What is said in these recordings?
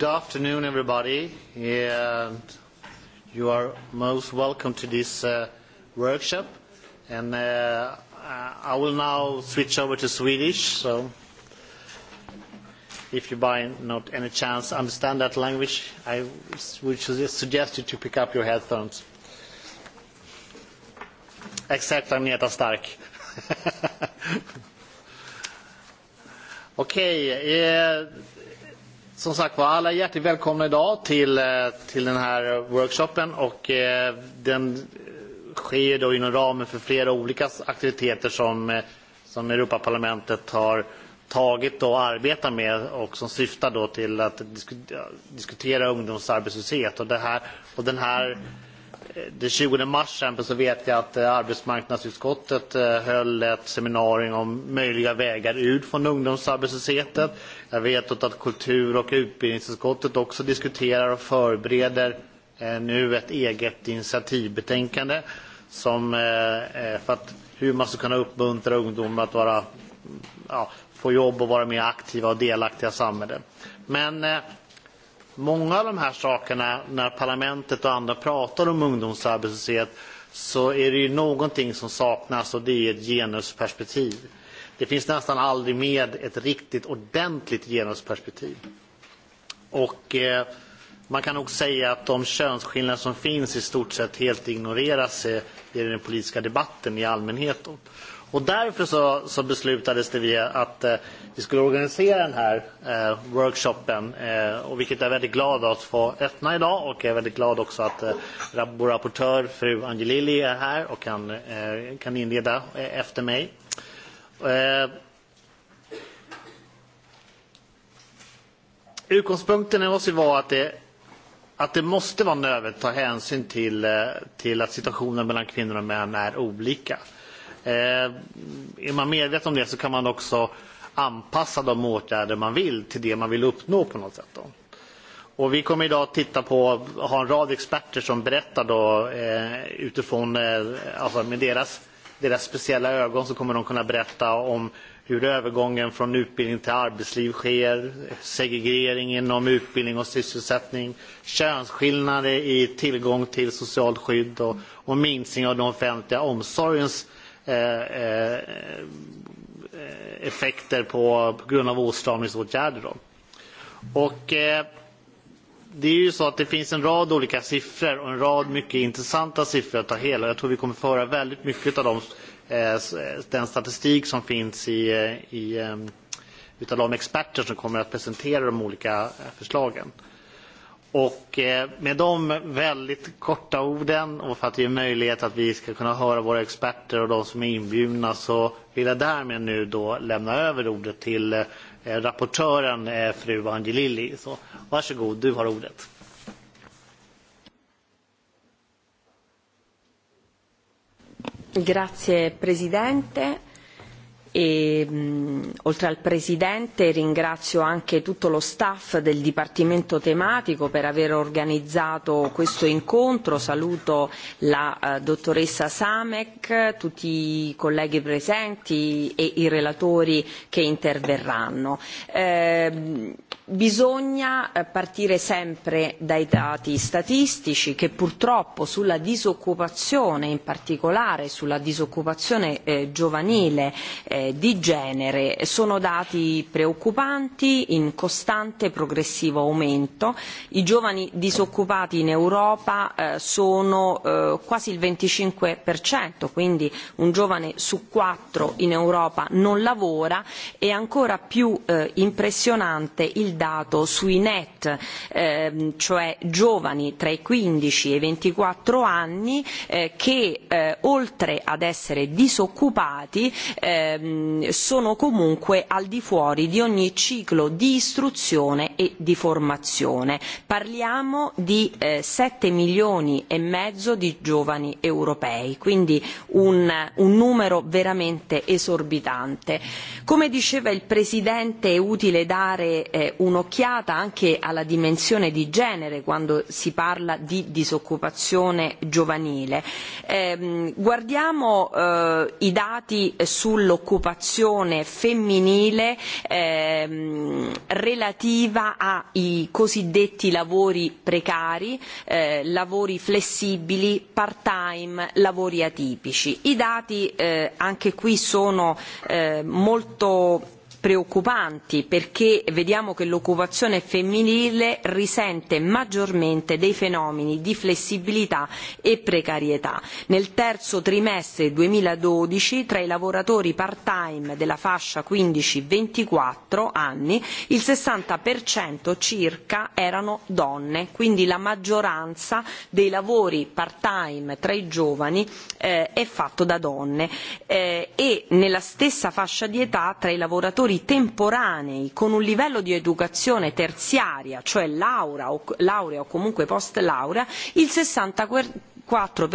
Good afternoon, everybody, and you are most welcome to this uh, workshop. Uh, I will now switch over to Swedish. If you by not any chance understand that language, I would suggest you to pick up your headphones. Except Agneta Stark. Okay. Som sagt var, alla hjärtligt välkomna idag till, eh, till den här workshopen. Och, eh, den sker då inom ramen för flera olika aktiviteter som, eh, som Europaparlamentet har tagit och arbetar med och som syftar då till att ja, diskutera ungdomsarbetslöshet. Och det här, och den här, mm. Den 20 mars så vet jag att eh, arbetsmarknadsutskottet eh, höll ett seminarium om möjliga vägar ut från ungdomsarbetslösheten. Jag vet att kultur och utbildningsutskottet också diskuterar och förbereder eh, nu ett eget initiativbetänkande som för att hur man ska kunna uppmuntra ungdomar att vara, ja, få jobb och vara mer aktiva och delaktiga i samhället. Men många av de här sakerna, när parlamentet och andra pratar om ungdomsarbetslöshet, så är det ju någonting som saknas och det är ett genusperspektiv. Det finns nästan aldrig med ett riktigt ordentligt genusperspektiv. Och eh, man kan också säga att de könsskillnader som finns i stort sett helt ignoreras i den politiska debatten i allmänhet. Då. Eh, Och därför så, så beslutades det vi att eh, vi skulle organisera den här eh, workshopen. Eh, och vilket jag är väldigt glad att få öppna idag. Och jag är väldigt glad också att eh, vår rapportör, fru Angelilli, är här och kan, eh, kan inleda eh, efter mig. Eh, utgångspunkten hos oss var att det, att det måste vara nödvändigt att ta hänsyn till, eh, till att situationen mellan kvinnor och män är olika. Eh, är man medveten om det så kan man också anpassa de åtgärder man vill till det man vill uppnå på något sätt. Då. Och vi kommer idag att titta på, ha en rad experter som berättar då, eh, utifrån eh, alltså med deras, deras speciella ögon så kommer de kunna berätta om hur övergången från utbildning till arbetsliv sker, segregering inom utbildning och sysselsättning, könsskillnader i tillgång till socialt skydd och, och minskning av den offentliga omsorgens eh, Eh, eh, effekter på, på grund av åtstramningsåtgärder. Då. Och, eh, det är ju så att det finns en rad olika siffror och en rad mycket intressanta siffror att ta hela. Jag tror vi kommer föra väldigt mycket av de, eh, den statistik som finns i, eh, i, utav de experter som kommer att presentera de olika förslagen. Eh, Och eh, med de väldigt korta orden och för att ge möjlighet att vi ska kunna höra våra experter och de som är inbjudna så vill jag därmed nu då lämna över ordet till eh, rapportören eh, fru Angelilli. Så varsågod, du har ordet. Grazie Presidente e mh, mm, oltre al presidente ringrazio anche tutto lo staff del dipartimento tematico per aver organizzato questo incontro saluto la uh, dottoressa Samek tutti i colleghi presenti e i relatori che interverranno ehm, bisogna eh, partire sempre dai dati statistici che purtroppo sulla disoccupazione in particolare sulla disoccupazione eh, giovanile eh, Eh, di genere. Sono dati preoccupanti in costante e progressivo aumento. I giovani disoccupati in Europa eh, sono eh, quasi il 25%, quindi un giovane su quattro in Europa non lavora e ancora più eh, impressionante il dato sui net, eh, cioè giovani tra i 15 e i 24 anni eh, che eh, oltre ad essere disoccupati ehm, Ehm, sono comunque al di fuori di ogni ciclo di istruzione e di formazione. Parliamo di eh, 7 milioni e mezzo di giovani europei, quindi un, un numero veramente esorbitante. Come diceva il Presidente è utile dare eh, un'occhiata anche alla dimensione di genere quando si parla di disoccupazione giovanile. Eh, guardiamo eh, i dati sull'occupazione disoccupazione femminile ehm, relativa ai cosiddetti lavori precari, eh, lavori flessibili, part time, lavori atipici. I dati eh, anche qui sono eh, molto preoccupanti perché vediamo che l'occupazione femminile risente maggiormente dei fenomeni di flessibilità e precarietà. Nel terzo trimestre 2012 tra i lavoratori part-time della fascia 15-24 anni il 60% circa erano donne, quindi la maggioranza dei lavori part-time tra i giovani eh, è fatto da donne eh, e nella stessa fascia di età tra i lavoratori lavoratori temporanei con un livello di educazione terziaria cioè laurea o comunque post laurea il sessanta quattro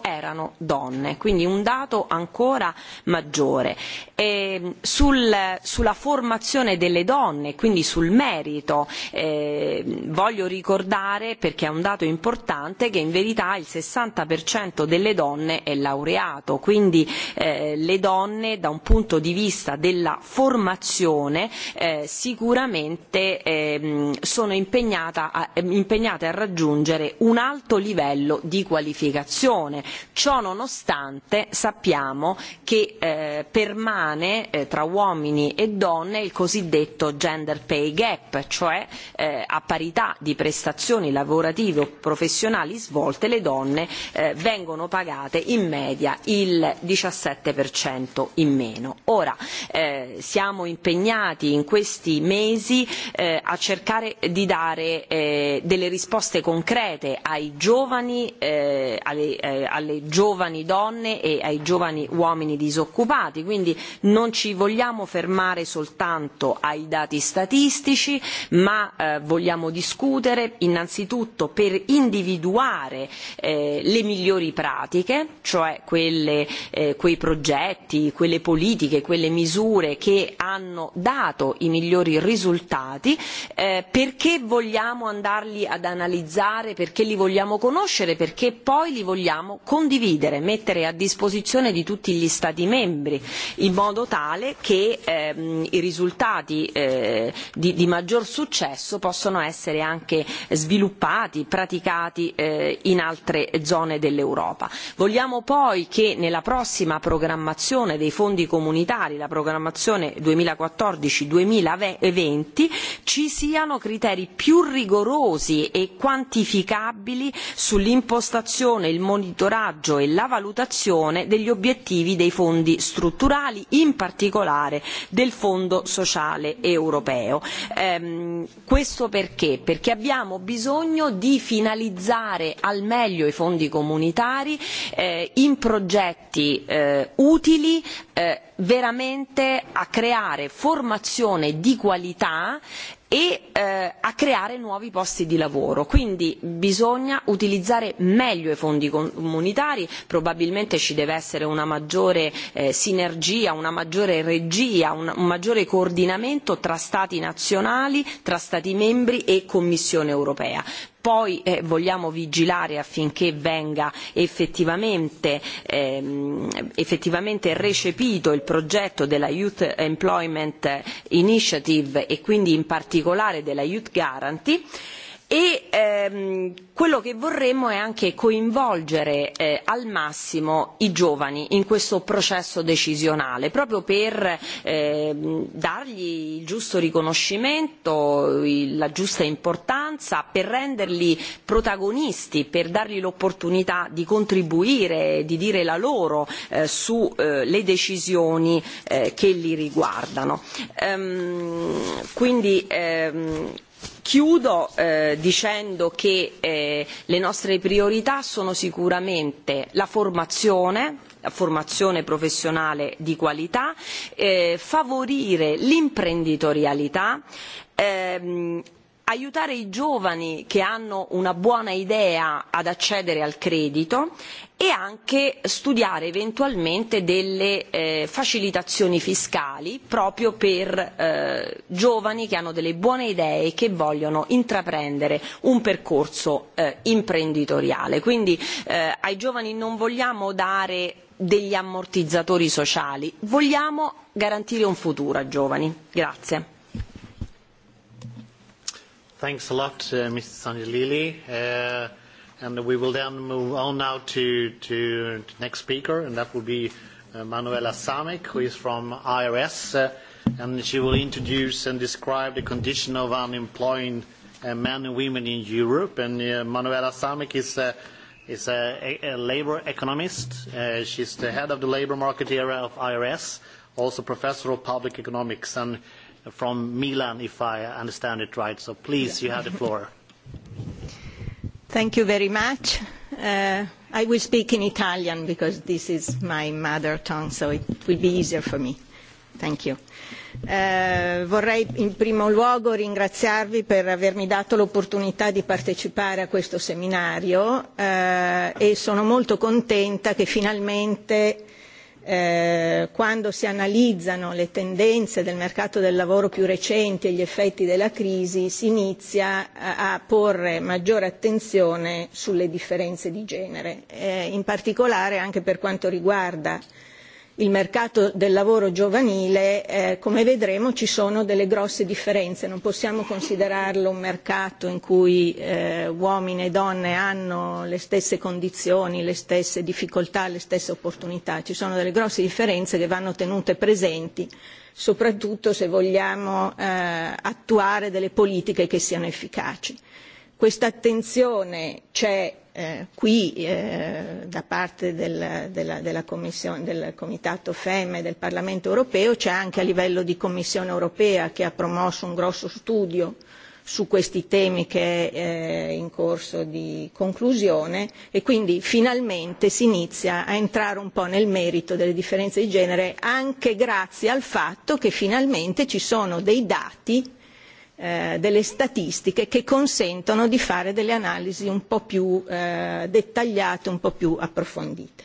erano donne quindi un dato ancora maggiore. E sul, sulla formazione delle donne, quindi sul merito, eh, voglio ricordare, perché è un dato importante, che in verità il 60% delle donne è laureato, quindi eh, le donne da un punto di vista della formazione eh, sicuramente eh, sono a, impegnate a raggiungere un alto livello di di qualificazione ciononostante sappiamo che eh, permane eh, tra uomini e donne il cosiddetto gender pay gap cioè eh, a parità di prestazioni lavorative o professionali svolte le donne eh, vengono pagate in media il 17% in meno ora eh, siamo impegnati in questi mesi eh, a cercare di dare eh, delle risposte concrete ai giovani eh, eh, alle, eh, alle giovani donne e ai giovani uomini disoccupati, quindi non ci vogliamo fermare soltanto ai dati statistici, ma eh, vogliamo discutere innanzitutto per individuare eh, le migliori pratiche, cioè quelle, eh, quei progetti, quelle politiche, quelle misure che hanno dato i migliori risultati, eh, perché vogliamo andarli ad analizzare, perché li vogliamo conoscere, perché perché poi li vogliamo condividere, mettere a disposizione di tutti gli Stati membri in modo tale che ehm, i risultati eh, di, di maggior successo possano essere anche sviluppati, praticati eh, in altre zone dell'Europa. Vogliamo poi che nella prossima programmazione dei fondi comunitari, la programmazione 2014-2020, ci siano criteri più rigorosi e quantificabili sull'impostazione l'impostazione, il monitoraggio e la valutazione degli obiettivi dei fondi strutturali, in particolare del Fondo sociale europeo. Ehm, questo perché? Perché abbiamo bisogno di finalizzare al meglio i fondi comunitari eh, in progetti eh, utili eh, veramente a creare formazione di qualità e eh, a creare nuovi posti di lavoro. Quindi bisogna utilizzare meglio i fondi comunitari, probabilmente ci deve essere una maggiore eh, sinergia, una maggiore regia, un, un maggiore coordinamento tra Stati nazionali, tra Stati membri e Commissione europea poi eh, vogliamo vigilare affinché venga effettivamente, ehm, effettivamente recepito il progetto della Youth Employment Initiative e quindi in particolare della Youth Guarantee e ehm, quello che vorremmo è anche coinvolgere eh, al massimo i giovani in questo processo decisionale proprio per ehm, dargli il giusto riconoscimento la giusta importanza per renderli protagonisti per dargli l'opportunità di contribuire di dire la loro eh, sulle eh, decisioni che li riguardano ehm, quindi chiudo eh, dicendo che eh, le nostre priorità sono sicuramente la formazione la formazione professionale di qualità eh, favorire l'imprenditorialità ehm, aiutare i giovani che hanno una buona idea ad accedere al credito e anche studiare eventualmente delle eh, facilitazioni fiscali proprio per eh, giovani che hanno delle buone idee e che vogliono intraprendere un percorso eh, imprenditoriale. Quindi eh, ai giovani non vogliamo dare degli ammortizzatori sociali, vogliamo garantire un futuro a giovani. Grazie. Thanks a lot, uh, Mr. Sanjalili. Uh, and we will then move on now to the next speaker, and that will be uh, Manuela Samick, who is from IRS. And she will introduce and describe the condition of unemployed men and women in Europe. And Manuela Samick is a labor economist. She's the head of the labor market area of IRS, also professor of public economics. And from Milan, if I understand it right. So please, you have the floor. Thank you very much. Uh, I will speak in Italian because this is my mother tongue, so it will be easier for me. Thank you. Uh, vorrei in primo luogo ringraziarvi per avermi dato l'opportunità di partecipare a questo seminario, uh, e sono molto contenta che finalmente Eh, quando si analizzano le tendenze del mercato del lavoro più recenti e gli effetti della crisi, si inizia a, a porre maggiore attenzione sulle differenze di genere, eh, in particolare anche per quanto riguarda il mercato del lavoro giovanile, eh, come vedremo, ci sono delle grosse differenze. Non possiamo considerarlo un mercato in cui eh, uomini e donne hanno le stesse condizioni, le stesse difficoltà, le stesse opportunità. Ci sono delle grosse differenze che vanno tenute presenti, soprattutto se vogliamo eh, attuare delle politiche che siano efficaci. Questa attenzione c'è Eh, qui eh, da parte del, della, della commissione, del Comitato FEM e del Parlamento europeo, c'è anche a livello di Commissione europea che ha promosso un grosso studio su questi temi che è eh, in corso di conclusione e quindi finalmente si inizia a entrare un po' nel merito delle differenze di genere anche grazie al fatto che finalmente ci sono dei dati Eh, delle statistiche che consentono di fare delle analisi un po' più eh, dettagliate, un po' più approfondite.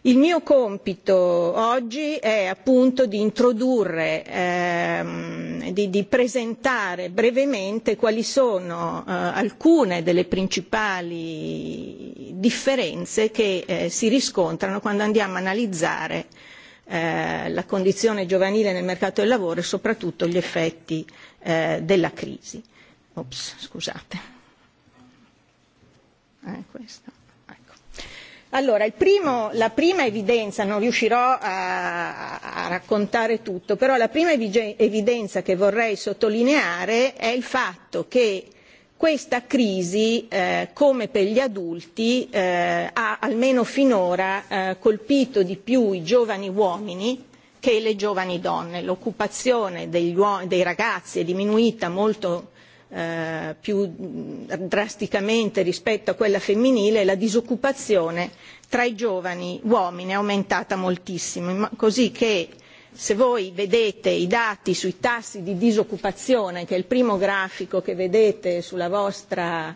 Il mio compito oggi è appunto di introdurre, ehm, di, di presentare brevemente quali sono eh, alcune delle principali differenze che eh, si riscontrano quando andiamo a analizzare eh, la condizione giovanile nel mercato del lavoro e soprattutto gli effetti eh, della crisi. Ops, scusate. Eh, questo. Ecco. Allora, il primo, la prima evidenza, non riuscirò a, a raccontare tutto, però la prima evidenza che vorrei sottolineare è il fatto che questa crisi, eh, come per gli adulti, eh, ha almeno finora eh, colpito di più i giovani uomini, che le giovani donne. L'occupazione degli uo- dei ragazzi è diminuita molto eh, più drasticamente rispetto a quella femminile e la disoccupazione tra i giovani uomini è aumentata moltissimo, così che se voi vedete i dati sui tassi di disoccupazione, che è il primo grafico che vedete sulla vostra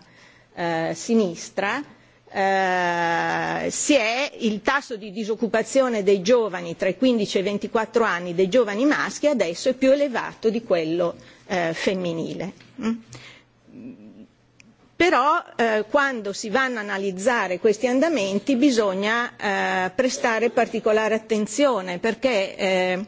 eh, sinistra, Eh, si è il tasso di disoccupazione dei giovani tra i 15 e i 24 anni dei giovani maschi adesso è più elevato di quello eh, femminile. Mm. Però eh, quando si vanno a analizzare questi andamenti bisogna eh, prestare particolare attenzione perché eh,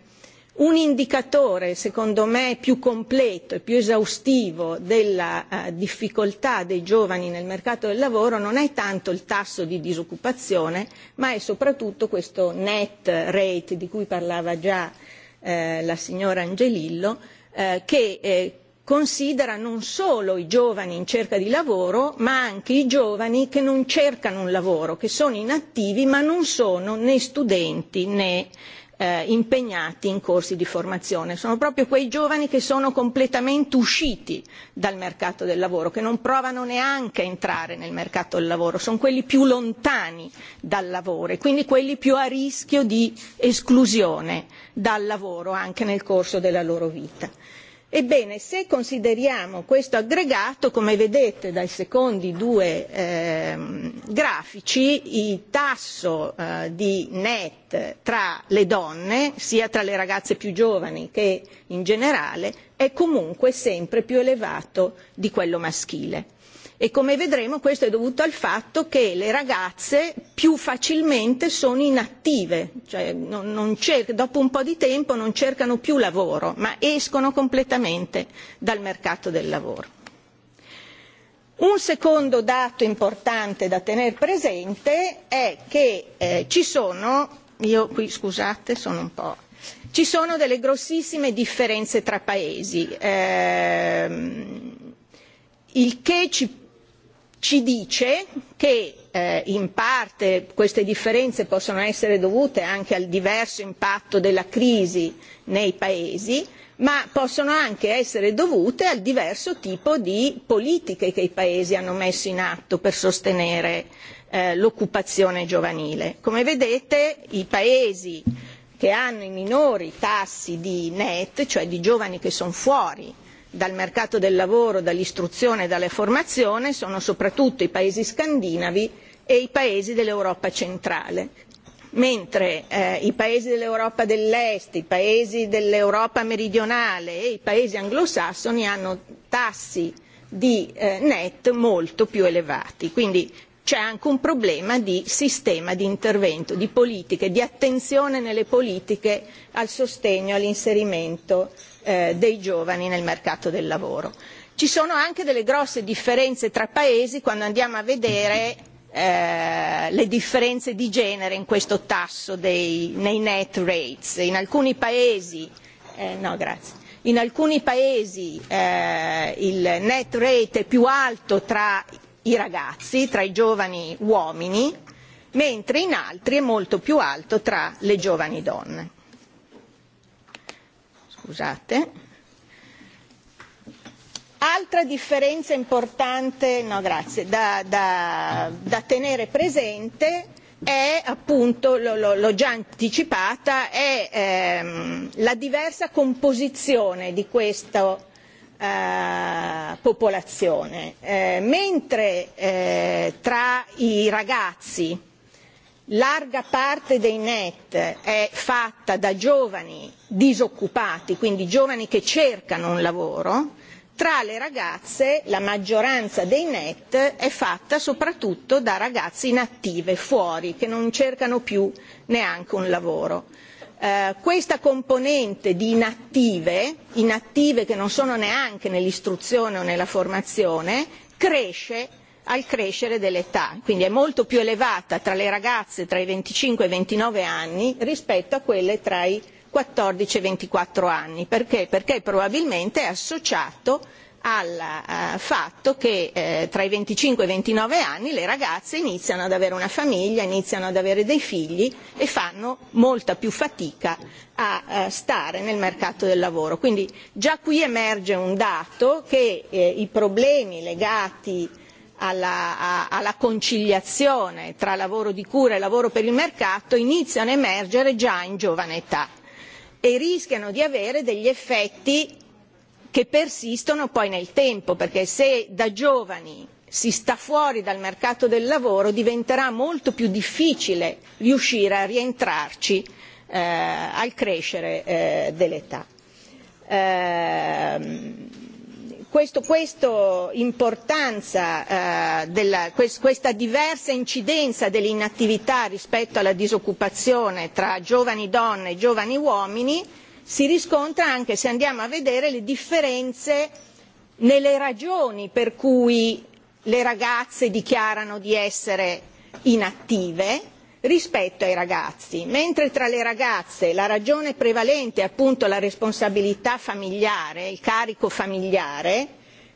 un indicatore secondo me più completo e più esaustivo della eh, difficoltà dei giovani nel mercato del lavoro non è tanto il tasso di disoccupazione ma è soprattutto questo net rate di cui parlava già eh, la signora Angelillo eh, che eh, considera non solo i giovani in cerca di lavoro, ma anche i giovani che non cercano un lavoro, che sono inattivi, ma non sono né studenti né eh, impegnati in corsi di formazione. Sono proprio quei giovani che sono completamente usciti dal mercato del lavoro, che non provano neanche a entrare nel mercato del lavoro, sono quelli più lontani dal lavoro e quindi quelli più a rischio di esclusione dal lavoro anche nel corso della loro vita. Ebbene, se consideriamo questo aggregato, come vedete dai secondi due ehm, grafici, il tasso eh, di net tra le donne, sia tra le ragazze più giovani che in generale, è comunque sempre più elevato di quello maschile e come vedremo questo è dovuto al fatto che le ragazze più facilmente sono inattive, cioè non, non cerca, dopo un po' di tempo non cercano più lavoro, ma escono completamente dal mercato del lavoro. Un secondo dato importante da tenere presente è che eh, ci sono, io qui scusate sono un po', ci sono delle grossissime differenze tra paesi, eh, il che ci ci dice che eh, in parte queste differenze possono essere dovute anche al diverso impatto della crisi nei paesi, ma possono anche essere dovute al diverso tipo di politiche che i paesi hanno messo in atto per sostenere eh, l'occupazione giovanile. Come vedete i paesi che hanno i minori tassi di net, cioè di giovani che sono fuori dal mercato del lavoro, dall'istruzione e dalla formazione sono soprattutto i paesi scandinavi e i paesi dell'Europa centrale. Mentre eh, i paesi dell'Europa dell'Est, i paesi dell'Europa meridionale e i paesi anglosassoni hanno tassi di eh, net molto più elevati. Quindi c'è anche un problema di sistema di intervento, di politiche, di attenzione nelle politiche al sostegno, all'inserimento eh, dei giovani nel mercato del lavoro. Ci sono anche delle grosse differenze tra paesi quando andiamo a vedere eh, le differenze di genere in questo tasso dei, nei net rates. In alcuni paesi, eh, no, in alcuni paesi eh, il net rate è più alto tra i ragazzi, tra i giovani uomini, mentre in altri è molto più alto tra le giovani donne scusate. Altra differenza importante no, grazie, da, da, da tenere presente è appunto, l'ho già anticipata, è ehm, la diversa composizione di questa eh, popolazione. Eh, mentre eh, tra i ragazzi larga parte dei net è fatta da giovani disoccupati, quindi giovani che cercano un lavoro, tra le ragazze la maggioranza dei net è fatta soprattutto da ragazze inattive, fuori, che non cercano più neanche un lavoro. Uh, questa componente di inattive, inattive che non sono neanche nell'istruzione o nella formazione, cresce al crescere dell'età quindi è molto più elevata tra le ragazze tra i 25 e i 29 anni rispetto a quelle tra i 14 e 24 anni perché, perché probabilmente è associato al eh, fatto che eh, tra i 25 e i 29 anni le ragazze iniziano ad avere una famiglia, iniziano ad avere dei figli e fanno molta più fatica a, a eh, stare nel mercato del lavoro. Quindi già qui emerge un dato che eh, i problemi legati alla, a, alla conciliazione tra lavoro di cura e lavoro per il mercato iniziano a emergere già in giovane età e rischiano di avere degli effetti che persistono poi nel tempo, perché se da giovani si sta fuori dal mercato del lavoro diventerà molto più difficile riuscire a rientrarci eh, al crescere eh, dell'età. Eh, questo, questa importanza, eh, della, quest, questa diversa incidenza dell'inattività rispetto alla disoccupazione tra giovani donne e giovani uomini si riscontra anche se andiamo a vedere le differenze nelle ragioni per cui le ragazze dichiarano di essere inattive rispetto ai ragazzi, mentre tra le ragazze la ragione prevalente è appunto la responsabilità familiare, il carico familiare,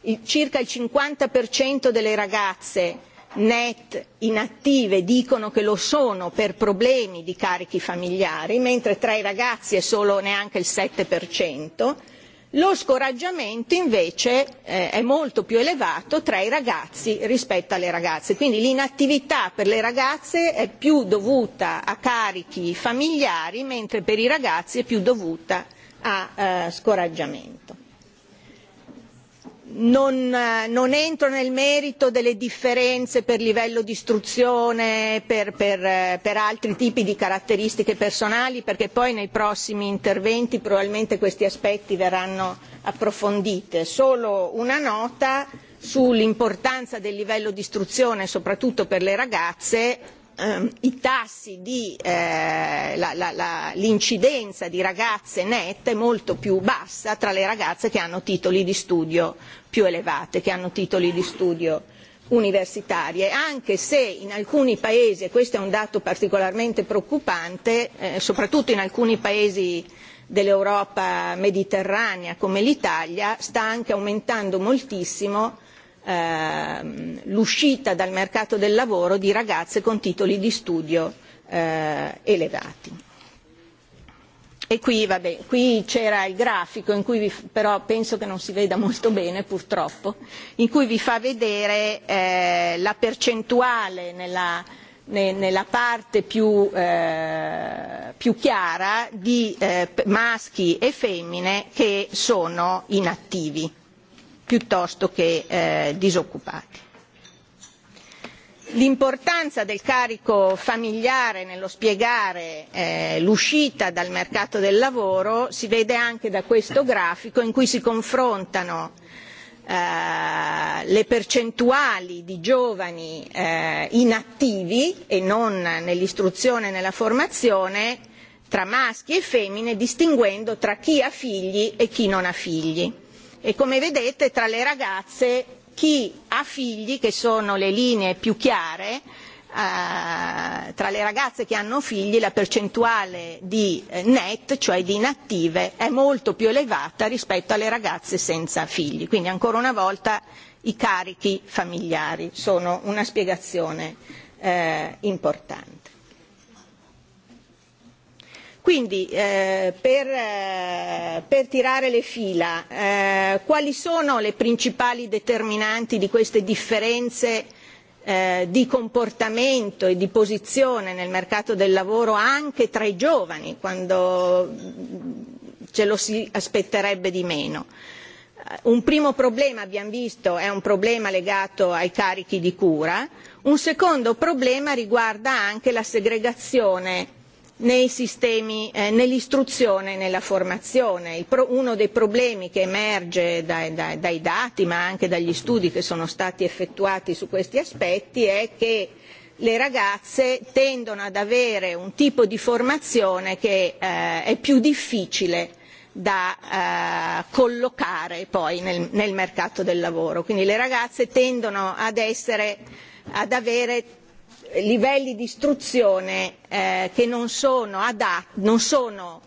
il, circa il 50% delle ragazze net inattive dicono che lo sono per problemi di carichi familiari, mentre tra i ragazzi è solo neanche il Lo scoraggiamento invece eh, è molto più elevato tra i ragazzi rispetto alle ragazze, quindi l'inattività per le ragazze è più dovuta a carichi familiari, mentre per i ragazzi è più dovuta a eh, scoraggiamento. Eh, non entro nel merito delle differenze per livello di istruzione, per, per, eh, per altri tipi di caratteristiche personali, perché poi nei prossimi interventi probabilmente questi aspetti verranno approfondite. Solo una nota sull'importanza del livello di istruzione, soprattutto per le ragazze, Ehm, i tassi di eh, la, la, la, l'incidenza di ragazze nette è molto più bassa tra le ragazze che hanno titoli di studio più elevate, che hanno titoli di studio universitarie, anche se in alcuni paesi, e questo è un dato particolarmente preoccupante, eh, soprattutto in alcuni paesi dell'Europa mediterranea come l'Italia, sta anche aumentando moltissimo ehm, l'uscita dal mercato del lavoro di ragazze con titoli di studio eh, elevati. E qui, vabbè, qui c'era il grafico, in cui vi, però penso che non si veda molto bene purtroppo, in cui vi fa vedere eh, la percentuale nella, ne, nella parte più, eh, più chiara di eh, maschi e femmine che sono inattivi piuttosto che eh, disoccupati. L'importanza del carico familiare nello spiegare eh, l'uscita dal mercato del lavoro si vede anche da questo grafico in cui si confrontano eh, le percentuali di giovani eh, inattivi e non nell'istruzione e nella formazione tra maschi e femmine, distinguendo tra chi ha figli e chi non ha figli e come vedete tra le ragazze chi ha figli che sono le linee più chiare Uh, tra le ragazze che hanno figli la percentuale di eh, net, cioè di inattive, è molto più elevata rispetto alle ragazze senza figli. Quindi ancora una volta i carichi familiari sono una spiegazione uh, importante quindi eh, per, eh, per tirare le fila eh, quali sono le principali determinanti di queste differenze eh, di comportamento e di posizione nel mercato del lavoro anche tra i giovani quando mm, ce lo si aspetterebbe di meno. Eh, un primo problema, abbiamo visto, è un problema legato ai carichi di cura, un secondo problema riguarda anche la segregazione nei sistemi, eh, nell'istruzione e nella formazione. Pro, uno dei problemi che emerge dai, dai, dai dati, ma anche dagli studi che sono stati effettuati su questi aspetti, è che le ragazze tendono ad avere un tipo di formazione che eh, è più difficile da eh, collocare poi nel, nel mercato del lavoro. Quindi le ragazze tendono ad, essere, ad avere livelli di istruzione eh, che non sono, adat- non sono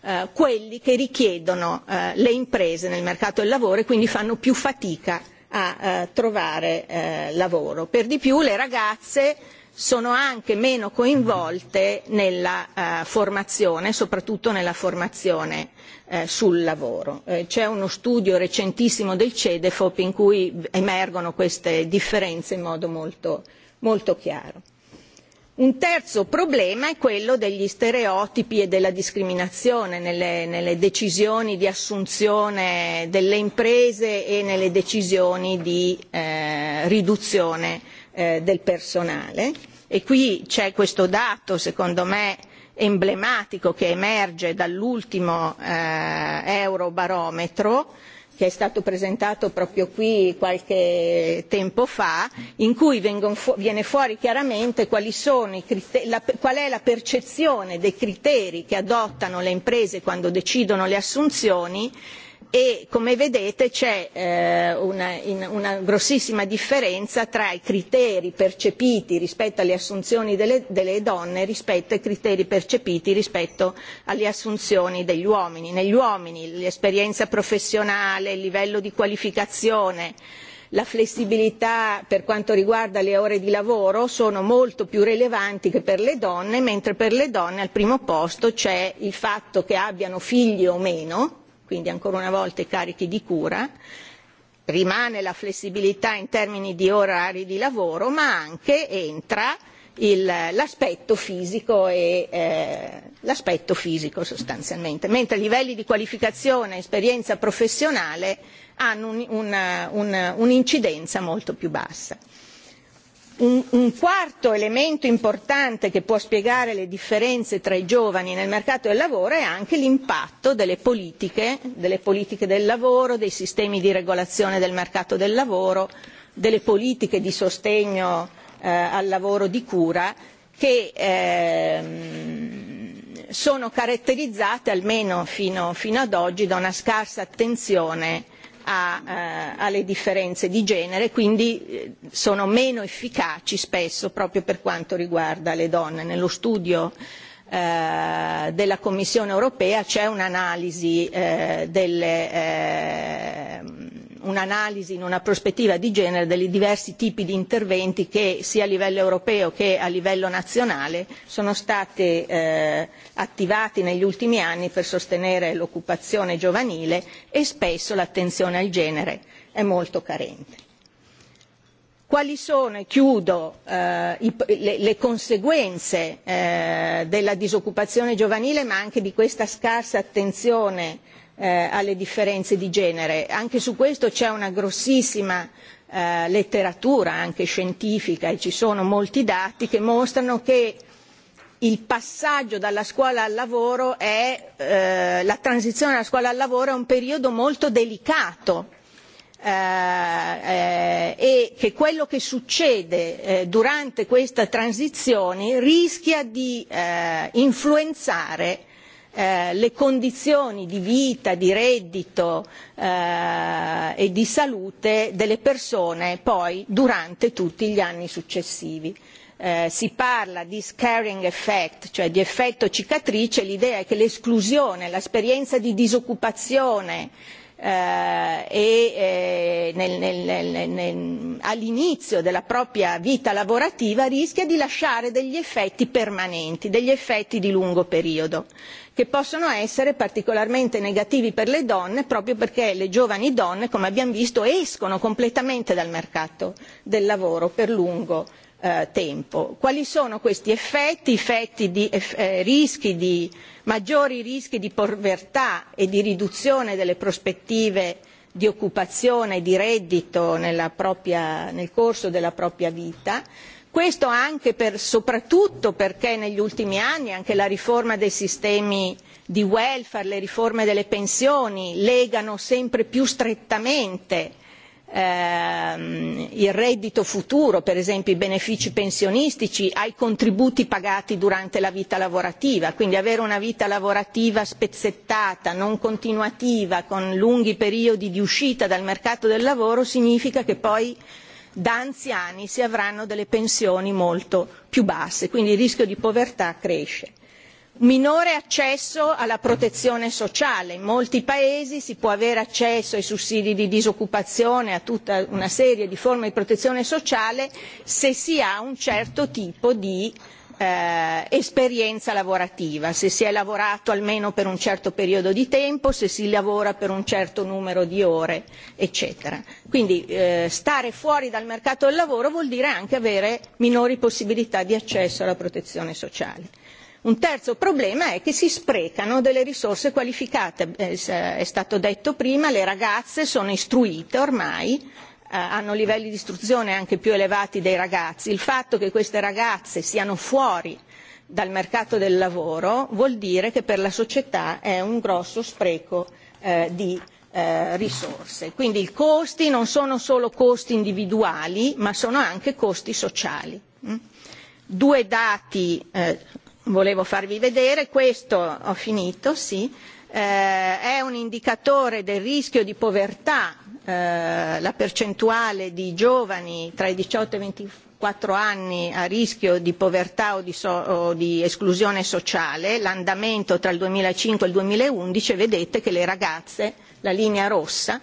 eh, quelli che richiedono eh, le imprese nel mercato del lavoro e quindi fanno più fatica a eh, trovare eh, lavoro. Per di più le ragazze sono anche meno coinvolte nella eh, formazione, soprattutto nella formazione eh, sul lavoro. Eh, c'è uno studio recentissimo del CEDEFOP in cui emergono queste differenze in modo molto importante molto chiaro. Un terzo problema è quello degli stereotipi e della discriminazione nelle, nelle decisioni di assunzione delle imprese e nelle decisioni di eh, riduzione eh, del personale. E qui c'è questo dato, secondo me, emblematico che emerge dall'ultimo eh, eurobarometro che è stato presentato proprio qui qualche tempo fa, in cui fu- viene fuori chiaramente quali sono i criteri, la, qual è la percezione dei criteri che adottano le imprese quando decidono le assunzioni e come vedete c'è eh, una, in, una grossissima differenza tra i criteri percepiti rispetto alle assunzioni delle, delle donne rispetto ai criteri percepiti rispetto alle assunzioni degli uomini. Negli uomini l'esperienza professionale, il livello di qualificazione, la flessibilità per quanto riguarda le ore di lavoro sono molto più rilevanti che per le donne, mentre per le donne al primo posto c'è il fatto che abbiano figli o meno quindi ancora una volta i carichi di cura, rimane la flessibilità in termini di orari di lavoro, ma anche entra il, l'aspetto, fisico e, eh, l'aspetto fisico sostanzialmente, mentre i livelli di qualificazione e esperienza professionale hanno un, un, un, un'incidenza molto più bassa un quarto elemento importante che può spiegare le differenze tra i giovani nel mercato del lavoro è anche l'impatto delle politiche, delle politiche del lavoro, dei sistemi di regolazione del mercato del lavoro, delle politiche di sostegno eh, al lavoro di cura che ehm, sono caratterizzate almeno fino, fino ad oggi da una scarsa attenzione a, eh, alle differenze di genere, quindi eh, sono meno efficaci spesso proprio per quanto riguarda le donne. Nello studio eh, della Commissione europea c'è un'analisi eh, delle. Eh, un'analisi in una prospettiva di genere dei diversi tipi di interventi che sia a livello europeo che a livello nazionale sono stati eh, attivati negli ultimi anni per sostenere l'occupazione giovanile e spesso l'attenzione al genere è molto carente. Quali sono, e chiudo, eh, le, le conseguenze eh, della disoccupazione giovanile ma anche di questa scarsa attenzione eh, alle differenze di genere. Anche su questo c'è una grossissima eh, letteratura, anche scientifica, e ci sono molti dati che mostrano che il passaggio dalla scuola al lavoro è, eh, la transizione dalla scuola al lavoro è un periodo molto delicato. Uh, eh, e che quello che succede eh, durante questa transizione rischia di eh, influenzare eh, Eh, le condizioni di vita, di reddito eh, e di salute delle persone poi durante tutti gli anni successivi. Eh, si parla di scaring effect, cioè di effetto cicatrice, l'idea è che l'esclusione, l'esperienza di disoccupazione eh, e eh, nel, nel, nel, nel, all'inizio della propria vita lavorativa rischia di lasciare degli effetti permanenti, degli effetti di lungo periodo che possono essere particolarmente negativi per le donne proprio perché le giovani donne, come abbiamo visto, escono completamente dal mercato del lavoro per lungo eh, tempo. Quali sono questi effetti? Effetti di eh, rischi di maggiori rischi di povertà e di riduzione delle prospettive di occupazione e di reddito nella propria, nel corso della propria vita. Questo anche per, soprattutto perché negli ultimi anni anche la riforma dei sistemi di welfare, le riforme delle pensioni legano sempre più strettamente ehm, il reddito futuro, per esempio i benefici pensionistici, ai contributi pagati durante la vita lavorativa. Quindi avere una vita lavorativa spezzettata, non continuativa, con lunghi periodi di uscita dal mercato del lavoro significa che poi da anziani si avranno delle pensioni molto più basse, quindi il rischio di povertà cresce. Minore accesso alla protezione sociale. In molti paesi si può avere accesso ai sussidi di disoccupazione, a tutta una serie di forme di protezione sociale, se si ha un certo tipo di eh, esperienza lavorativa, se si è lavorato almeno per un certo periodo di tempo, se si lavora per un certo numero di ore, eccetera. Quindi eh, stare fuori dal mercato del lavoro vuol dire anche avere minori possibilità di accesso alla protezione sociale. Un terzo problema è che si sprecano delle risorse qualificate. Eh, è stato detto prima, le ragazze sono istruite ormai, Eh, hanno livelli di istruzione anche più elevati dei ragazzi, il fatto che queste ragazze siano fuori dal mercato del lavoro vuol dire che per la società è un grosso spreco eh, di eh, risorse. Quindi i costi non sono solo costi individuali, ma sono anche costi sociali. Mm? Due dati eh, volevo farvi vedere, questo ho finito, sì, eh, è un indicatore del rischio di povertà Eh, la percentuale di giovani tra i 18 e i 24 anni a rischio di povertà o di, so, o di esclusione sociale, l'andamento tra il 2005 e il 2011, vedete che le ragazze, la linea rossa,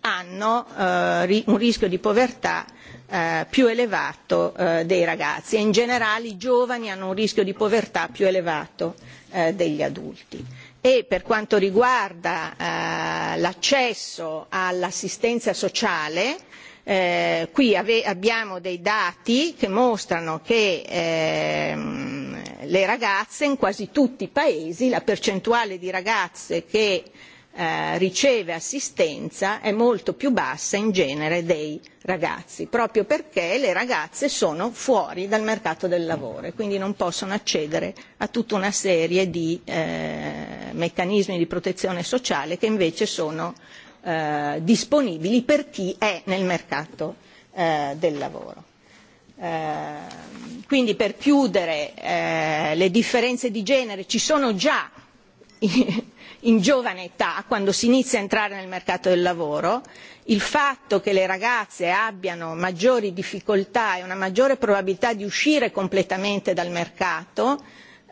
hanno eh, ri, un rischio di povertà eh, più elevato eh, dei ragazzi e in generale i giovani hanno un rischio di povertà più elevato eh, degli adulti e per quanto riguarda eh, l'accesso all'assistenza sociale eh, qui ave- abbiamo dei dati che mostrano che ehm, le ragazze in quasi tutti i paesi la percentuale di ragazze che Eh, riceve assistenza è molto più bassa in genere dei ragazzi, proprio perché le ragazze sono fuori dal mercato del lavoro e quindi non possono accedere a tutta una serie di eh, meccanismi di protezione sociale che invece sono eh, disponibili per chi è nel mercato eh, del lavoro. Eh, quindi per chiudere eh, le differenze di genere ci sono già in giovane età quando si inizia a entrare nel mercato del lavoro il fatto che le ragazze abbiano maggiori difficoltà e una maggiore probabilità di uscire completamente dal mercato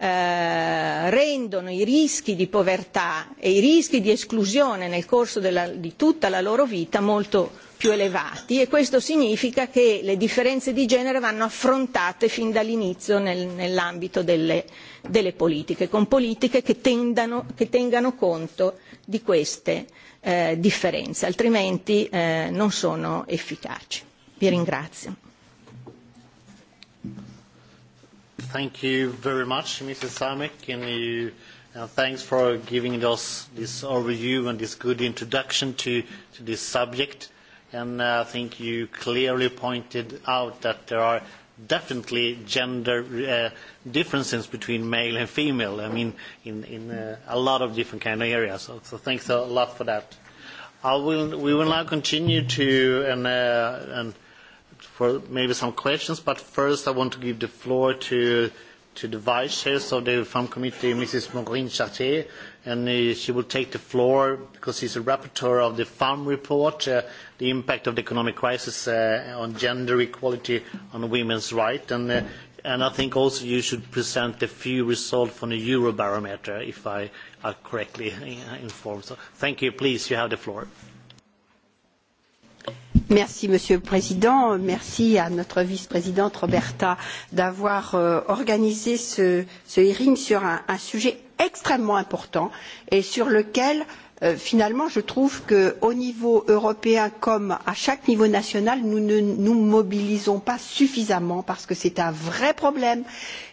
Eh, rendono i rischi di povertà e i rischi di esclusione nel corso della, di tutta la loro vita molto più elevati e questo significa che le differenze di genere vanno affrontate fin dall'inizio nel, nell'ambito delle, delle politiche, con politiche che, tendano, che tengano conto di queste eh, differenze, altrimenti eh, non sono efficaci. Vi ringrazio. Thank you very much, Mrs. Samek, and uh, thanks for giving us this overview and this good introduction to this subject. Uh, I think you clearly pointed out that there are definitely gender uh, differences between male and female, I mean, in a lot of different kind of areas. Thanks a lot for that. We will now continue to for maybe some questions, but first I want to give the floor to, to the vice chair of the Farm Committee, Mrs. Maureen Chartier, and uh, she will take the floor because she's a rapporteur of the Farm Report, uh, the impact of the economic crisis uh, on gender equality on women's rights. And, uh, and I think also you should present the few results from the Eurobarometer, if I are correctly informed. So thank you. Please, you have the floor monsieur le président merci à notre vice présidente roberta d'avoir euh, organisé ce, ce hearing sur un, un sujet extrêmement important et sur lequel euh, finalement je trouve qu'au niveau européen comme à chaque niveau national nous ne nous mobilisons pas suffisamment parce que c'est un vrai problème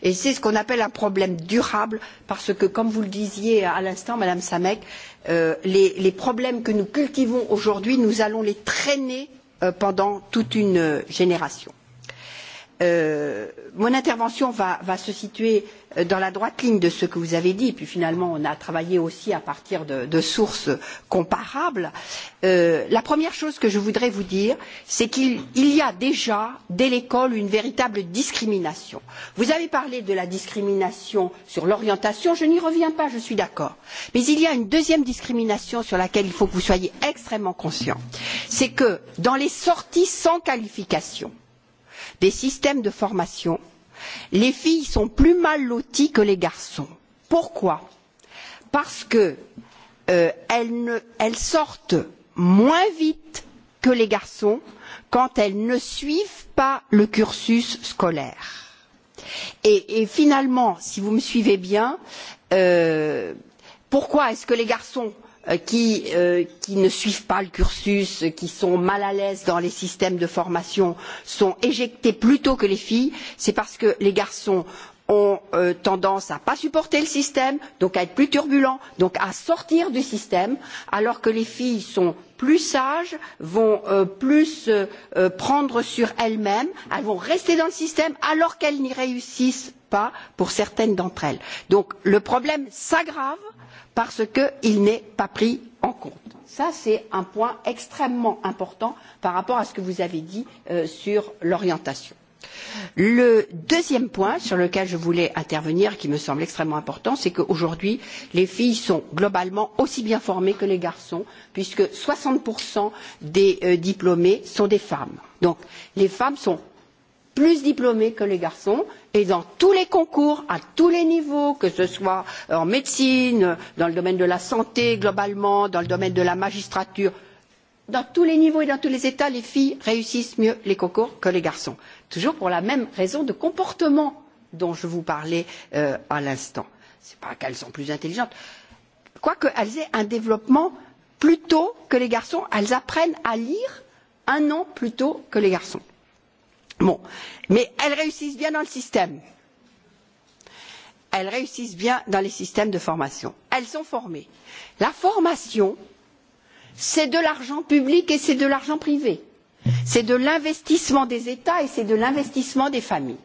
et c'est ce qu'on appelle un problème durable parce que comme vous le disiez à l'instant madame Samek euh, les, les problèmes que nous cultivons aujourd'hui nous allons les traîner Euh, pendant toute une euh, génération. Euh, mon intervention va, va se situer euh, dans la droite ligne de ce que vous avez dit, puis finalement on a travaillé aussi à partir de, de sources comparables. Euh, la première chose que je voudrais vous dire, c'est qu'il y a déjà, dès l'école, une véritable discrimination. Vous avez parlé de la discrimination sur l'orientation, je n'y reviens pas, je suis d'accord. Mais il y a une deuxième discrimination sur laquelle il faut que vous soyez extrêmement conscient. C'est que dans les sorties sans qualification, des systèmes de formation, les filles sont plus mal loties que les garçons. Pourquoi Parce qu'elles euh, elles sortent moins vite que les garçons quand elles ne suivent pas le cursus scolaire. Et, et finalement, si vous me suivez bien, euh, pourquoi est-ce que les garçons Euh, euh, qui ne suivent pas le cursus qui sont mal à l'aise dans les systèmes de formation sont éjectés plus tôt que les filles c'est parce que les garçons ont euh, tendance à ne pas supporter le système donc à être plus turbulents donc à sortir du système alors que les filles sont plus sages vont euh, plus euh, euh prendre sur elles mêmes elles vont rester dans le système alors qu'elles n'y réussissent pas pour certaines d'entre elles. donc le problème s'aggrave parce qu'il n'est pas pris en compte. Ça, c'est un point extrêmement important par rapport à ce que vous avez dit euh, sur l'orientation. Le deuxième point sur lequel je voulais intervenir, qui me semble extrêmement important, c'est qu'aujourd'hui, les filles sont globalement aussi bien formées que les garçons, puisque 60% des euh, diplômés sont des femmes. Donc, les femmes sont plus diplômés que les garçons et dans tous les concours à tous les niveaux que ce soit en médecine dans le domaine de la santé globalement dans le domaine de la magistrature dans tous les niveaux et dans tous les états les filles réussissent mieux les concours que les garçons toujours pour la même raison de comportement dont je vous parlais euh, à l'instant ce n'est pas qu'elles sont plus intelligentes quoique elles aient un développement plus tôt que les garçons elles apprennent à lire un an plus tôt que les garçons mais elles réussissent bien dans le système elles réussissent bien dans les systèmes de formation elles sont formées. la formation c'est de l'argent public et c'est de l'argent privé c'est de l'investissement des états et c'est de l'investissement des familles.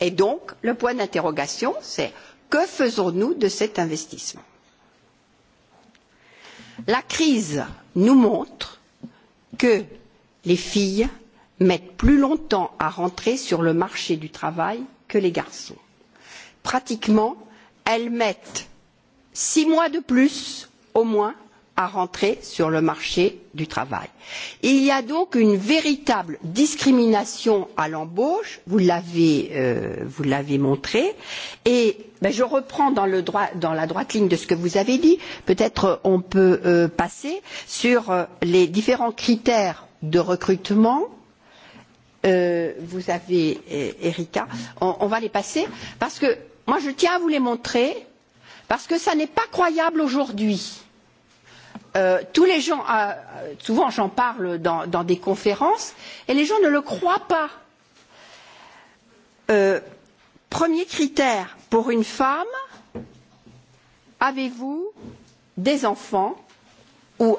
et donc le point d'interrogation c'est que faisons nous de cet investissement? la crise nous montre que les filles mettent plus longtemps à rentrer sur le marché du travail que les garçons. Pratiquement, elles mettent six mois de plus au moins à rentrer sur le marché du travail. Il y a donc une véritable discrimination à l'embauche, vous l'avez, euh, vous l'avez montré, et ben, je reprends dans, le droit, dans la droite ligne de ce que vous avez dit, peut-être on peut euh, passer sur euh, les différents critères de recrutement, Euh, vous avez euh, Erika. On, on va les passer parce que moi je tiens à vous les montrer parce que ça n'est pas croyable aujourd'hui. Euh, tous les gens, euh, souvent j'en parle dans, dans des conférences, et les gens ne le croient pas. Euh, premier critère pour une femme, avez-vous des enfants ou,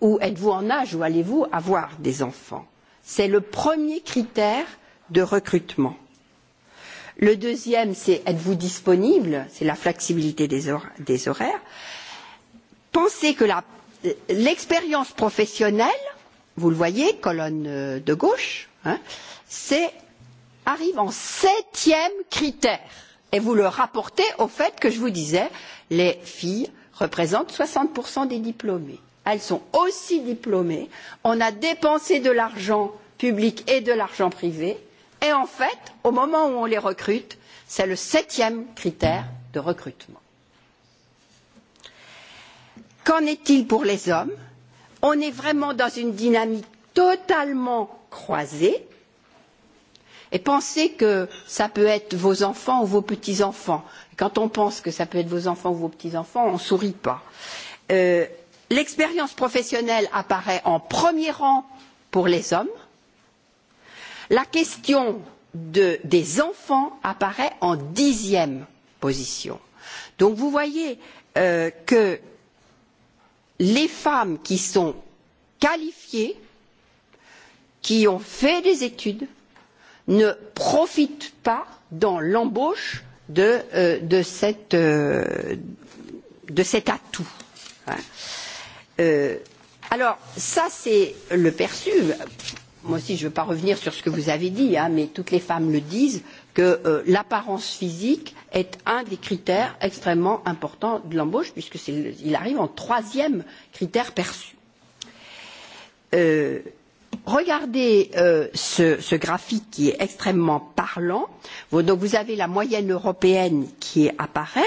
ou êtes-vous en âge ou allez-vous avoir des enfants c'est le premier critère de recrutement. Le deuxième, c'est êtes-vous disponible, c'est la flexibilité des, hor des horaires. Pensez que l'expérience professionnelle, vous le voyez, colonne euh, de gauche, hein, c'est arrive en septième critère et vous le rapportez au fait que je vous disais les filles représentent 60% des diplômés elles sont aussi diplômées on a dépensé de l'argent public et de l'argent privé et en fait au moment où on les recrute c'est le septième critère de recrutement. qu'en est il pour les hommes? on est vraiment dans une dynamique totalement croisée et pensez que ça peut être vos enfants ou vos petits enfants quand on pense que ça peut être vos enfants ou vos petits enfants on ne sourit pas. Euh, l'expérience professionnelle apparaît en premier rang pour les hommes, la question de, des enfants apparaît en dixième position. Donc vous voyez euh, que les femmes qui sont qualifiées, qui ont fait des études, ne profitent pas dans l'embauche de, euh, de, euh, de cet atout. Hein. Euh, alors, ça, c'est le perçu. Moi aussi, je ne veux pas revenir sur ce que vous avez dit, hein, mais toutes les femmes le disent que euh, l'apparence physique est un des critères extrêmement importants de l'embauche, puisqu'il arrive en troisième critère perçu. Euh, regardez euh, ce, ce graphique qui est extrêmement parlant. Vous, donc vous avez la moyenne européenne qui apparaît.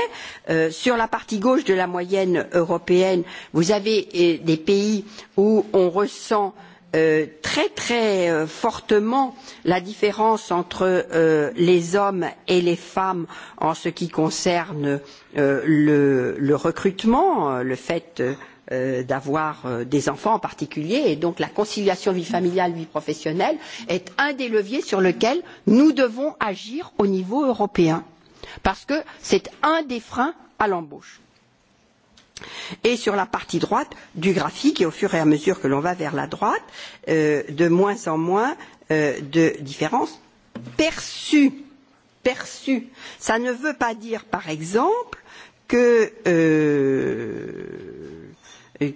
Euh, sur la partie gauche de la moyenne européenne, vous avez euh, des pays où on ressent euh, très très euh, fortement la différence entre euh, les hommes et les femmes en ce qui concerne euh, le, le recrutement, euh, le fait euh, Euh, d'avoir euh, des enfants en particulier et donc la conciliation vie familiale vie professionnelle est un des leviers sur lequel nous devons agir au niveau européen parce que c'est un des freins à l'embauche. Et sur la partie droite du graphique, et au fur et à mesure que l'on va vers la droite, euh, de moins en moins euh, de différences perçues. Perçu. Ça ne veut pas dire, par exemple, que euh,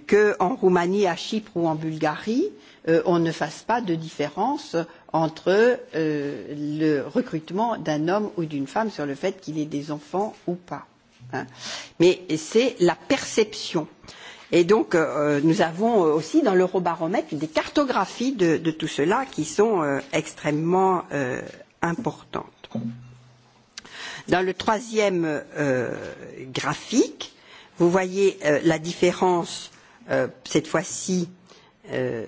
qu'en Roumanie, à Chypre ou en Bulgarie, euh, on ne fasse pas de différence entre euh, le recrutement d'un homme ou d'une femme sur le fait qu'il ait des enfants ou pas. Hein. Mais c'est la perception. Et donc, euh, nous avons aussi dans l'eurobaromètre des cartographies de, de tout cela qui sont euh, extrêmement euh, importantes. Dans le troisième euh, graphique, euh, Vous voyez euh, la différence, euh, cette fois-ci, euh,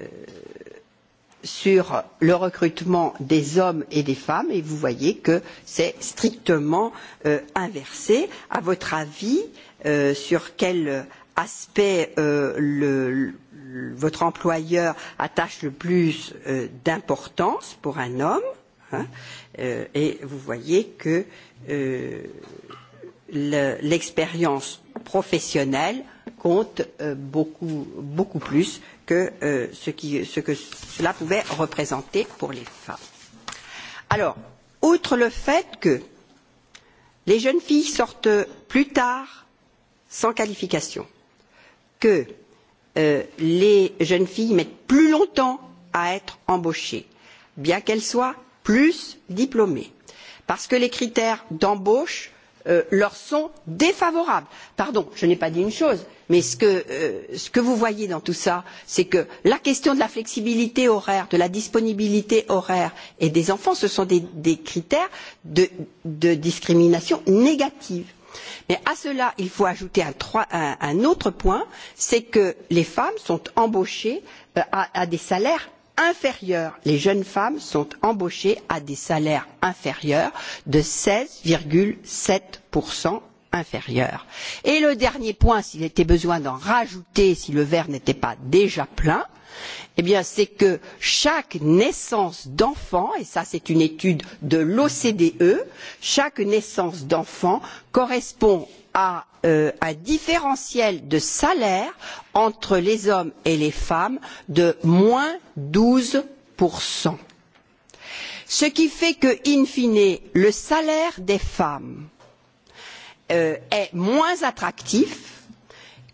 sur le recrutement des hommes et des femmes, et vous voyez que c'est strictement euh, inversé. À votre avis, euh, sur quel aspect euh, le, le, votre employeur attache le plus euh, d'importance pour un homme hein, euh, Et vous voyez que euh, l'expérience professionnel compte euh, beaucoup, beaucoup plus que euh, ce, qui, ce que cela pouvait représenter pour les femmes. Alors, outre le fait que les jeunes filles sortent plus tard sans qualification, que euh, les jeunes filles mettent plus longtemps à être embauchées, bien qu'elles soient plus diplômées, parce que les critères d'embauche Euh, leur sont défavorables. Pardon, je n'ai pas dit une chose, mais ce que, euh, ce que vous voyez dans tout ça, c'est que la question de la flexibilité horaire, de la disponibilité horaire et des enfants, ce sont des, des critères de, de discrimination négative. Mais à cela, il faut ajouter un, trois, un, un autre point, c'est que les femmes sont embauchées euh, à, à des salaires inférieures les jeunes femmes sont embauchées à des salaires inférieurs de seize sept inférieurs. et le dernier point s'il était besoin d'en rajouter si le verre n'était pas déjà plein eh c'est que chaque naissance d'enfant et cela c'est une étude de l'ocde chaque naissance d'enfant correspond à un euh, différentiel de salaire entre les hommes et les femmes de moins douze ce qui fait que in fine le salaire des femmes euh, est moins attractif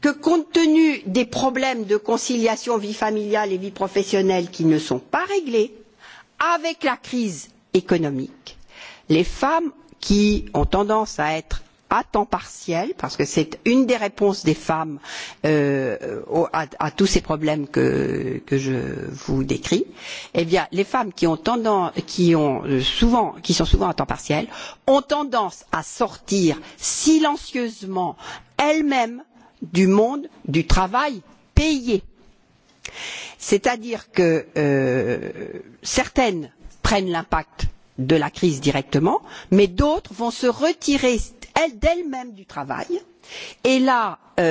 que compte tenu des problèmes de conciliation vie familiale et vie professionnelle qui ne sont pas réglés avec la crise économique les femmes qui ont tendance à être à temps partiel parce que c'est une des réponses des femmes euh, au, à, à tous ces problèmes que, que je vous décris eh bien les femmes qui ont tendance qui ont euh, souvent qui sont souvent à temps partiel ont tendance à sortir silencieusement elles mêmes du monde du travail payé c'est à dire que euh, certaines prennent l'impact de la crise directement, mais d'autres vont se retirer d'elle même du travail et là cela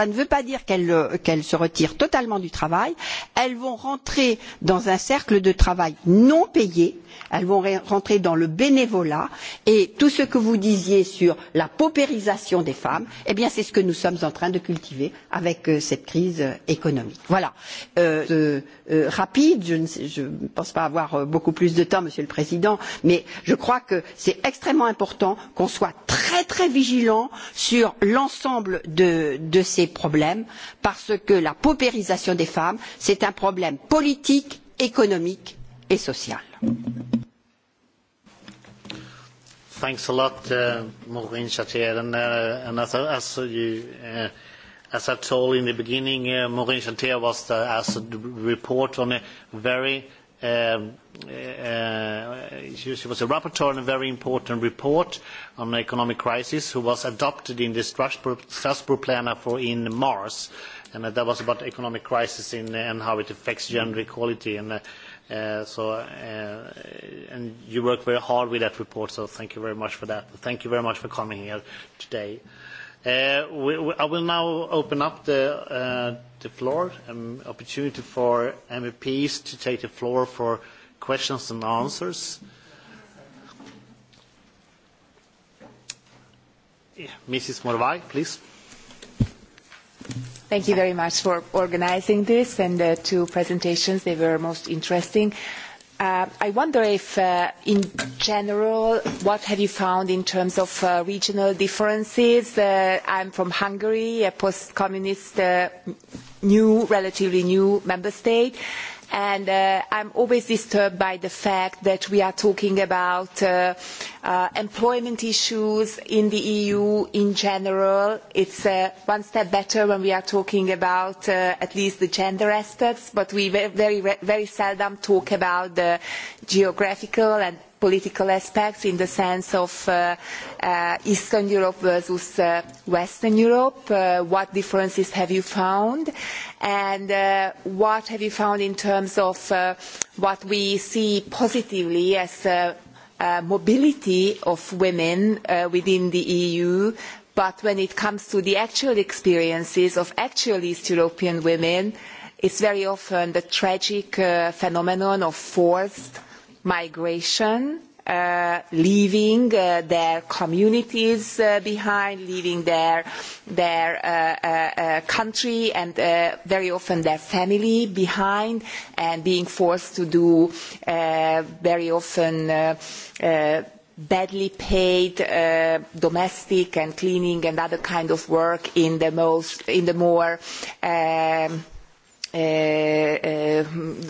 euh, ne veut pas dire qu'elles euh, se retirent totalement du travail elles vont rentrer dans un cercle de travail non rémunéré elles vont rentrer dans le bénévolat et tout ce que vous disiez sur la paupérisation des femmes eh bien c'est ce que nous sommes en train de cultiver avec euh, cette crise euh, économique. voilà euh, euh, euh, rapide je ne sais, je pense pas avoir euh, beaucoup plus de temps monsieur le président mais je crois que c'est extrêmement important qu'on soit très très vigilant sur l'ensemble de, de ces problèmes parce que la paupérisation des femmes c'est un problème politique économique et social. Mmh. Thanks a lot, uh, Maureen Chatier. And uh, uh, as I told in the beginning, Maureen Chatier was the um, rapporteur on a very important report on the economic crisis, who was adopted in the Strasbourg Plan in March. And that was about economic crisis and how it affects gender equality. And Uh, so, uh, and you work very hard with that report, so thank you very much for that. Thank you very much for coming here today. Uh, we, we, I will now open up the, uh, the floor, an um, opportunity for MEPs to take the floor for questions and answers. Yeah, Mrs. Morvai, please. Thank you very much for organizing this and the uh, two presentations. They were most interesting. Uh, I wonder if, uh, in general, what have you found in terms of uh, regional differences? Uh, I'm from Hungary, a post-communist, uh, new, relatively new member state and uh, i am always disturbed by the fact that we are talking about uh, uh, employment issues in the eu in general it is one step better when we are talking about at least the gender aspects but we very seldom talk about the geographical and political aspects in the sense of uh, uh, Eastern Europe versus uh, Western Europe? Uh, what differences have you found? And uh, what have you found in terms of uh, what we see positively as uh, uh, mobility of women uh, within the EU? But when it comes to the actual experiences of actual East European women, it's very often the tragic uh, phenomenon of forced migration uh, leaving uh, their communities uh, behind, leaving their their uh, uh, uh, country and uh, very often their family behind, and being forced to do uh, very often uh, uh, badly paid uh, domestic and cleaning and other kind of work in the most in the more. Um, Uh, uh,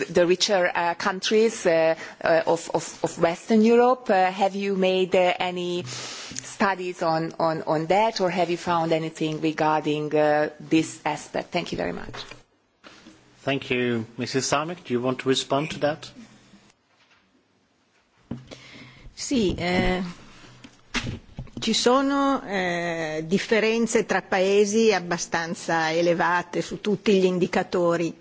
the richer uh, countries uh, uh, of, of, of Western Europe. Uh, have you made uh, any studies on, on, on that or have you found anything regarding uh, this aspect? Thank you very much. Thank you. Mrs. Samek, do you want to respond to that? Sì, eh, Ci sono eh, differenze tra paesi abbastanza elevate su tutti gli indicatori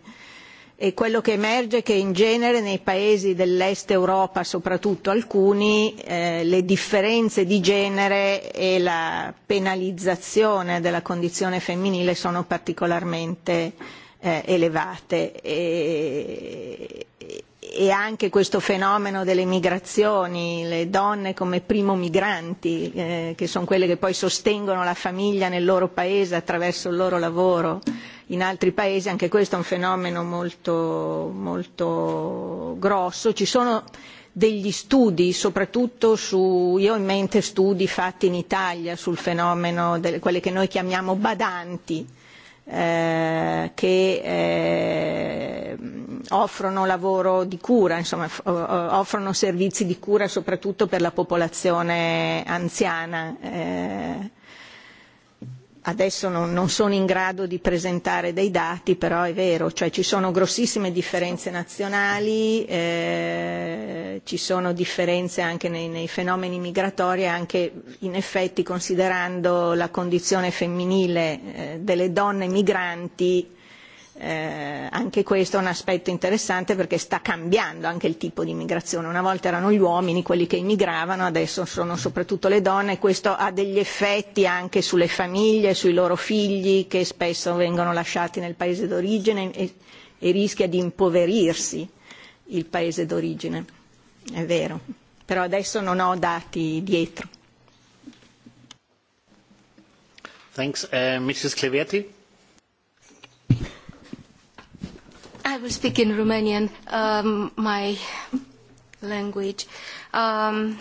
e quello che emerge è che in genere nei paesi dell'est Europa, soprattutto alcuni, eh, le differenze di genere e la penalizzazione della condizione femminile sono particolarmente eh, elevate. E, e, e anche questo fenomeno delle migrazioni, le donne come primo migranti, eh, che sono quelle che poi sostengono la famiglia nel loro paese attraverso il loro lavoro in altri paesi, anche questo è un fenomeno molto, molto grosso. Ci sono degli studi, soprattutto su, io ho in mente studi fatti in Italia sul fenomeno delle quelle che noi chiamiamo badanti, eh, Eh, che eh, offrono lavoro di cura, insomma, f- eh, eh, offrono servizi di cura soprattutto per la popolazione anziana. Eh adesso non, non sono in grado di presentare dei dati, però è vero, cioè ci sono grossissime differenze nazionali, eh, ci sono differenze anche nei, nei fenomeni migratori, anche in effetti considerando la condizione femminile eh, delle donne migranti. Eh, anche questo è un aspetto interessante perché sta cambiando anche il tipo di immigrazione. Una volta erano gli uomini quelli che immigravano, adesso sono soprattutto le donne e questo ha degli effetti anche sulle famiglie, sui loro figli che spesso vengono lasciati nel paese d'origine e, e rischia di impoverirsi il paese d'origine. È vero, però adesso non ho dati dietro. Thanks. Uh, Mrs. Cleverti? I will speak in Romanian, um, my language. Um,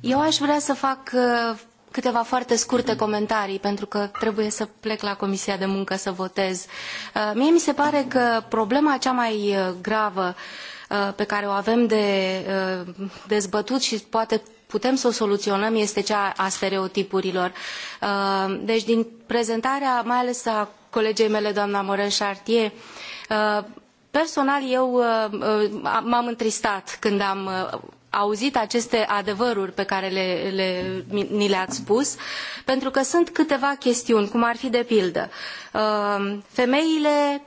eu aș vrea să fac uh, câteva foarte scurte comentarii, pentru că trebuie să plec la Comisia de Muncă să votez. Uh, mie mi se pare că problema cea mai uh, gravă uh, pe care o avem de uh, dezbătut și poate putem să o soluționăm este cea a stereotipurilor. Uh, deci din prezentarea, mai ales a colegei mele, doamna Morel Chartier, uh, Uh, personal eu uh, uh, m-am întristat când am auzit aceste adevăruri pe care le, le, ni le-ați spus, pentru că sunt câteva chestiuni, cum ar fi de pildă. Femeile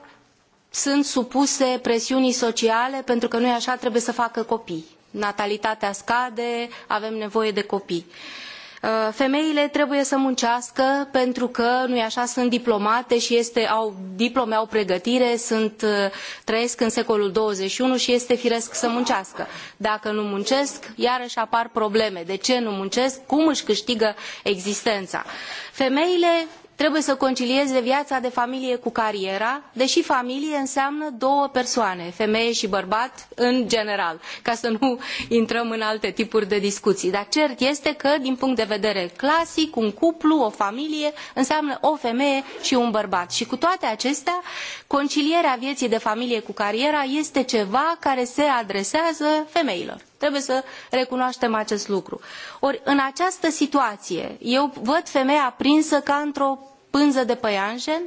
sunt supuse presiunii sociale pentru că nu-i așa trebuie să facă copii. Natalitatea scade, avem nevoie de copii. Uh, Uh, femeile trebuie să muncească pentru că nu așa sunt diplomate și este, au diplome, au pregătire, sunt, uh, trăiesc în secolul 21 și este firesc să muncească. Dacă nu muncesc, iarăși apar probleme. De ce nu muncesc? Cum își câștigă existența? Femeile trebuie să concilieze viața de familie cu cariera, deși familie înseamnă două persoane, femeie și bărbat în general, ca să nu intrăm în alte tipuri de discuții. Dar cert este că, din punct de vedere clasic, un cuplu, o familie, înseamnă o femeie și un bărbat. Și cu toate acestea, concilierea vieții de familie cu cariera este ceva care se adresează femeilor. Trebuie să recunoaștem acest lucru. Ori, în această situație, eu văd femeia prinsă ca într-o pânză de păianjen,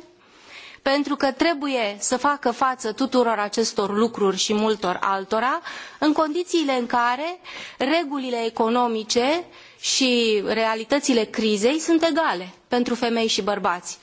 pentru că trebuie să facă față tuturor acestor lucruri și multor altora, în condițiile în care regulile economice și realitățile crizei sunt egale pentru femei și bărbați.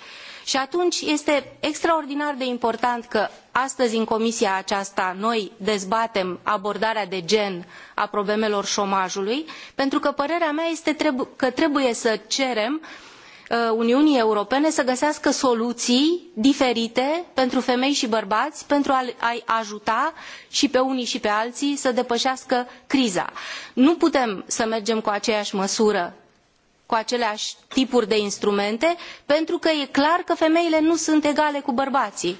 Și atunci este extraordinar de important că astăzi în comisia aceasta noi dezbatem abordarea de gen a problemelor șomajului, pentru că părerea mea este că trebuie să cerem uh, Uniunii Europene să găsească soluții diferite pentru femei și bărbați pentru a-i ajuta și pe unii și pe alții să depășească criza. Nu putem să mergem cu aceeași măsură cu aceleași tipuri de instrumente, pentru că e clar că femeile nu sunt egale cu bărbații.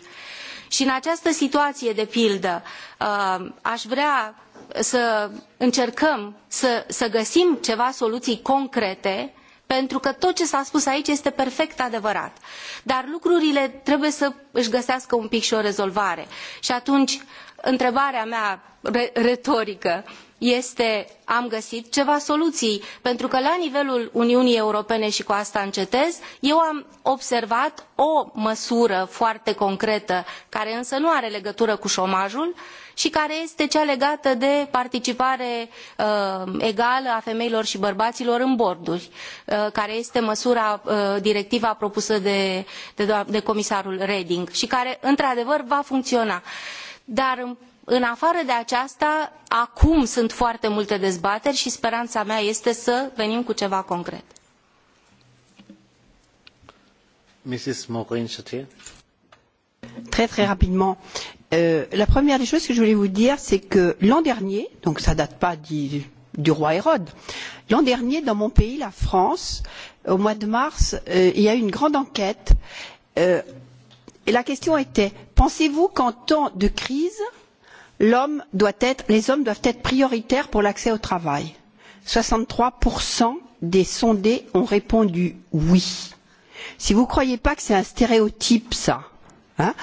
Și în această situație, de pildă, uh, aș vrea să încercăm să, să găsim ceva soluții concrete, pentru că tot ce s-a spus aici este perfect adevărat. Dar lucrurile trebuie să își găsească un pic și o rezolvare. Și atunci, întrebarea mea retorică este am găsit ceva soluii pentru că la nivelul uniunii europene i cu asta încetez eu am observat o măsură foarte concretă care însă nu are legătură cu omajul i care este cea legată de participare uh, egală a femeilor i bărbailor în borduri uh, care este măsura uh, directiva propusă de, de, de comisarul reding i care într adevăr va funciona. Uh, Dar în afară de aceasta, acum sunt foarte multe dezbateri și speranța mea este să venim cu ceva concret. Mrs. Maureen Très très rapidement. Euh, la première des choses que je voulais vous dire, c'est que l'an dernier, donc ça ne date pas du, du roi Hérode, l'an dernier, dans mon pays, la France, au mois de mars, euh, il y a eu une grande enquête euh, la question était pensez vous qu'en temps de crise l'homme doit être, les hommes doivent être prioritaires pour l'accès au travail? soixante trois des sondés ont répondu oui. Si vous ne croyez pas que c'est un stéréotype, ça, hein,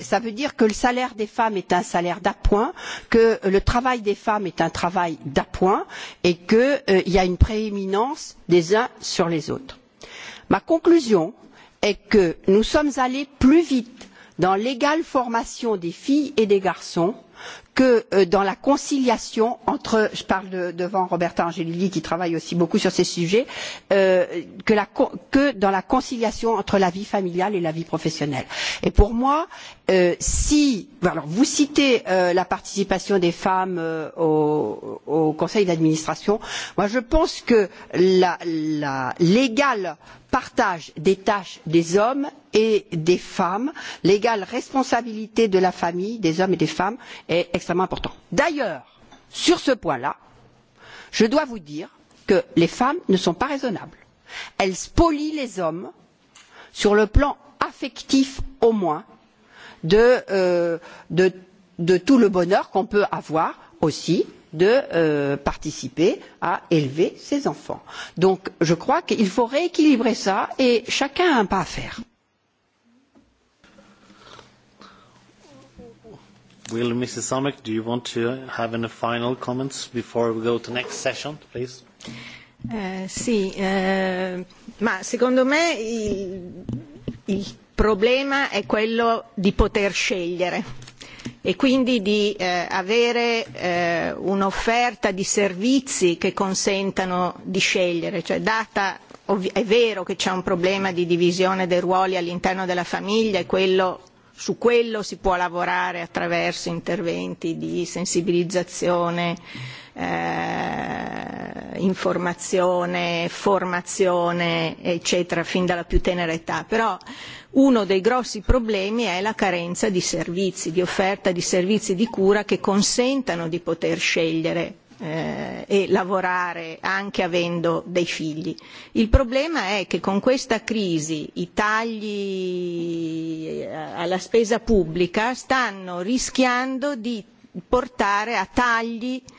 ça veut dire que le salaire des femmes est un salaire d'appoint, que le travail des femmes est un travail d'appoint et qu'il euh, y a une prééminence des uns sur les autres. Ma conclusion, est que nous sommes allés plus vite dans l'égale formation des filles et des garçons que euh, dans la conciliation entre je parle de, devant Roberta Angelilli qui travaille aussi beaucoup sur ces sujets euh, que, la, que dans la conciliation entre la vie familiale et la vie professionnelle. Et pour moi, Euh, vous citez euh, la participation des femmes euh, au conseil d'administration. je pense que l'égal partage des tâches des hommes et des femmes l'égale responsabilité de la famille des hommes et des femmes est extrêmement important. d'ailleurs sur ce point là je dois vous dire que les femmes ne sont pas raisonnables. elles spolient les hommes sur le plan affectif au moins Euh, de tout le bonheur qu'on peut avoir aussi de euh, participer à élever ses enfants. donc je crois qu'il faut rééquilibrer cela et chacun a un pas à faire. Will Mrs. Somek, do you want to have any final comments before we go to the next session, please? Uh, sì, uh, ma secondo me il, il problema è quello di poter scegliere e quindi di eh, avere eh, un'offerta di servizi che consentano di scegliere. Cioè, data, ovvi- è vero che c'è un problema di divisione dei ruoli all'interno della famiglia e quello, su quello si può lavorare attraverso interventi di sensibilizzazione. Mm eh, informazione, formazione, eccetera, fin dalla più tenera età. Però uno dei grossi problemi è la carenza di servizi, di offerta di servizi di cura che consentano di poter scegliere eh, e lavorare anche avendo dei figli. Il problema è che con questa crisi i tagli eh, alla spesa pubblica stanno rischiando di portare a tagli eh,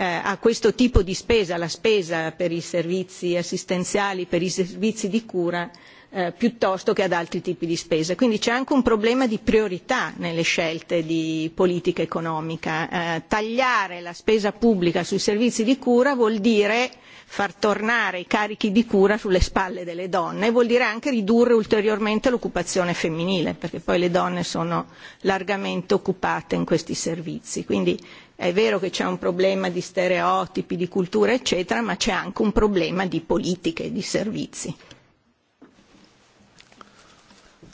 Eh, a questo tipo di spesa la spesa per i servizi assistenziali per i servizi di cura eh, piuttosto che ad altri tipi di spese. Quindi c'è anche un problema di priorità nelle scelte di politica economica. Eh, tagliare la spesa pubblica sui servizi di cura vuol dire far tornare i carichi di cura sulle spalle delle donne e vuol dire anche ridurre ulteriormente l'occupazione femminile, perché poi le donne sono largamente occupate in questi servizi. Quindi È vero che c'è un problema di stereotipi, di cultura, eccetera, ma c'è anche un problema di politiche, di servizi.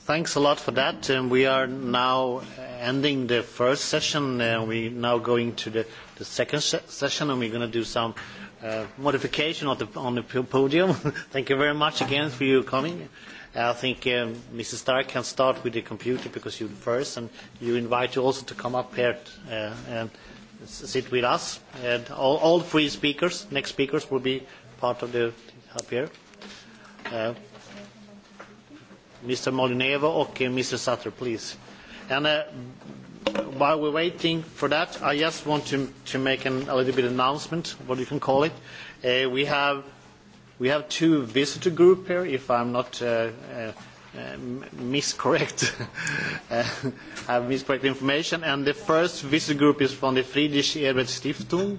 Thanks a lot for that. Um, we are now ending the first session and uh, we are now going to the, the second se session and we are going to do some uh, modification of the, on the podium. Thank you very much again for your coming. I think um, Mrs. Stark can start with the computer because you are first and you invite you also to come up here. Uh, and, uh, sit with us and all, all three speakers, next speakers will be part of the up here. Uh, Mr. Molinevo, okay, Mr. Sutter, please. And uh, while we're waiting for that, I just want to, to make an, a little bit of announcement, what you can call it. Uh, we, have, we have two visitor groups here, if I'm not uh, uh, Uh, miscorrect have uh, miscorrect information and the first visitor group is from the Friedrich Ebert Stiftung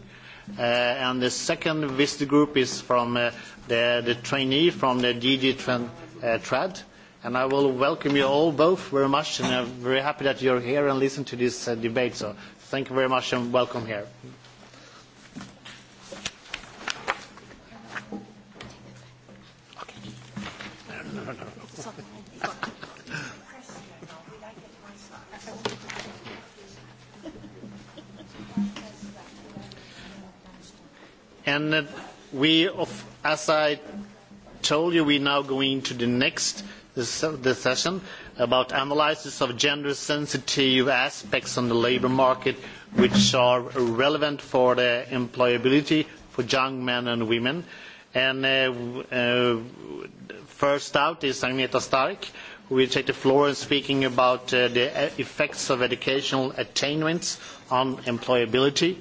uh, and the second visitor group is from uh, the, the trainee from the DG uh, Trad uh, and I will welcome you all both very much and I'm very happy that you're here and listen to this uh, debate so thank you very much and welcome here. And uh, we, as I told you, we're now going to the next session about analysis of gender-sensitive aspects on the labour market, which are relevant for the employability for young men and women. And uh, uh, first out is Agneta Stark, who will take the floor in speaking about the e-, effects of educational attainments on employability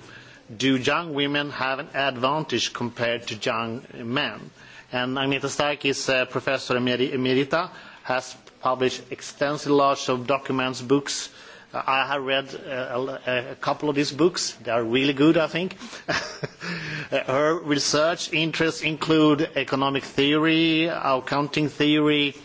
do young women have an advantage compared to young men? And Agneta Stark is a uh, professor emerita, has published extensive large of documents, books. I have read uh, a, a couple of these books. They are really good, I think. Her research interests include economic theory, accounting theory,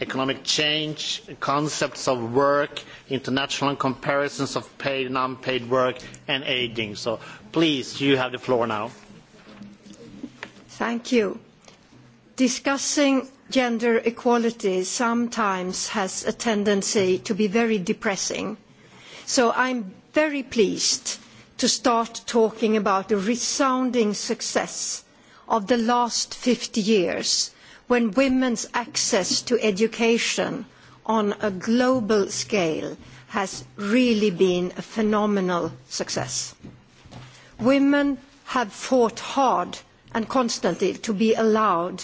economic change, concepts of work, international comparisons of paid and unpaid work, and aging. So please, you have the floor now. Thank you. Discussing gender equality sometimes has a tendency to be very depressing. So I'm very pleased to start talking about the resounding success of the last 50 years when women's access to education on a global scale has really been a phenomenal success. Women have fought hard and constantly to be allowed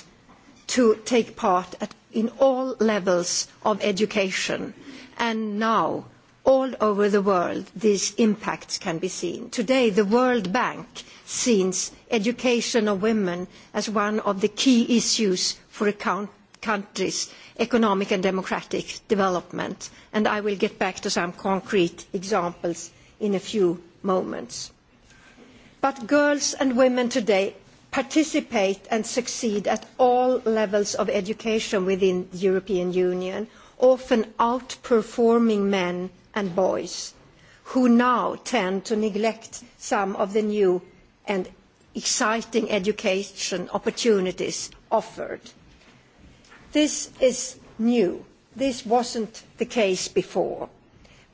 to take part at, in all levels of education and now all over the world these impacts can be seen. Today the World Bank sees education of women as one of the key issues for a country's economic and democratic development. And I will get back to some concrete examples in a few moments. But girls and women today participate and succeed at all levels of education within the European Union, often outperforming men and boys, who now tend to neglect some of the new and exciting education opportunities offered. This is new. This wasn't the case before.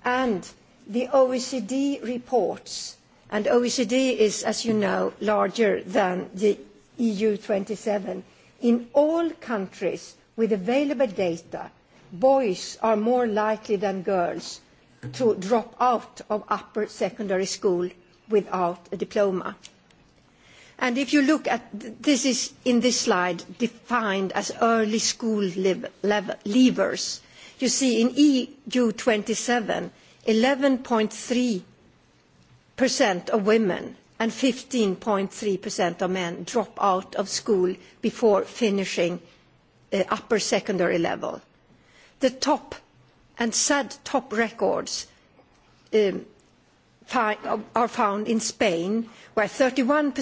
And the OECD reports, and OECD is, as you know, larger than the EU27, in all countries with available data, boys are more likely than girls to drop out of upper secondary school without a diploma. And if you look at this is in this slide defined as early school leavers. You see in EU 27, 11.3% of women and 15.3% of men drop out of school before finishing uh, upper secondary level. The top and sad top records um, are found in spain where thirty one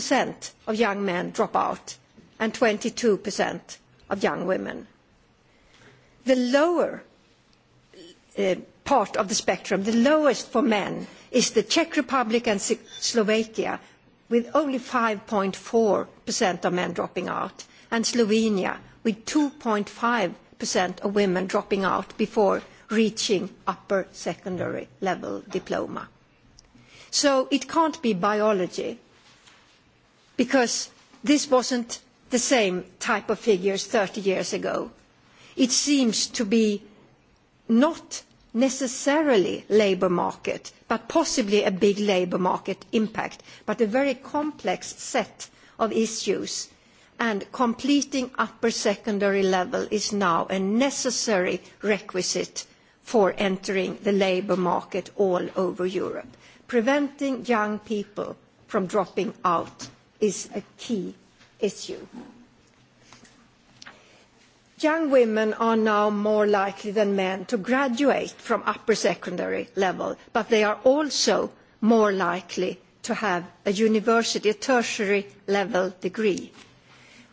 of young men drop out and twenty two of young women. the lower uh, part of the spectrum the lowest for men is the czech republic and slovakia with only 5.4% of men dropping out and slovenia with 2.5% of women dropping out before reaching upper secondary level diploma. So it can't be biology, because this wasn't the same type of figures 30 years ago. It seems to be not necessarily labour market, but possibly a big labour market impact, but a very complex set of issues. And completing upper secondary level is now a necessary requisite for entering the labour market all over Europe preventing young people from dropping out is a key issue. Young women are now more likely than men to graduate from upper secondary level, but they are also more likely to have a university, a tertiary level degree.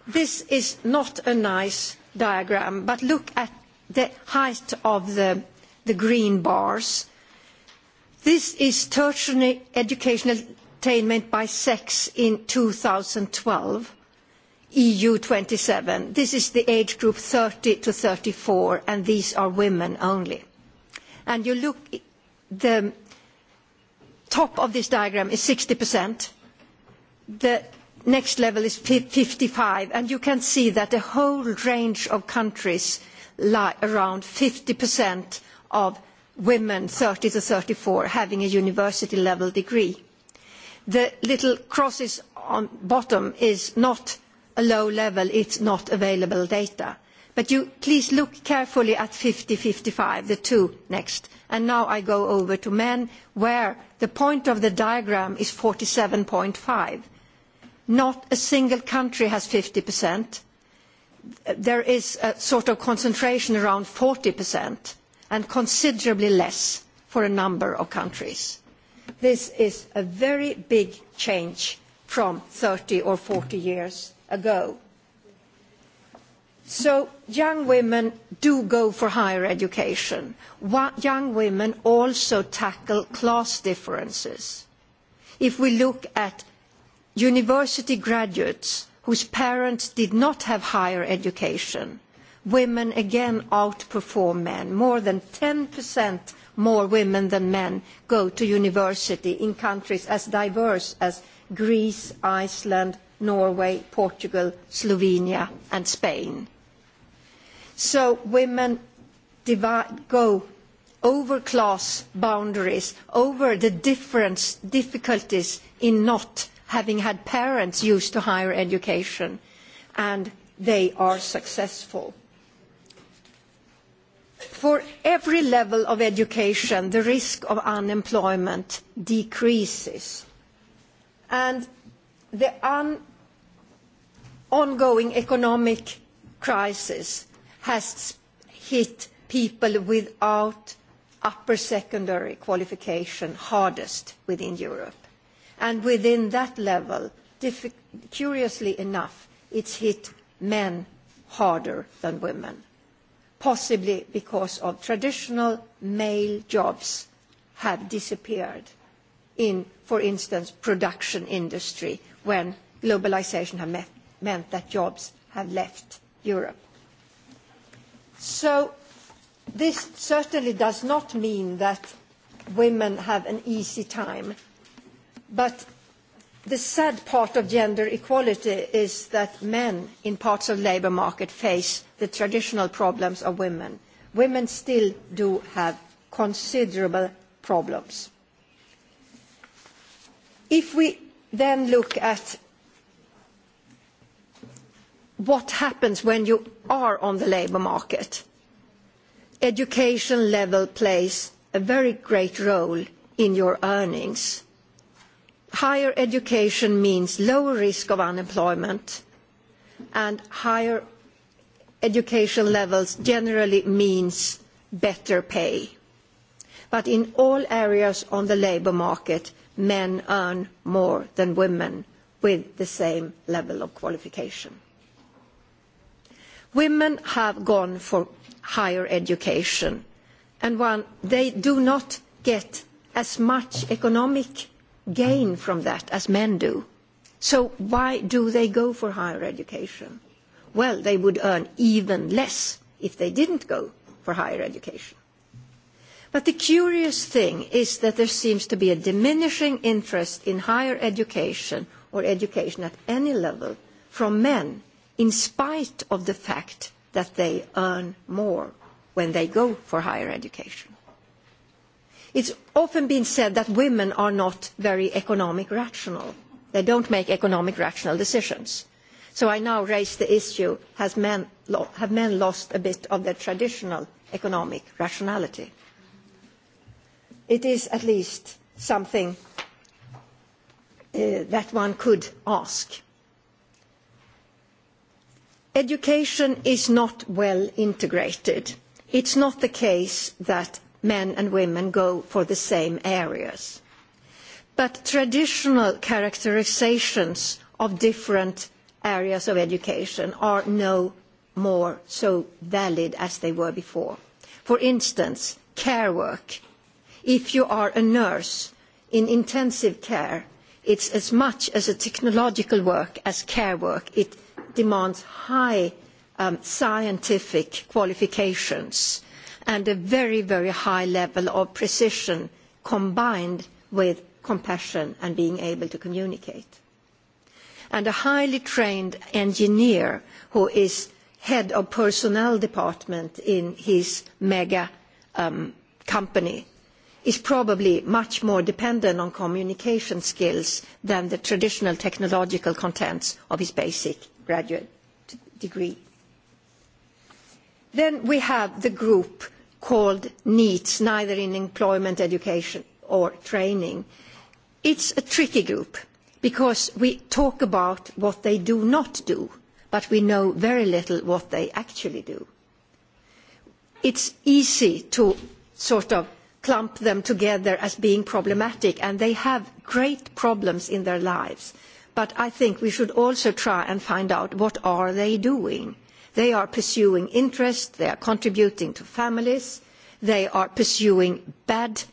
This is not a nice diagram, but look at the height of the, the green bars. This is tertiary educational attainment by sex in 2012, EU 27. This is the age group 30 to 34, and these are women only. And you look, the top of this diagram is 60%. The next level is 55, and you can see that a whole range of countries lie around 50% of women 30 to 34 having a university level degree. The little crosses on bottom is not a low level, it's not available data. But you please look carefully at 50 55, the two next. And now I go over to men, where the point of the diagram is 47.5. Not a single country has 50%. There is a sort of concentration around and considerably less for a number of countries. This is a very big change from 30 or 40 years ago. So young women do go for higher education. Young women also tackle class differences. If we look at university graduates whose parents did not have higher education, women again outperform men. More than 10% more women than men go to university in countries as diverse as Greece, Iceland, Norway, Portugal, Slovenia, and Spain. So women go over class boundaries, over the difference, difficulties in not having had parents used to higher education, and they are successful. For every level of education, the risk of unemployment decreases. And the un- ongoing economic crisis has hit people without upper secondary qualification hardest within Europe. And within that level, diff- curiously enough, it's hit men harder than women possibly because of traditional male jobs have disappeared in, for instance, production industry when globalization has meant that jobs have left Europe. So this certainly does not mean that women have an easy time, but The sad part of gender equality is that men in parts of the labour market face the traditional problems of women. Women still do have considerable problems. If we then look at what happens when you are on the labour market, education level plays a very great role in your earnings higher education means lower risk of unemployment and higher education levels generally means better pay. But in all areas on the labour market, men earn more than women with the same level of qualification. Women have gone for higher education and one, they do not get as much economic gain from that as men do. So why do they go for higher education? Well, they would earn even less if they didn't go for higher education. But the curious thing is that there seems to be a diminishing interest in higher education or education at any level from men in spite of the fact that they earn more when they go for higher education it's often been said that women are not very economic rational. they don't make economic rational decisions. so i now raise the issue has men lo- have men lost a bit of their traditional economic rationality? it is at least something uh, that one could ask. education is not well integrated. it's not the case that men and women go for the same areas. But traditional characterizations of different areas of education are no more so valid as they were before. For instance, care work. If you are a nurse in intensive care, it's as much as a technological work as care work. It demands high um, scientific qualifications uh, and a very, very high level of precision combined with compassion and being able to communicate. And a highly trained engineer who is head of personnel department in his mega um, company is probably much more dependent on communication skills than the traditional technological contents of his basic graduate degree. Then we have the group called NEETs, neither in employment, education or training. It's a tricky group because we talk about what they do not do, but we know very little what they actually do. It's easy to sort of clump them together as being problematic, and they have great problems in their lives. But I think we should also try and find out what are they doing. They are pursuing interest, they are contributing to families, they are pursuing bad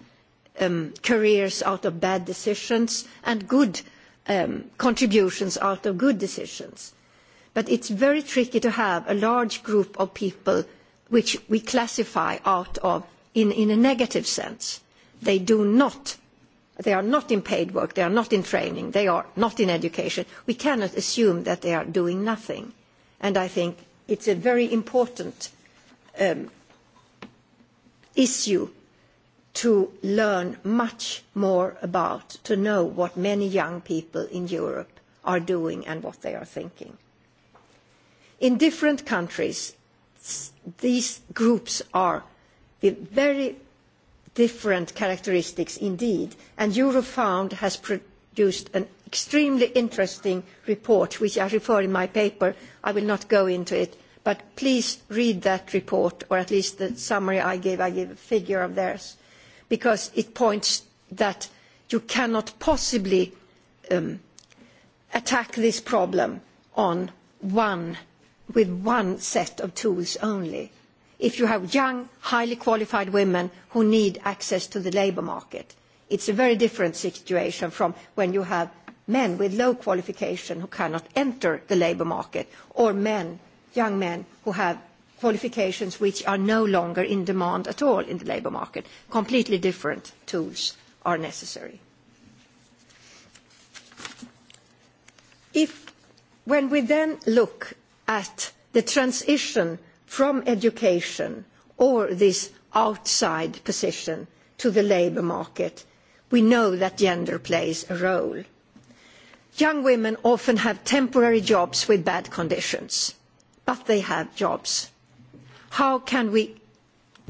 um, careers out of bad decisions and good um, contributions out of good decisions. But it's very tricky to have a large group of people which we classify out of in, in a negative sense. They do not, they are not in paid work, they are not in training, they are not in education. We cannot assume that they are doing nothing. And I think it's a very important um, issue to learn much more about, to know what many young people in Europe are doing and what they are thinking. In different countries, these groups are the very different characteristics indeed, and Eurofound has produced an extremely interesting report which I refer in my paper. I will not go into it, but please read that report or at least the summary I gave. I gave a figure of theirs because it points that you cannot possibly um, attack this problem on one, with one set of tools only. If you have young, highly qualified women who need access to the labour market, it's a very different situation from when you have men with low qualification who cannot enter the labour market, or men, young men, who have qualifications which are no longer in demand at all in the labour market. Completely different tools are necessary. If, when we then look at the transition from education or this outside position to the labour market, we know that gender plays a role young women often have temporary jobs with bad conditions but they have jobs. how can we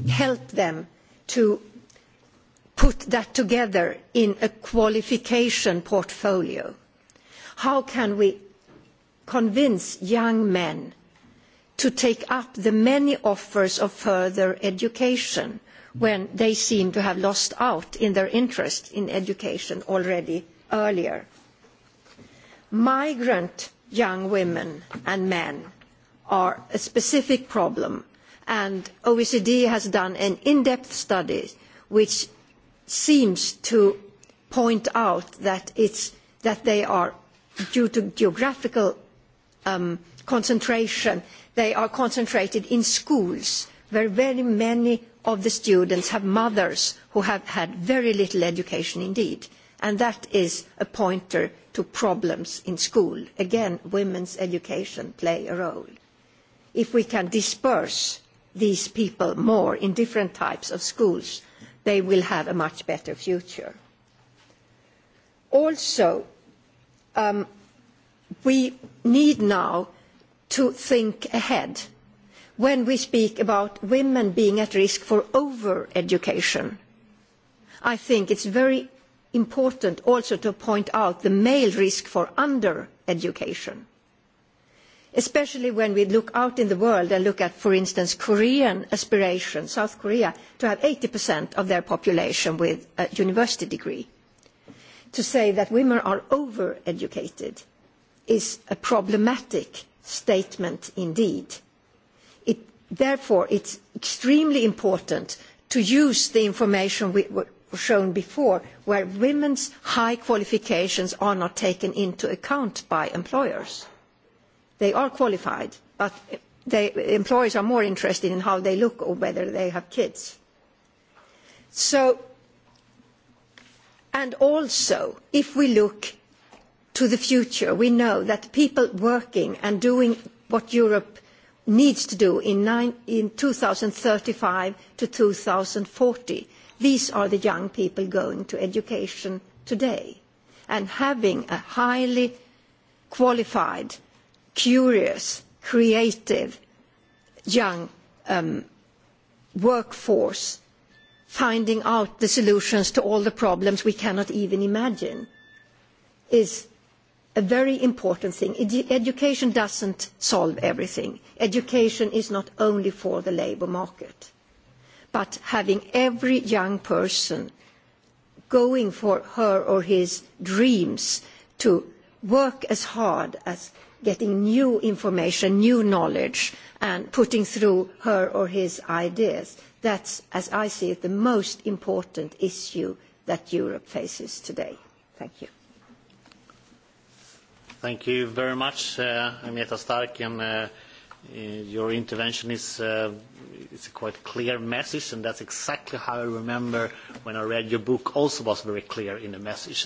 help them to put that together in a qualification portfolio? how can we convince young men to take up the many offers of further education when they seem to have lost out in their interest in education already earlier? migrant young women and men are a specific problem and OECD has done an in-depth study which seems to point out that, it's, that they are due to geographical um, concentration, they are concentrated in schools where very many of the students have mothers who have had very little education indeed and that is a pointer to problems in school. Again, women's education play a role. If we can disperse these people more in different types of schools, they will have a much better future. Also, um, we need now to think ahead. When we speak about women being at risk for over-education, I think it's very important also to point out the male risk for under education. Especially when we look out in the world and look at, for instance, Korean aspirations, South Korea, to have 80% of their population with a university degree. To say that women are overeducated is a problematic statement indeed. It, therefore, it's extremely important to use the information we, shown before, where women's high qualifications are not taken into account by employers. They are qualified, but they, employers are more interested in how they look or whether they have kids. So, and also, if we look to the future, we know that people working and doing what Europe needs to do in, nine, in 2035 to 2040 These are the young people going to education today. And having a highly qualified, curious, creative, young um, workforce finding out the solutions to all the problems we cannot even imagine is a very important thing. Ed education doesn't solve everything. Education is not only for the labour market but having every young person going for her or his dreams to work as hard as getting new information, new knowledge, and putting through her or his ideas. That's, as I see it, the most important issue that Europe faces today. Thank you. Thank you very much, uh, Agneta Stark. And, uh, Uh, your intervention is uh, it's a quite clear message, and that's exactly how I remember when I read your book. Also, was very clear in the message.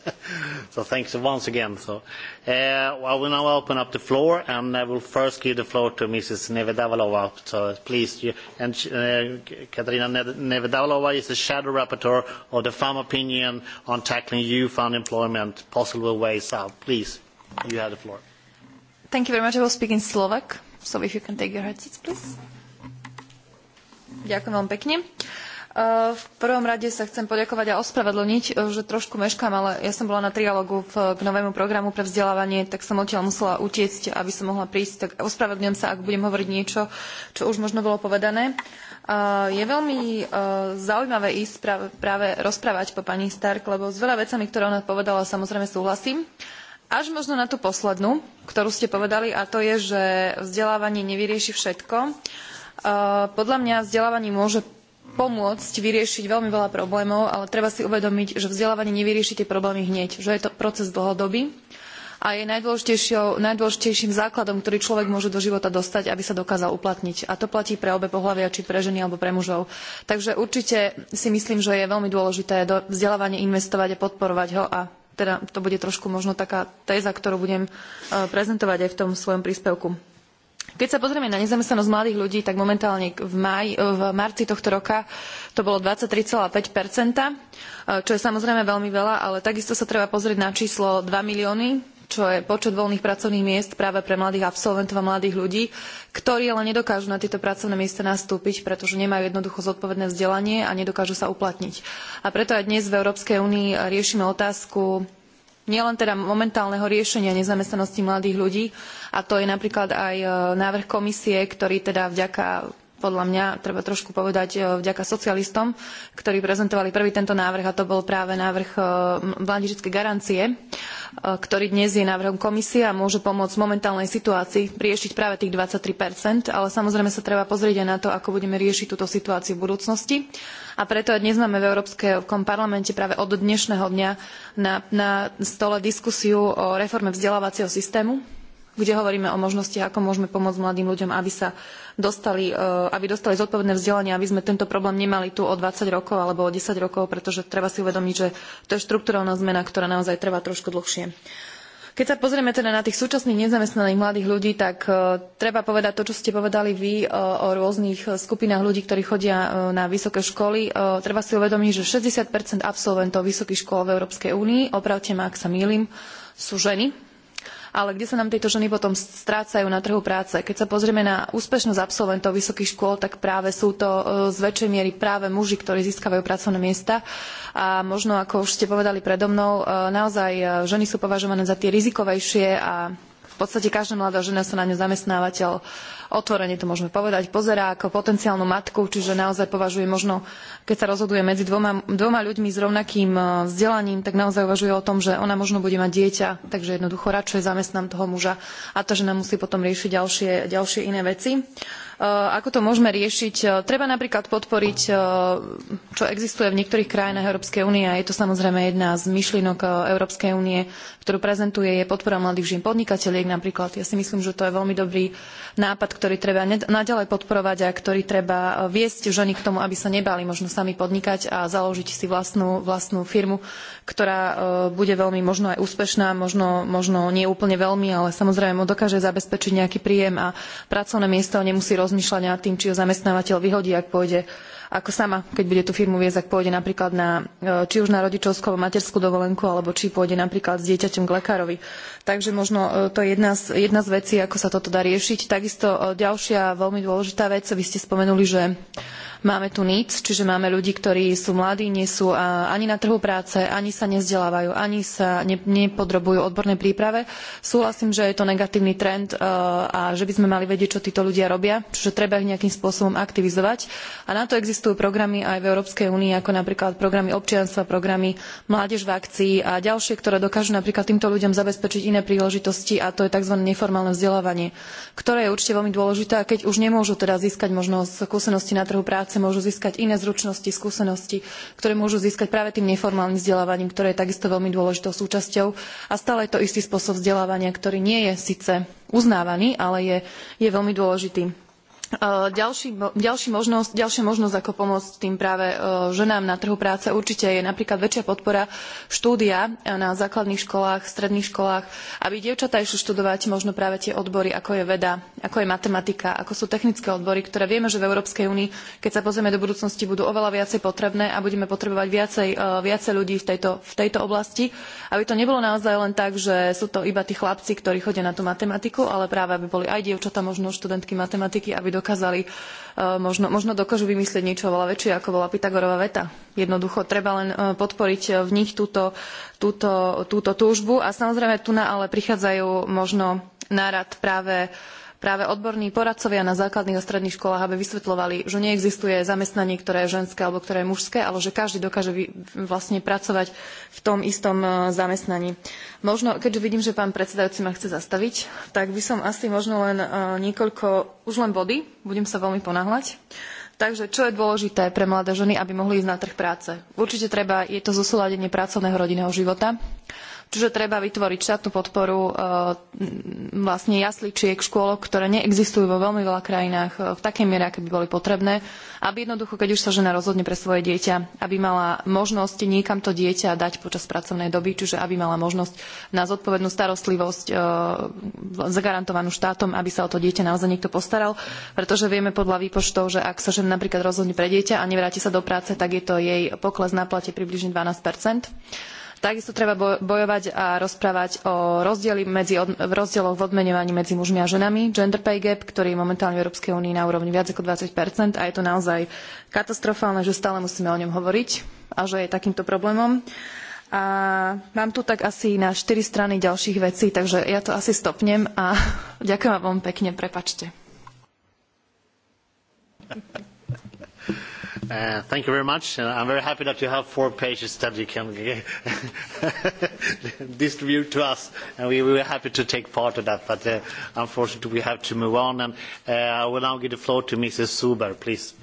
so, thanks once again. So, uh, well, I will now open up the floor, and I will first give the floor to Mrs. Nevedavalova. So, please, you, and uh, Katarina Nevedavalova is the shadow rapporteur of the FAM opinion on tackling youth unemployment, possible ways out. Please, you have the floor. Thank you very much. I will speak in Slovak, so if you can take your headsets, please. Ďakujem veľmi pekne. Eh, v prvom rade sa chcem poďakovať a ospravedlniť, eh, že trošku meškám, ale ja som bola na trialogu k novému programu pre vzdelávanie, tak som odtiaľ musela utiecť, aby som mohla prísť. Tak ospravedlňujem sa, ak budem hovoriť niečo, čo už možno bolo povedané. Eh, je veľmi zaujímavé ísť práve rozprávať po pani Stark, lebo s veľa vecami, ktoré ona povedala, samozrejme súhlasím. Až možno na tú poslednú, ktorú ste povedali, a to je, že vzdelávanie nevyrieši všetko. E, podľa mňa vzdelávanie môže pomôcť vyriešiť veľmi veľa problémov, ale treba si uvedomiť, že vzdelávanie nevyrieši tie problémy hneď, že je to proces dlhodobý a je najdôležitejším základom, ktorý človek môže do života dostať, aby sa dokázal uplatniť. A to platí pre obe pohľavia, či pre ženy alebo pre mužov. Takže určite si myslím, že je veľmi dôležité do vzdelávania investovať a podporovať ho a teda to bude trošku možno taká téza, ktorú budem e, prezentovať aj v tom svojom príspevku. Keď sa pozrieme na nezamestnanosť mladých ľudí, tak momentálne v, maj, e, v marci tohto roka to bolo 23,5%, e, čo je samozrejme veľmi veľa, ale takisto sa treba pozrieť na číslo 2 milióny čo je počet voľných pracovných miest práve pre mladých absolventov a mladých ľudí, ktorí ale nedokážu na tieto pracovné miesta nastúpiť, pretože nemajú jednoducho zodpovedné vzdelanie a nedokážu sa uplatniť. A preto aj dnes v Európskej únii riešime otázku nielen teda momentálneho riešenia nezamestnanosti mladých ľudí, a to je napríklad aj e, návrh komisie, ktorý teda vďaka podľa mňa treba trošku povedať e, vďaka socialistom, ktorí prezentovali prvý tento návrh a to bol práve návrh e, mladížické garancie. Eh, ktorý dnes je návrhom komisie a môže pomôcť v momentálnej situácii riešiť práve tých 23 ale samozrejme sa treba pozrieť aj na to, ako budeme riešiť túto situáciu v budúcnosti. A preto aj dnes máme v Európskom parlamente práve od dnešného dňa na, na stole diskusiu o reforme vzdelávacieho systému, kde hovoríme o možnostiach, ako môžeme pomôcť mladým ľuďom, aby sa dostali, e, aby dostali zodpovedné vzdelanie, aby sme tento problém nemali tu o 20 rokov alebo o 10 rokov, pretože treba si uvedomiť, že to je štruktúrálna zmena, ktorá naozaj trvá trošku dlhšie. Keď sa pozrieme teda na tých súčasných nezamestnaných mladých ľudí, tak e, treba povedať to, čo ste povedali vy e, o rôznych skupinách ľudí, ktorí chodia na vysoké školy. Treba si uvedomiť, že 60 absolventov vysokých škôl v Európskej únii, opravte ma, ak sa mýlim, sú ženy ale kde sa nám tieto ženy potom strácajú na trhu práce. Keď sa pozrieme na úspešnosť absolventov vysokých škôl, tak práve sú to e, z väčšej miery práve muži, ktorí získavajú pracovné miesta. A možno, ako už ste povedali predo mnou, e, naozaj e, ženy sú považované za tie rizikovejšie a v podstate každá mladá žena sa na ňu zamestnávateľ uh, otvorene to môžeme povedať, pozerá ako potenciálnu matku, čiže naozaj považuje možno, keď sa rozhoduje medzi dvoma, dvoma ľuďmi s rovnakým eh, vzdelaním, tak naozaj uvažuje o tom, že ona možno bude mať dieťa, takže jednoducho radšej zamestnám toho muža a tá žena musí potom riešiť ďalšie, ďalšie iné veci. Uh, Eh, ako to môžeme riešiť. Eh, treba napríklad podporiť, eh, čo existuje v niektorých krajinách Európskej únie a je to samozrejme jedna z myšlienok Európskej únie, ktorú prezentuje, je podpora mladých žien podnikateľiek napríklad. Ja si myslím, že to je veľmi dobrý nápad, ktorý treba naďalej podporovať a ktorý treba viesť ženy k tomu, aby sa nebali možno sami podnikať a založiť si vlastnú, vlastnú firmu, ktorá bude veľmi možno aj úspešná, možno, možno nie úplne veľmi, ale samozrejme dokáže zabezpečiť nejaký príjem a pracovné miesto nemusí rozhodnúť rozmýšľania nad tým, či ho zamestnávateľ vyhodí, ak pôjde ako sama, keď bude tú firmu viesť, ak pôjde napríklad na, e, či už na rodičovskú alebo materskú dovolenku, alebo či pôjde napríklad s dieťaťom k lekárovi. Takže možno e, to je jedna z, jedna z vecí, ako sa toto dá riešiť. Takisto e, ďalšia veľmi dôležitá vec, vy ste spomenuli, že máme tu nic, čiže máme ľudí, ktorí sú mladí, nie sú ani na trhu práce, ani sa nezdelávajú, ani sa nepodrobujú odborné príprave. Súhlasím, že je to negatívny trend e, a že by sme mali vedieť, čo títo ľudia robia, čiže treba ich nejakým spôsobom aktivizovať. A na to existujú programy aj v Európskej únii, ako napríklad programy občianstva, programy mládež v akcii a ďalšie, ktoré dokážu napríklad týmto ľuďom zabezpečiť iné príležitosti a to je tzv. neformálne vzdelávanie, ktoré je určite veľmi dôležité a keď už nemôžu teda získať možnosť skúsenosti na trhu práce, práce môžu získať iné zručnosti, skúsenosti, ktoré môžu získať práve tým neformálnym vzdelávaním, ktoré je takisto veľmi dôležitou súčasťou. A stále je to istý spôsob vzdelávania, ktorý nie je síce uznávaný, ale je, je veľmi dôležitý. Eh, ďalšia možnosť ako pomôcť tým práve eh, ženám na trhu práce určite je napríklad väčšia podpora štúdia eh, na základných školách stredných školách aby dievčatá išli študovať možno práve tie odbory ako je veda ako je matematika ako sú technické odbory ktoré vieme že v európskej únii keď sa pozrieme do budúcnosti budú oveľa viacej potrebné a budeme potrebovať viacej ľudí v tejto oblasti aby to nebolo naozaj len tak že sú to iba tí chlapci ktorí chodia na tú matematiku ale práve aby boli aj dievčatá možno študentky matematiky aby dokázali dokázali, eh, možno, možno dokážu vymyslieť niečo oveľa väčšie, ako bola Pythagorová veta. Jednoducho, treba len eh, podporiť eh, v nich túto, túto, túto túžbu. A samozrejme, tu na ale prichádzajú možno nárad práve uh, práve odborní poradcovia na základných a stredných školách, aby vysvetlovali, že neexistuje zamestnanie, ktoré je ženské alebo ktoré je mužské, ale že každý dokáže vlastne pracovať v tom istom e, zamestnaní. Možno, keďže vidím, že pán predsedajúci ma chce zastaviť, tak by som asi možno len e, niekoľko, už len body, budem sa veľmi ponáhľať. Takže čo je dôležité pre mladé ženy, aby mohli ísť na trh práce? Určite treba, je to zosúladenie pracovného rodinného života. Čiže treba vytvoriť štátnu podporu e, vlastne jasličiek, škôl, ktoré neexistujú vo veľmi veľa krajinách e, v takej miere, aké by boli potrebné, aby jednoducho, keď už sa žena rozhodne pre svoje dieťa, aby mala možnosť niekam to dieťa dať počas pracovnej doby, čiže aby mala možnosť na zodpovednú starostlivosť e, zagarantovanú štátom, aby sa o to dieťa naozaj niekto postaral. Pretože vieme podľa výpočtov, že ak sa žena napríklad rozhodne pre dieťa a nevráti sa do práce, tak je to jej pokles na plate približne 12 Takisto treba bojovať a rozprávať o rozdieli medzi od, v rozdieloch v odmenovaní medzi mužmi a ženami. Gender pay gap, ktorý je momentálne v Európskej únii na úrovni viac ako 20 a je to naozaj katastrofálne, že stále musíme o ňom hovoriť a že je takýmto problémom. A mám tu tak asi na 4 strany ďalších vecí, takže ja to asi stopnem a ďakujem vám pekne, prepačte. Thank you. Uh, thank you very much. Uh, I'm very happy that you have four pages that you can distribute to us, and we were happy to take part of that. But uh, unfortunately, we have to move on, and uh, I will now give the floor to Mrs. Suber, please.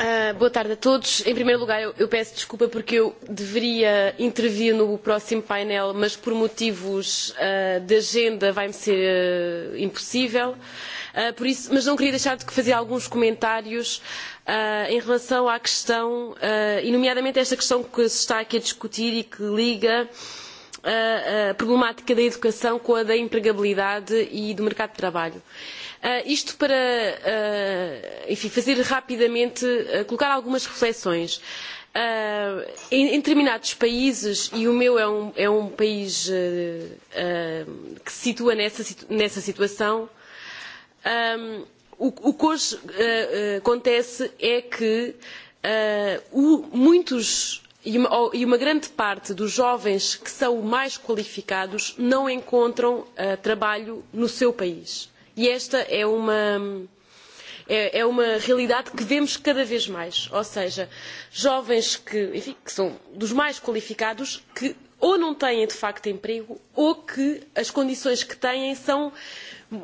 Uh, boa tarde a todos. Em primeiro lugar, eu, eu peço desculpa porque eu deveria intervir no próximo painel, mas por motivos uh, de agenda vai-me ser uh, impossível. Uh, Ah, por isso, mas não queria deixar de fazer alguns comentários uh, em relação à questão, uh, e nomeadamente esta questão que se está aqui a discutir e que liga a, a problemática da educação com a da empregabilidade e do mercado de trabalho. Uh, isto para uh, enfim, fazer rapidamente, uh, colocar algumas reflexões. Uh, em, em determinados países, e o meu é um, é um país uh, uh, que se situa nessa, nessa situação, uh, o que hoje eh, eh, acontece é que eh, muitos e, e uma grande parte dos jovens que são mais qualificados não encontram trabalho no seu país. E esta é uma, é uma realidade que vemos cada vez mais. Ou seja, jovens que, enfim, que são dos mais qualificados que ou não têm de facto emprego ou que as condições que têm são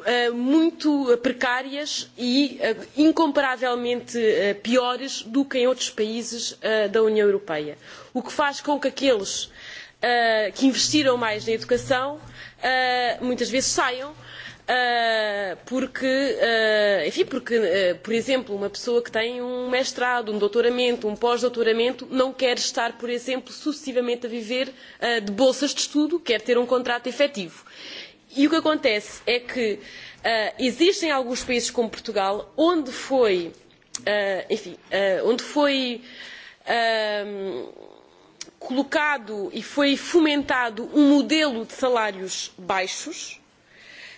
Eh, muito precárias e eh, incomparavelmente eh, piores do que em outros países da União Europeia. O que faz com que aqueles que investiram mais na educação muitas vezes saiam. Uh, porque, uh, enfim, porque, uh, por exemplo, uma pessoa que tem um mestrado, um doutoramento, um pós-doutoramento, não quer estar, por exemplo, sucessivamente a viver uh, de bolsas de estudo, quer ter um contrato efetivo. E o que acontece é que uh, existem alguns países como Portugal onde foi, uh, enfim, uh, onde foi uh, colocado e foi fomentado um modelo de salários baixos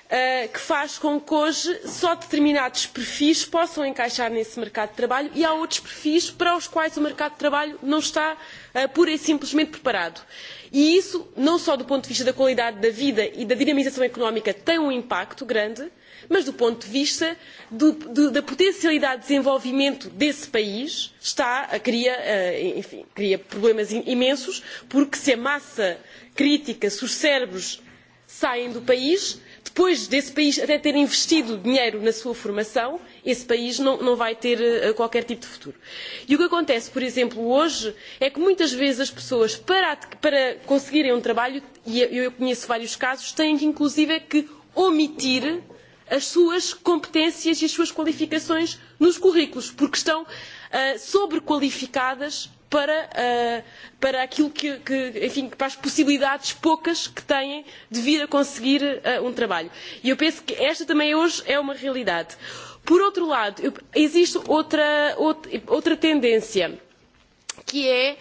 uh, que faz com que hoje só determinados perfis possam encaixar nesse mercado de trabalho e há outros perfis para os quais o mercado de trabalho não está uh, pura e simplesmente preparado. E isso, não só do ponto de vista da qualidade da vida e da dinamização económica, tem um impacto grande, mas do ponto de vista do, do, da potencialidade de desenvolvimento desse país, está, cria, eh, e, enfim, cria problemas imensos, porque se a massa crítica, se os cérebros saem do país, depois desse país até ter investido dinheiro na sua formação, esse país não, não vai ter eh, qualquer tipo de futuro. E o que acontece, por exemplo, hoje é que muitas vezes as pessoas, para, para conseguirem um trabalho, e eu conheço vários casos, têm inclusive é que omitir as suas competências e as suas qualificações nos currículos, porque estão uh, sobrequalificadas para, uh, para aquilo que, que, enfim, para as possibilidades poucas que têm de vir a conseguir uh, um trabalho. E eu penso que esta também hoje é uma realidade. Por outro lado, existe outra, outra, outra tendência, que é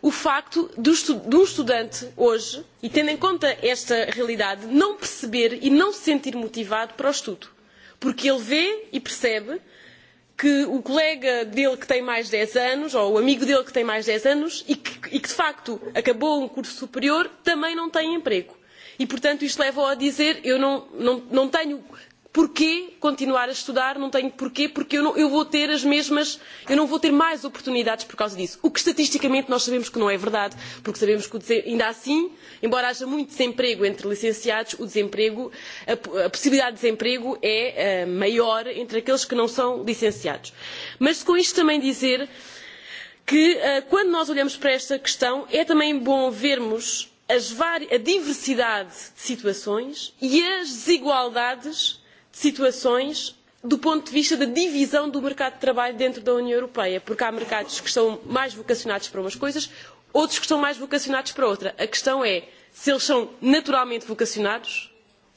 o facto de um estudante hoje, e tendo em conta esta realidade, não perceber e não se sentir motivado para o estudo. Porque ele vê e percebe que o colega dele que tem mais 10 anos, ou o amigo dele que tem mais 10 anos, e que, e que de facto acabou um curso superior, também não tem emprego. E portanto isto leva-o a dizer, eu não, não, não tenho porquê continuar a estudar, não tenho porquê, porque eu, não, eu vou ter as mesmas, eu não vou ter mais oportunidades por causa disso. O que estatisticamente nós sabemos que não é verdade, porque sabemos que ainda assim, embora haja muito desemprego entre licenciados, o desemprego, a, a possibilidade de desemprego é uh, maior entre aqueles que não são licenciados. Mas com isto também dizer que uh, quando nós olhamos para esta questão, é também bom vermos as a diversidade de situações e as desigualdades situações do ponto de vista da divisão do mercado de trabalho dentro da União Europeia, porque há mercados que são mais vocacionados para umas coisas, outros que são mais vocacionados para outra. A questão é se eles são naturalmente vocacionados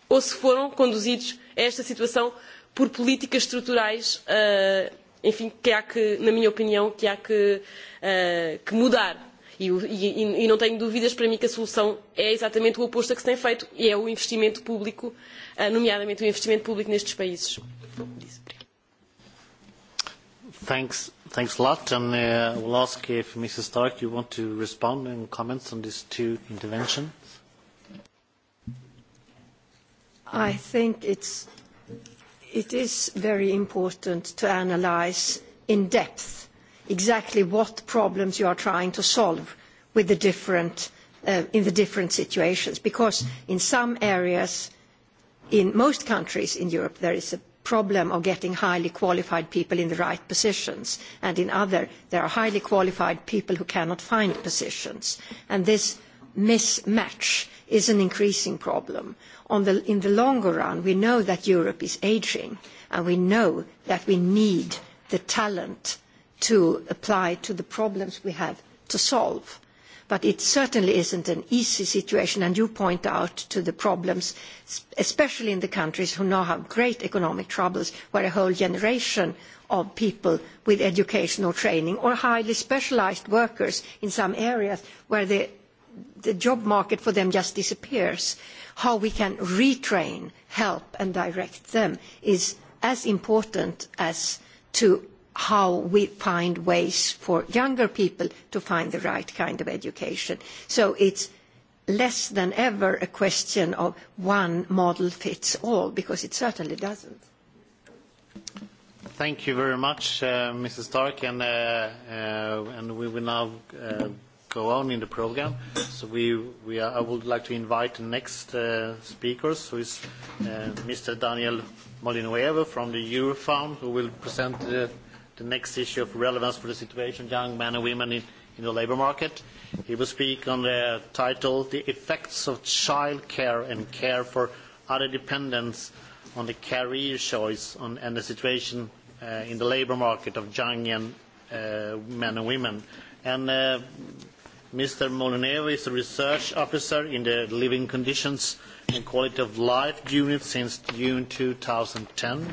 ou se foram conduzidos a esta situação por políticas estruturais, uh, enfim, que há que, na minha opinião, que há que, uh, que mudar. E, e, e, e não tenho dúvidas para mim que a solução é exatamente o oposto a que se tem feito, e é o investimento público, ah, nomeadamente o investimento público nestes países. Thanks. Thanks a lot. And I uh, will ask if Mrs. Stark, you want to respond and comment on these two interventions? I think it's, it is very important to analyze in depth exactly what problems you are trying to solve with the different uh, in the different situations. Because in some areas, in most countries in Europe, there is a problem of getting highly qualified people in the right positions, and in other, there are highly qualified people who cannot find positions. And this mismatch is an increasing problem. In the longer run, we know that Europe is aging, and we know that we need the talent to apply to the problems we have to solve. But it certainly isn't an easy situation, and you point out to the problems, especially in the countries who now have great economic troubles, where a whole generation of people with educational training or highly specialized workers in some areas where the, the job market for them just disappears, how we can retrain, help and direct them is as important as to how we find ways for younger people to find the right kind of education. So it's less than ever a question of one model fits all, because it certainly doesn't. Thank you very much, uh, Mrs. Stark, and, uh, uh, and we will now uh, go on in the program. So we, we are, I would like to invite the next uh, speakers, who is uh, Mr. Daniel Molinueva from the Eurofound, who will present the uh, the next issue of relevance for the situation of young men and women in, in the labour market. He will speak on the title, The Effects of Childcare and Care for Other Dependents on the Career Choice on, and the Situation uh, in the Labour Market of Young and, uh, Men and Women. And uh, Mr. Molinero is a research officer in the Living Conditions and Quality of Life unit since June 2010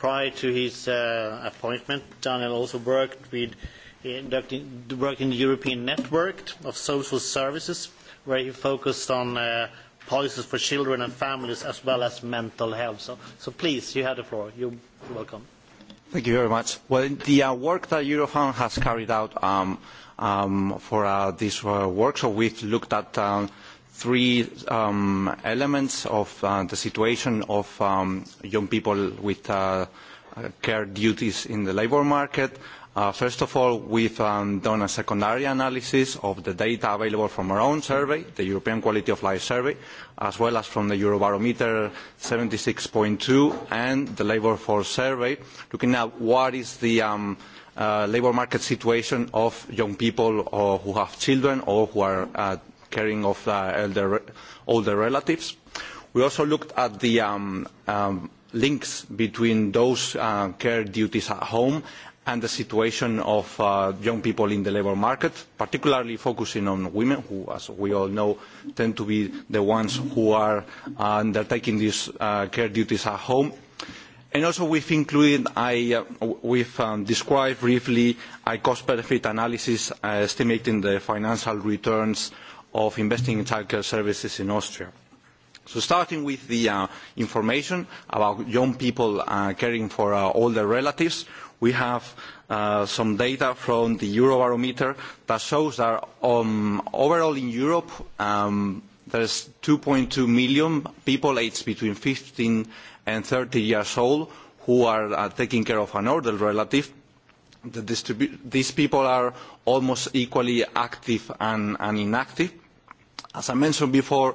prior to his uh, appointment, Daniel also worked with eh, worked in the European Network of Social Services, where he focused on uh, policies for children and families as well as mental health. So, so please, you have the floor. You're welcome. Thank you very much. Well, the uh, work that Eurofund has carried out um, um, for uh, this uh, workshop, we've looked at. Uh, three um, elements of uh, the situation of um, young people with uh, care duties in the labor market. Uh, first of all, we've um, done a secondary analysis of the data available from our own survey, the European Quality of Life Survey, as well as from the Eurobarometer 76.2 and the Labor Force Survey, looking at what is the um, uh, labor market situation of young people or who have children or who are uh, caring of uh, elder, older relatives. We also looked at the um, um, links between those uh, care duties at home and the situation of uh, young people in the labour market, particularly focusing on women who, as we all know, tend to be the ones who are uh, undertaking these uh, care duties at home. And also we've included, I, uh, we've um, described briefly a cost-benefit analysis uh, estimating the financial returns uh, of investing in childcare services in Austria. So starting with the uh, information about young people uh, caring for uh, older relatives, we have uh, some data from the Eurobarometer that shows that um, overall in Europe um, there's 2.2 million people aged between 15 and 30 years old who are uh, taking care of an older relative. The distribu- these people are almost equally active and, and inactive. As I mentioned before,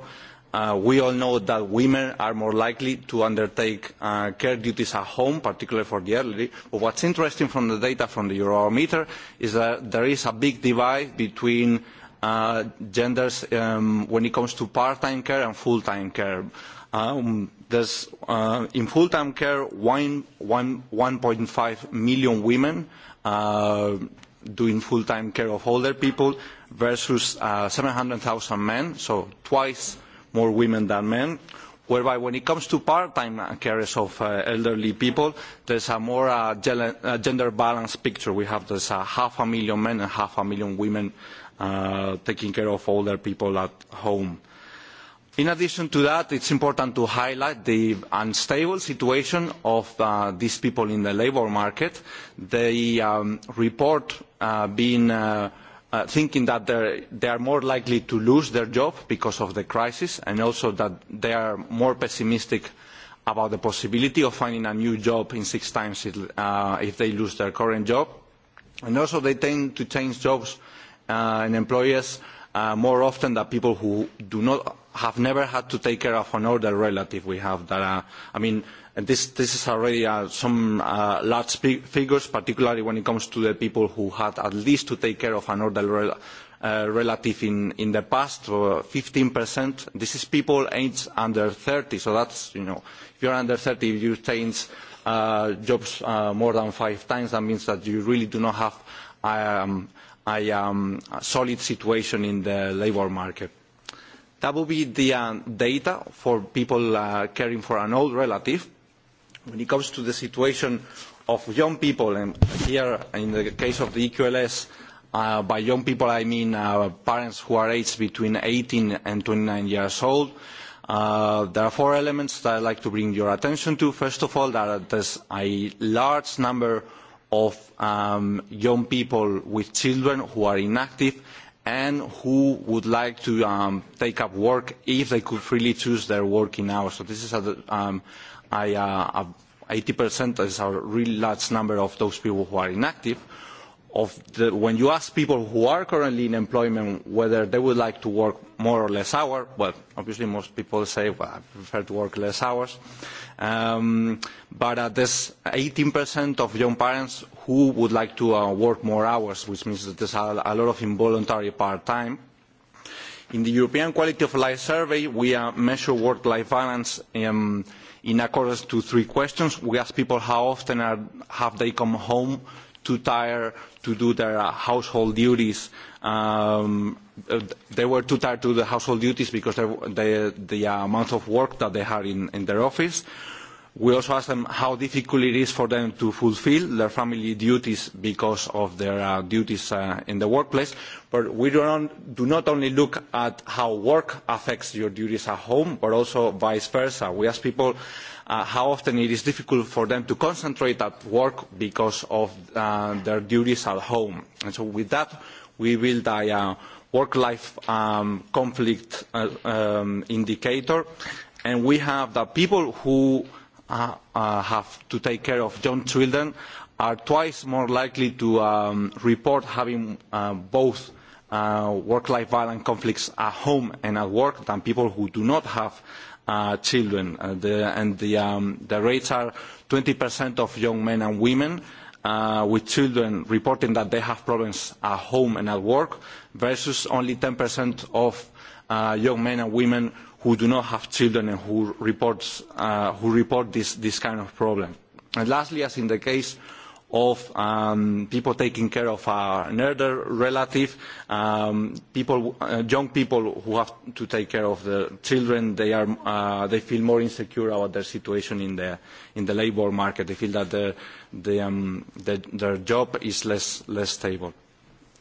uh, we all know that women are more likely to undertake uh, care duties at home, particularly for the elderly. But what's interesting from the data from the Eurometer is that there is a big divide between uh, genders um, when it comes to part-time care and full-time care. Um, there's, uh, in full-time care, 1.5 1, 1, 1 million women uh, doing full-time care of older people, versus uh, 700,000 men, so twice more women than men, whereby when it comes to part-time carers of uh, elderly people, there's a more uh, gel- uh, gender-balanced picture. We have this, uh, half a million men and half a million women uh, taking care of older people at home. In addition to that, it's important to highlight the unstable situation of uh, these people in the labor market. They um, report uh, being uh, Uh, thinking that they are more likely to lose their job because of the crisis, and also that they are more pessimistic about the possibility of finding a new job in six times if, uh, if they lose their current job. And also they tend to change jobs uh, and employers uh, more often than people who do not, have never had to take care of an older relative we have. That, uh, I mean, uh, and this this is already uh, some uh, large figures, particularly when it comes to the people who had at least to take care of an older rel uh, relative in in the past, 15%. Uh, this is people aged under 30. So that's you know, if you're under 30, if you change uh, jobs uh, more than five times, that means that you really do not have. Um, I am um, a solid situation in the labor market. That would be the uh, data for people uh, caring for an old relative when it comes to the situation of young people, and here in the case of the EQLS, uh, by young people I mean uh, parents who are aged between 18 and 29 years old, uh, there are four elements that I'd like to bring your attention to. First of all, that there's a large number of um, young people with children who are inactive and who would like to um, take up work if they could freely choose their working hours. So this is a, um, I, uh, 80% is a really large number of those people who are inactive. Of the, when you ask people who are currently in employment whether they would like to work more or less hours, well, obviously most people say, well, I prefer to work less hours. Um, but uh, there's 18% of young parents who would like to uh, work more hours, which means that there's a, a lot of involuntary part-time. In the European Quality of Life Survey, we uh, measure work-life balance in, um, in accordance to three questions. We ask people how often are, have they come home too tired to do their uh, household duties. Um, uh, they were too tired to do the household duties because they, the, the amount of work that they had in, in their office. Uh, We also ask them how difficult it is for them to fulfill their family duties because of their uh, duties uh, in the workplace. But we do not, do not only look at how work affects your duties at home, but also vice versa. We ask people uh, how often it is difficult for them to concentrate at work because of uh, their duties at home. And so with that, we build a uh, work-life um, conflict uh, um, indicator. And we have the people who Uh, uh, have to take care of young children are twice more likely to um, report having uh, both uh, work-life violent conflicts at home and at work than people who do not have uh, children. Uh, the, and the, um, the rates are 20% of young men and women uh, with children reporting that they have problems at home and at work versus only 10% of uh, young men and women who do not have children and who, reports, uh, who report this, this kind of problem. And lastly, as in the case of um, people taking care of an elder relative, um, people, uh, young people who have to take care of their children, they, are, uh, they feel more insecure about their situation in the, in the labour market. They feel that the, the, um, the, their job is less, less stable.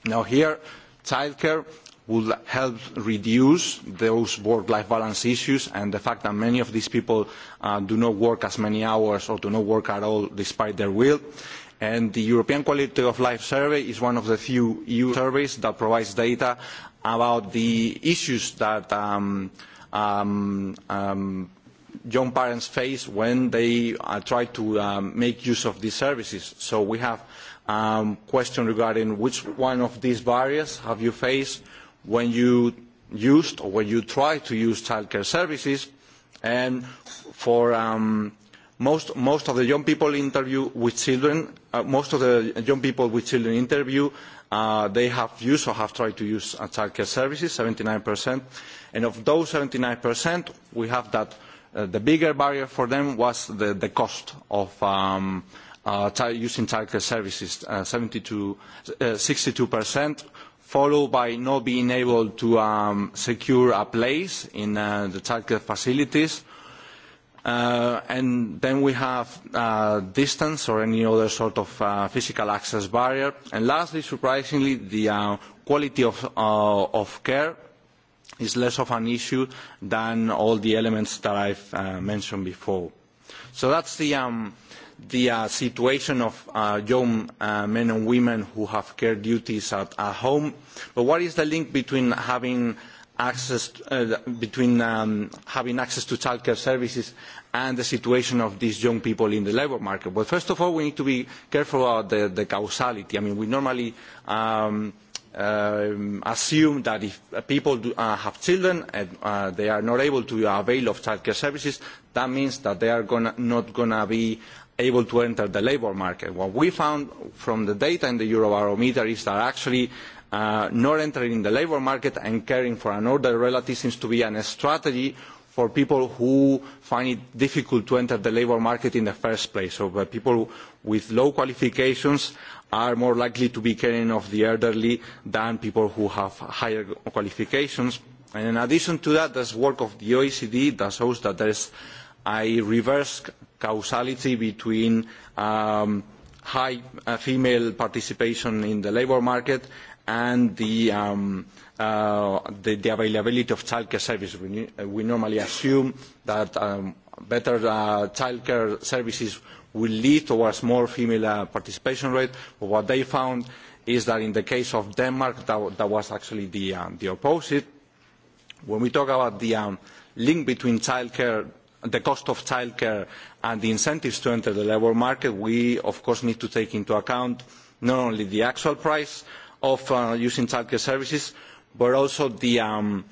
Now here, childcare. care would help reduce those work-life balance issues and the fact that many of these people uh, do not work as many hours or do not work at all despite their will. And the European Quality of Life Survey is one of the few EU surveys that provides data about the issues that um, um, um, young parents face when they uh, try to um, make use of these services. So we have a um, question regarding which one of these barriers have you faced when you used or when you tried to use childcare services and for um, most, most of the young people interview with children, uh, most of the young people with children interview, uh, they have used or have tried to use uh, childcare services, 79%. And of those 79%, we have that uh, the bigger barrier for them was the, the cost of um, uh, using childcare services. Uh, 72, uh, followed by not being able to um, secure a place in uh, the childcare facilities. Uh, and then we have uh, distance or any other sort of uh, physical access barrier. And lastly, surprisingly, the uh, quality of, uh, of care is less of an issue than all the elements that I've uh, mentioned before. So that's the, um, the uh, situation of uh, young uh, men and women who have care duties at, at home. But what is the link between having access, uh, between, um, having access to childcare services and the situation of these young people in the labour market? Well, first of all, we need to be careful about the, the causality. I mean, we normally um, um, assume that if people do, uh, have children and uh, they are not able to avail of childcare services, that means that they are gonna, not going to be able to enter the labour market. What we found from the data in the Eurobarometer is that actually uh, not entering the labour market and caring for an older relative seems to be a strategy for people who find it difficult to enter the labour market in the first place. So people with low qualifications are more likely to be caring of the elderly than people who have higher qualifications. And in addition to that, there's work of the OECD that shows that there's a reverse causality between um, high uh, female participation in the labour market and the, um, uh, the, the availability of childcare services. We, we normally assume that um, better uh, childcare services will lead towards more female uh, participation rate, but what they found is that in the case of Denmark, that, that was actually the, um, the opposite. When we talk about the um, link between childcare the cost of childcare and the incentives to enter the labour market, we of course need to take into account not only the actual price of uh, using childcare services, but also the, um,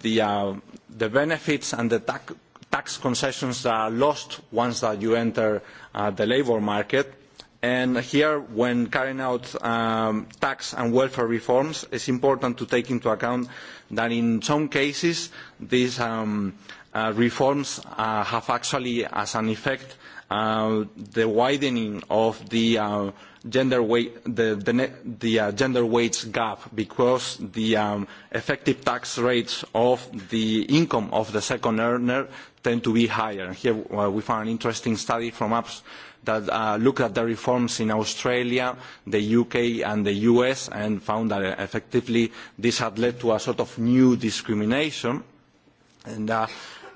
the, uh, the benefits and the tax, tax concessions that are lost once that you enter uh, the labour market. And here, when carrying out um, tax and welfare reforms, it's important to take into account that in some cases, these um, Uh, reforms uh, have actually as an effect uh, the widening of the uh, gender weight, the, the, the uh, gender wage gap because the um, effective tax rates of the income of the second earner tend to be higher. Here uh, we found an interesting study from apps that uh, looked at the reforms in Australia, the UK and the US and found that uh, effectively this had led to a sort of new discrimination and uh,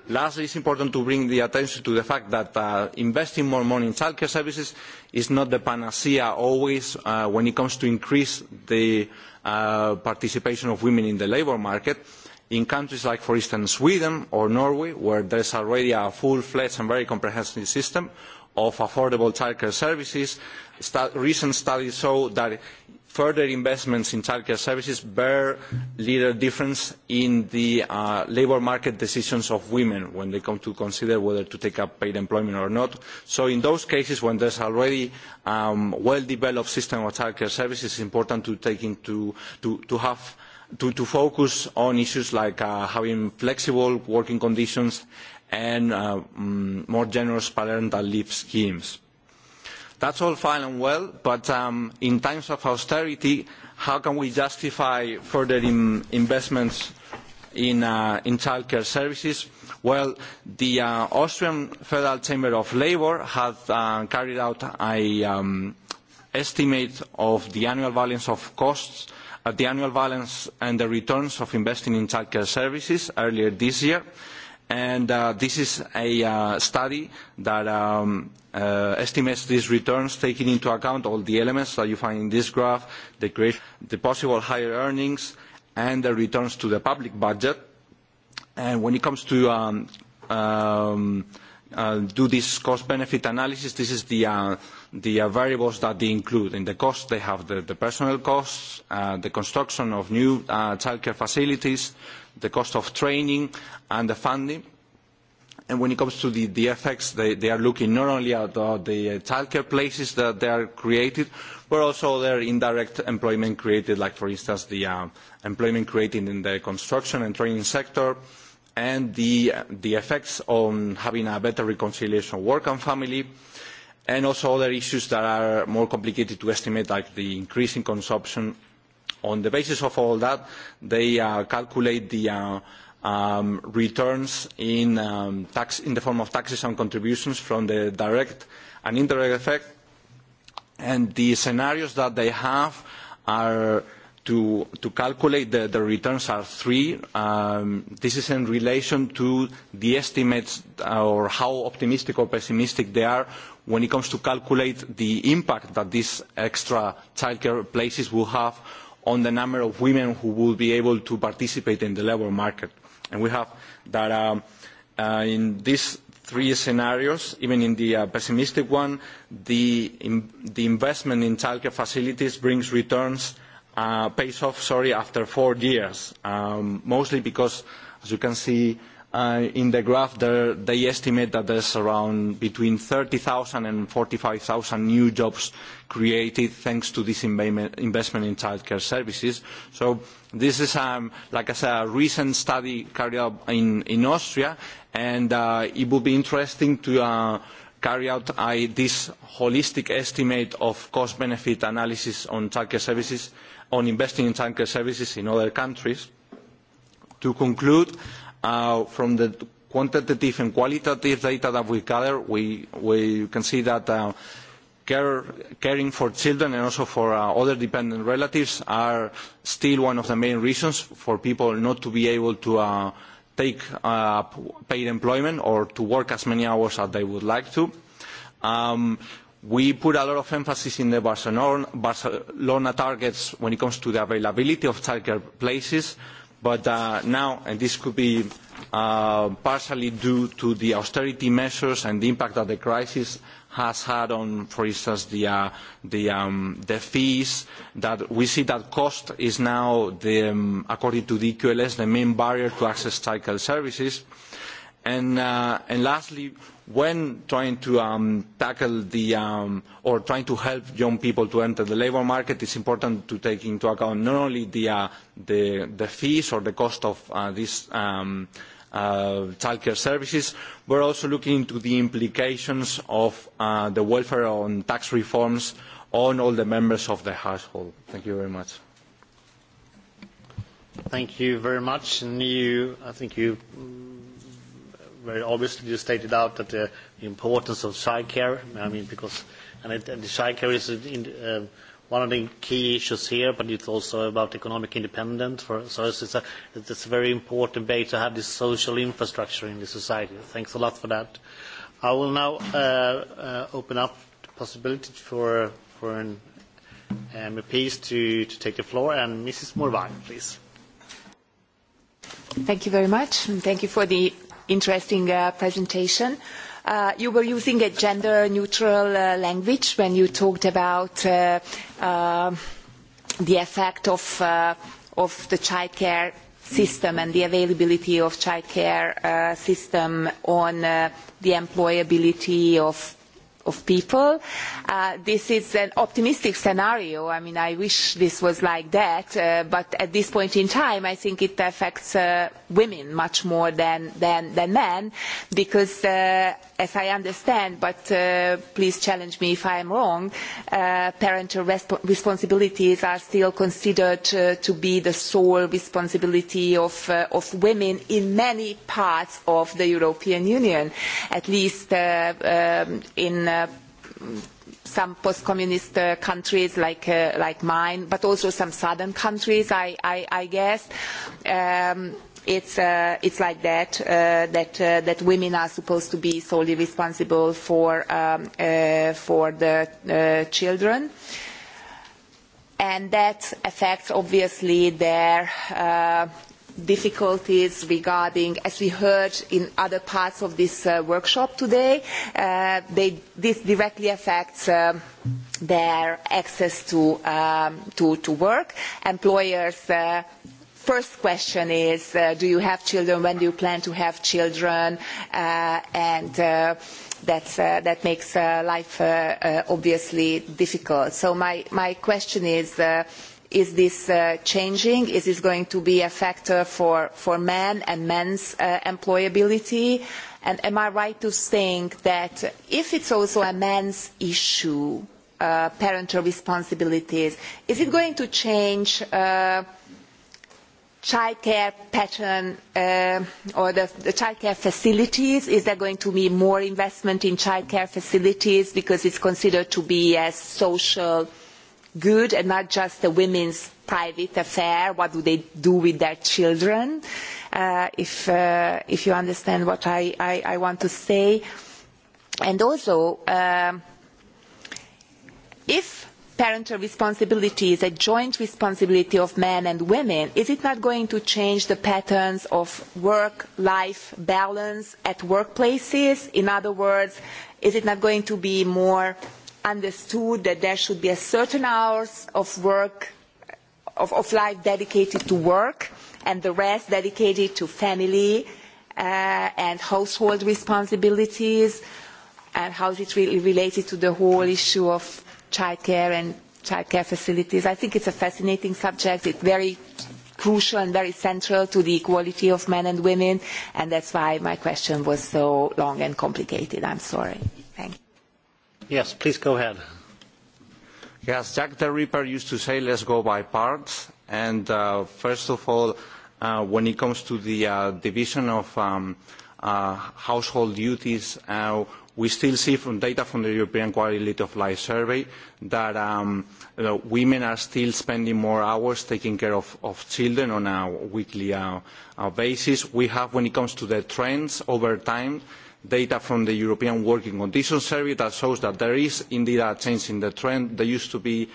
lastly it is important to bring attention to the fact that uh, investing more money in childcare services is not the panacea always uh, when it comes to increasing the uh, participation of women in the labour market. in countries like for instance sweden or norway where there is already a full fledged and very comprehensive system of affordable childcare services recent studies show that further investments in childcare services bear little difference in the uh, labour market decisions of women when they come to consider whether to take up paid employment or not. So in those cases when there's already a um, well-developed system of childcare services, it's important to, take into, to, to have to, to focus on issues like uh, having flexible working conditions and uh, mm, more generous parental leave schemes. That's all fine and well, but um, in times of austerity, how can we justify further investments uh, in childcare services? Well, the uh, Austrian Federal Chamber of Labor have uh, carried out an um, estimate of the annual balance of costs, the annual balance and the returns of investing in childcare services earlier this year and uh, this is a uh, study that um, uh, estimates these returns taking into account all the elements that you find in this graph, the, great, the possible higher earnings and the returns to the public budget. And when it comes to um, um, uh, do this cost-benefit analysis, this is the uh, the uh, variables that they include in the cost. They have the, the personal costs, uh, the construction of new uh, childcare facilities, the cost of training and the funding. And when it comes to the, the effects, they, they are looking not only at uh, the uh, childcare places that they are created, but also their indirect employment created, like for instance the uh, employment created in the construction and training sector, and the, uh, the effects on having a better reconciliation of work and family. Uh, and also other issues that are more complicated to estimate, like the increase in consumption. On the basis of all that, they uh, calculate the uh, um, returns in, um, tax, in the form of taxes and contributions from the direct and indirect effect. And the scenarios that they have are to, to calculate the, the returns are three. Um, this is in relation to the estimates uh, or how optimistic or pessimistic they are when it comes to calculate the impact that these extra childcare places will have on the number of women who will be able to participate in the labour market. And we have that um, uh, in these three scenarios, even in the uh, pessimistic one, the, in, the investment in childcare facilities brings returns, uh, pays off, sorry, after four years, um, mostly because, as you can see, Uh, in the graph, there, they estimate that there's around between 30,000 and 45,000 new jobs created thanks to this investment in childcare services. So this is, um, like I said, a recent study carried out in, in Austria, and uh, it would be interesting to uh, carry out uh, this holistic estimate of cost-benefit analysis on childcare services, on investing in childcare services in other countries. To conclude, Uh, from the quantitative and qualitative data that we gather we we can see that uh, care caring for children and also for uh, other dependent relatives are still one of the main reasons for people not to be able to uh, take uh, paid employment or to work as many hours as they would like to um, we put a lot of emphasis in the Barcelona, Barcelona targets when it comes to the availability of childcare places, but uh, now, and this could be uh, partially due to the austerity measures and the impact that the crisis has had on, for instance, the, uh, the, um, the fees, that we see that cost is now, the, um, according to the EQLS, the main barrier to access cycle services. And, uh, and lastly, when trying to um, tackle the um, or trying to help young people to enter the labour market, it's important to take into account not only the uh, the, the fees or the cost of uh, these um, uh, childcare services, but also looking into the implications of uh, the welfare and tax reforms on all the members of the household. Thank you very much. Thank you very much, and you. I think you. Um, very obviously you stated out that the importance of side care. I mean, because and, it, and the side care is in, uh, one of the key issues here, but it's also about economic independence. For, so it's, it's, a, it's a very important way to have this social infrastructure in the society. Thanks a lot for that. I will now uh, uh, open up the possibility for for an um, MPs to to take the floor and Mrs. Morvan, please. Thank you very much. Thank you for the interesting uh, presentation. Uh, you were using a gender neutral uh, language when you talked about uh, uh, the effect of, uh, of the childcare system and the availability of childcare uh, system on uh, the employability of of people. Uh, this is an optimistic scenario i mean i wish this was like that uh, but at this point in time i think it affects uh, women much more than men because as i understand but uh, please challenge me if i am wrong uh, parental responsibilities are still considered uh, to be the sole responsibility of women in many parts of the european union at least um, in some post communist countries like mine but also some southern countries i guess. Um, it uh, is like that uh, uh, that women are supposed to be solely responsible for um, uh, for the uh, children and that affects obviously their uh, difficulties regarding as we heard in other parts of this uh, workshop today uh, they this directly affects um, their access to um, to to work employers uh, first question is uh, do you have children when do you plan to have children uh, and uh, that's, uh, that makes uh, life uh, uh, obviously difficult. So my, my question is, uh, is this uh, changing? Is this going to be a factor for, for men and men's uh, employability? And am I right to think that if it's also a man's issue, uh, parental responsibilities, is it going to change uh, childcare pattern uh, or the childcare facilities is there going to be more investment in childcare facilities because it is considered to be a social good and not just a women's private affair what do they do with their children uh, if, uh, if you understand what I, I, I want to say and also um, if parental responsibility is a joint responsibility of men and women is it not going to change the patterns of work life balance at workplaces in other words is it not going to be more understood that there should be a certain hours of work of, of life dedicated to work and the rest dedicated to family uh, and household responsibilities and how is it really related to the whole issue of childcare and childcare facilities. I think it's a fascinating subject. It's very crucial and very central to the equality of men and women, and that's why my question was so long and complicated. I'm sorry. Thank you. Yes, please go ahead. Yes, Jack the Ripper used to say, let's go by parts. And uh, first of all, uh, when it comes to the uh, division of um, uh, household duties, uh, we still see from data from the European Quality of Life Survey that um, you know, women are still spending more hours taking care of, of children on a weekly uh, uh, basis. We have, when it comes to the trends over time, data from the European Working Conditions Survey that shows that there is indeed a change in the trend. There used to be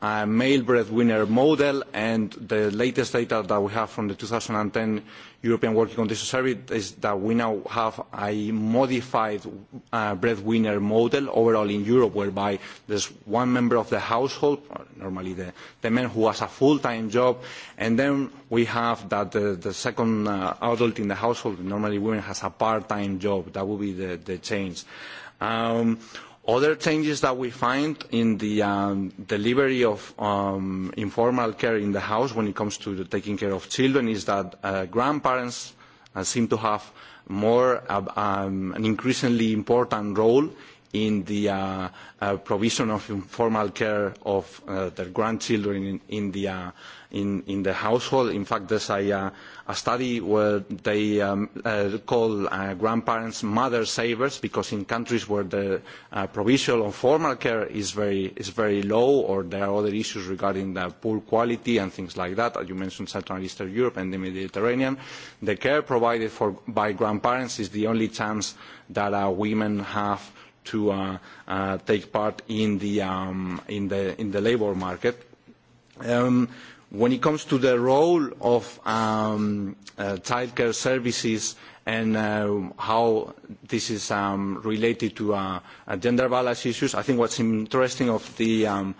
a male breadwinner model, and the latest data that we have from the 2010 European Working Conditions Service is that we now have a modified uh, breadwinner model overall in Europe, whereby there's one member of the household, normally the, the man who has a full-time job, and then we have that the, the second uh, adult in the household, normally women, has a part-time job. That would be the, the change. Um, Other changes that we find in the um, delivery of um, informal care in the house when it comes to the taking care of children is that uh, grandparents uh, seem to have more uh, um, an increasingly important role in the uh, uh, provision of informal care of uh, their grandchildren in, in, the, uh, in, in the household. In fact, there's a uh, a study where they um, uh, call uh, grandparents mother savers because in countries where the uh, provision of formal care is very, is very low or there are other issues regarding the poor quality and things like that, as you mentioned Central and Eastern Europe and the Mediterranean, the care provided for, by grandparents is the only chance that uh, women have to uh, uh, take part in the, um, in the, in the labour market. Um, When it comes to the role of um, uh, childcare services and uh, how this is um, related to uh, uh, gender balance issues, I think what's interesting of, the, um,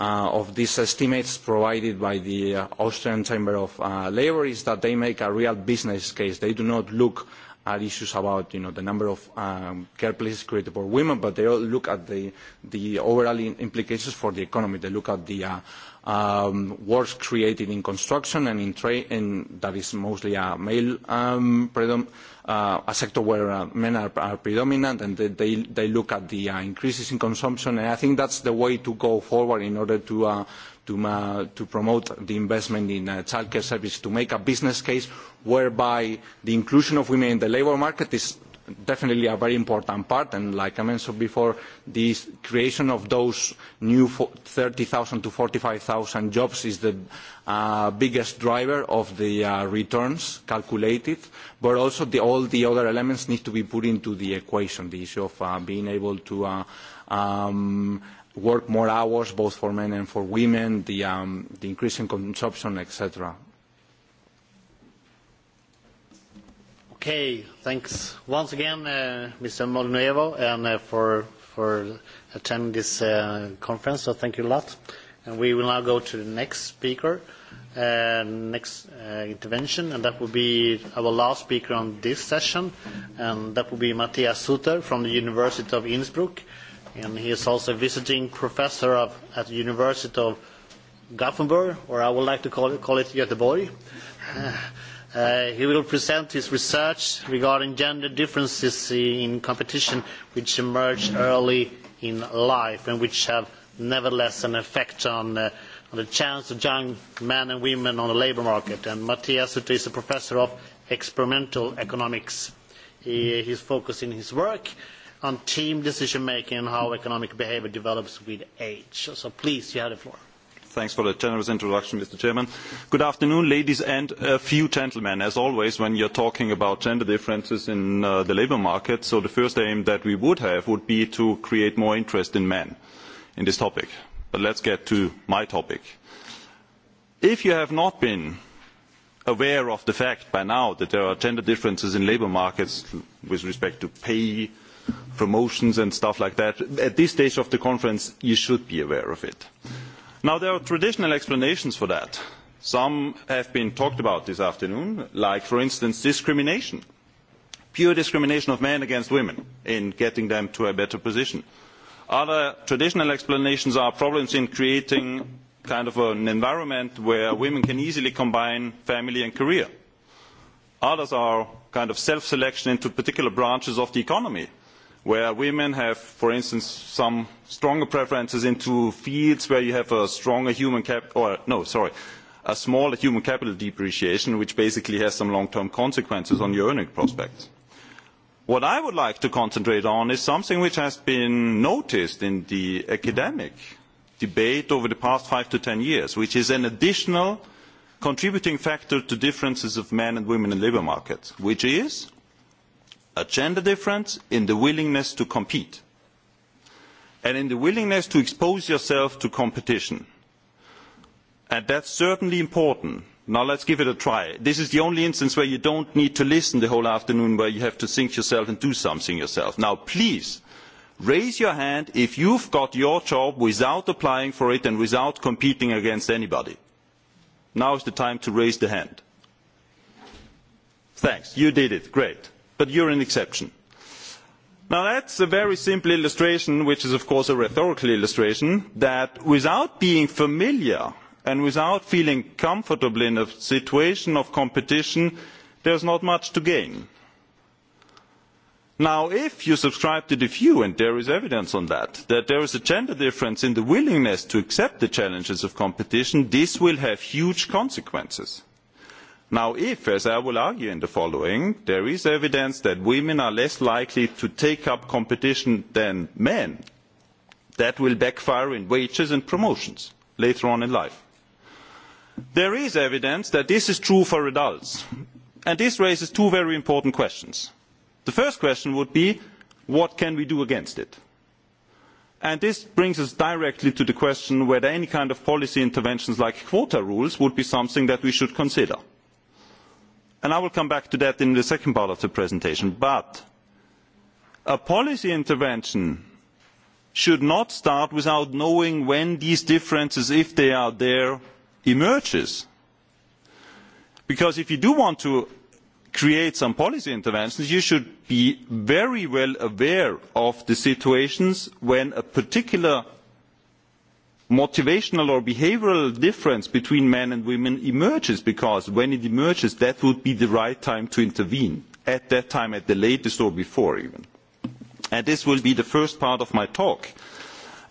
uh, of these estimates provided by the uh, Austrian Chamber of uh, Labour is that they make a real business case. They do not look at issues about you know, the number of um, care places created for women, but they all look at the, the overall in implications for the economy. They look at the uh, Um, works created in construction and in trade, and that is mostly a male um, uh, sector where uh, men are predominant, and they look at the uh, increases in consumption. I think that's the way to go forward in order to promote the investment in childcare service, to make a business case whereby the inclusion of women in the labor market is definitely a very important part. Like I mentioned before, this creation of those new 30,000 to 45,000 jobs is the uh, biggest driver of the uh, returns calculated, but also the, all the other elements need to be put into the equation, the issue of uh, being able to uh, um, work more hours, both for men and for women, the, um, the increase in consumption, etc. Okay, thanks once again, uh, Mr. Molinoevo, and uh, for for attending this uh, conference. So thank you a lot. And we will now go to the next speaker, uh, next uh, intervention, and that will be our last speaker on this session, and that will be Matthias Sutter from the University of Innsbruck. And he is also visiting professor of, at the University of Gothenburg, or I would like to call it, call it Göteborg. Uh, he will present his research regarding gender differences in competition which emerge early in life and which have nevertheless an effect on, uh, on the chance of young men and women on the labour market. And Matthias Sutter is a professor of experimental economics. He, he's focusing his work on team decision making and how economic behaviour develops with age. So please, you have the floor thanks for the generous introduction, Mr. Chairman. Good afternoon, ladies and a few gentlemen. As always, when you're talking about gender differences in uh, the labor market, so the first aim that we would have would be to create more interest in men in this topic. But let's get to my topic. If you have not been aware of the fact by now that there are gender differences in labor markets with respect to pay, promotions and stuff like that, at this stage of the conference, you should be aware of it. Mm-hmm. There are traditional explanations for that. Some have been talked about this afternoon, like, for instance, discrimination, pure discrimination of men against women in getting them to a better position. Other traditional explanations are problems in creating kind of an environment where women can easily combine family and career. Others are kind of self-selection into particular branches of the economy, where women have for instance some stronger preferences into fields where you have a stronger human cap or no sorry a smaller human capital depreciation which basically has some long term consequences on your earning prospects what i would like to concentrate on is something which has been noticed in the academic debate over the past 5 to 10 years which is an additional contributing factor to differences of men and women in labor markets which is a gender difference in the willingness to compete and in the willingness to expose yourself to competition. And that's certainly important. Now let's give it a try. This is the only instance where you don't need to listen the whole afternoon, where you have to think yourself and do something yourself. Now please, raise your hand if you've got your job without applying for it and without competing against anybody. Now is the time to raise the hand. Thanks. You did it. Great but you are an exception. now that is a very simple illustration which is of course a rhetorical illustration that without being familiar and without feeling comfortable in a situation of competition there is not much to gain. Now, if you subscribe to the view, and there is evidence on that, that there is a gender difference in the willingness to accept the challenges of competition, this will have huge consequences. Now, if, as I will argue in the following, there is evidence that women are less likely to take up competition than men, that will backfire in wages and promotions later on in life. There is evidence that this is true for adults, and this raises two very important questions. The first question would be, what can we do against it? And this brings us directly to the question whether any kind of policy interventions like quota rules would be something that we should consider i will come back to that in the second part of the presentation but a policy intervention should not start without knowing when these differences if they are there emerges because if you do want to create some policy interventions you should be very well aware of the situations when a particular motivational or behavioral difference between men and women emerges because when it emerges, that would be the right time to intervene at that time, at the latest or before even. And this will be the first part of my talk.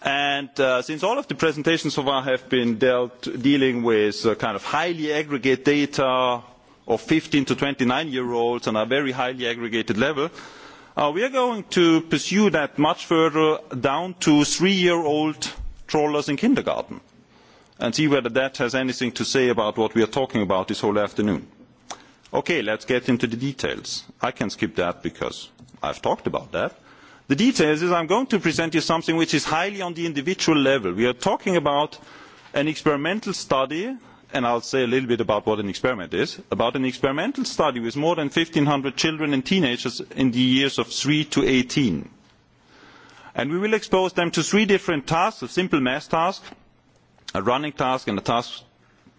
And uh, since all of the presentations so far have been dealt, dealing with uh, kind of highly aggregate data of 15 to 29 year olds on a very highly aggregated level, uh, we are going to pursue that much further down to three year old strollers in kindergarten and see whether that has anything to say about what we are talking about this whole afternoon. Okay, let's get into the details. I can skip that because I've talked about that. The details is I'm going to present you something which is highly on the individual level. We are talking about an experimental study, and I'll say a little bit about what an experiment is, about an experimental study with more than 1,500 children and teenagers in the years of 3 to 18 and we will expose them to three different tasks a simple math task a running task and a task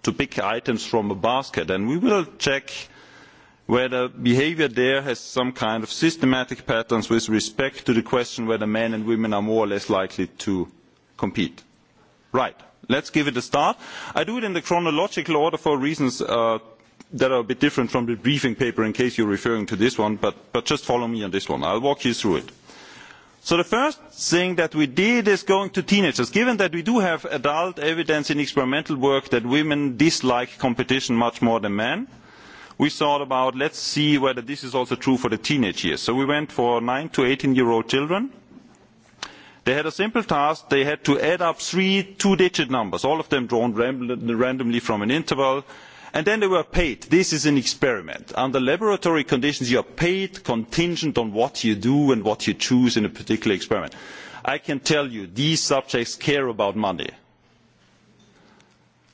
to pick items from a basket and we will check whether behavior there has some kind of systematic patterns with respect to the question whether men and women are more or less likely to compete right let's give it a start i do it in the chronological order for reasons uh, that are a bit different from the briefing paper in case you're referring to this one, but, but just follow me on this one. I'll walk you through it the first thing that we did is going to teenagers given that we do have adult evidence in experimental work that women dislike competition much more than men we thought about let's see whether this is also true for the teenage years so we went for 9 to 18 year old children they had a simple task they had to add up three two digit numbers all of them drawn ram- randomly from an interval and then they were paid. this is an experiment. under laboratory conditions you are paid contingent on what you do and what you choose in a particular experiment. i can tell you these subjects care about money.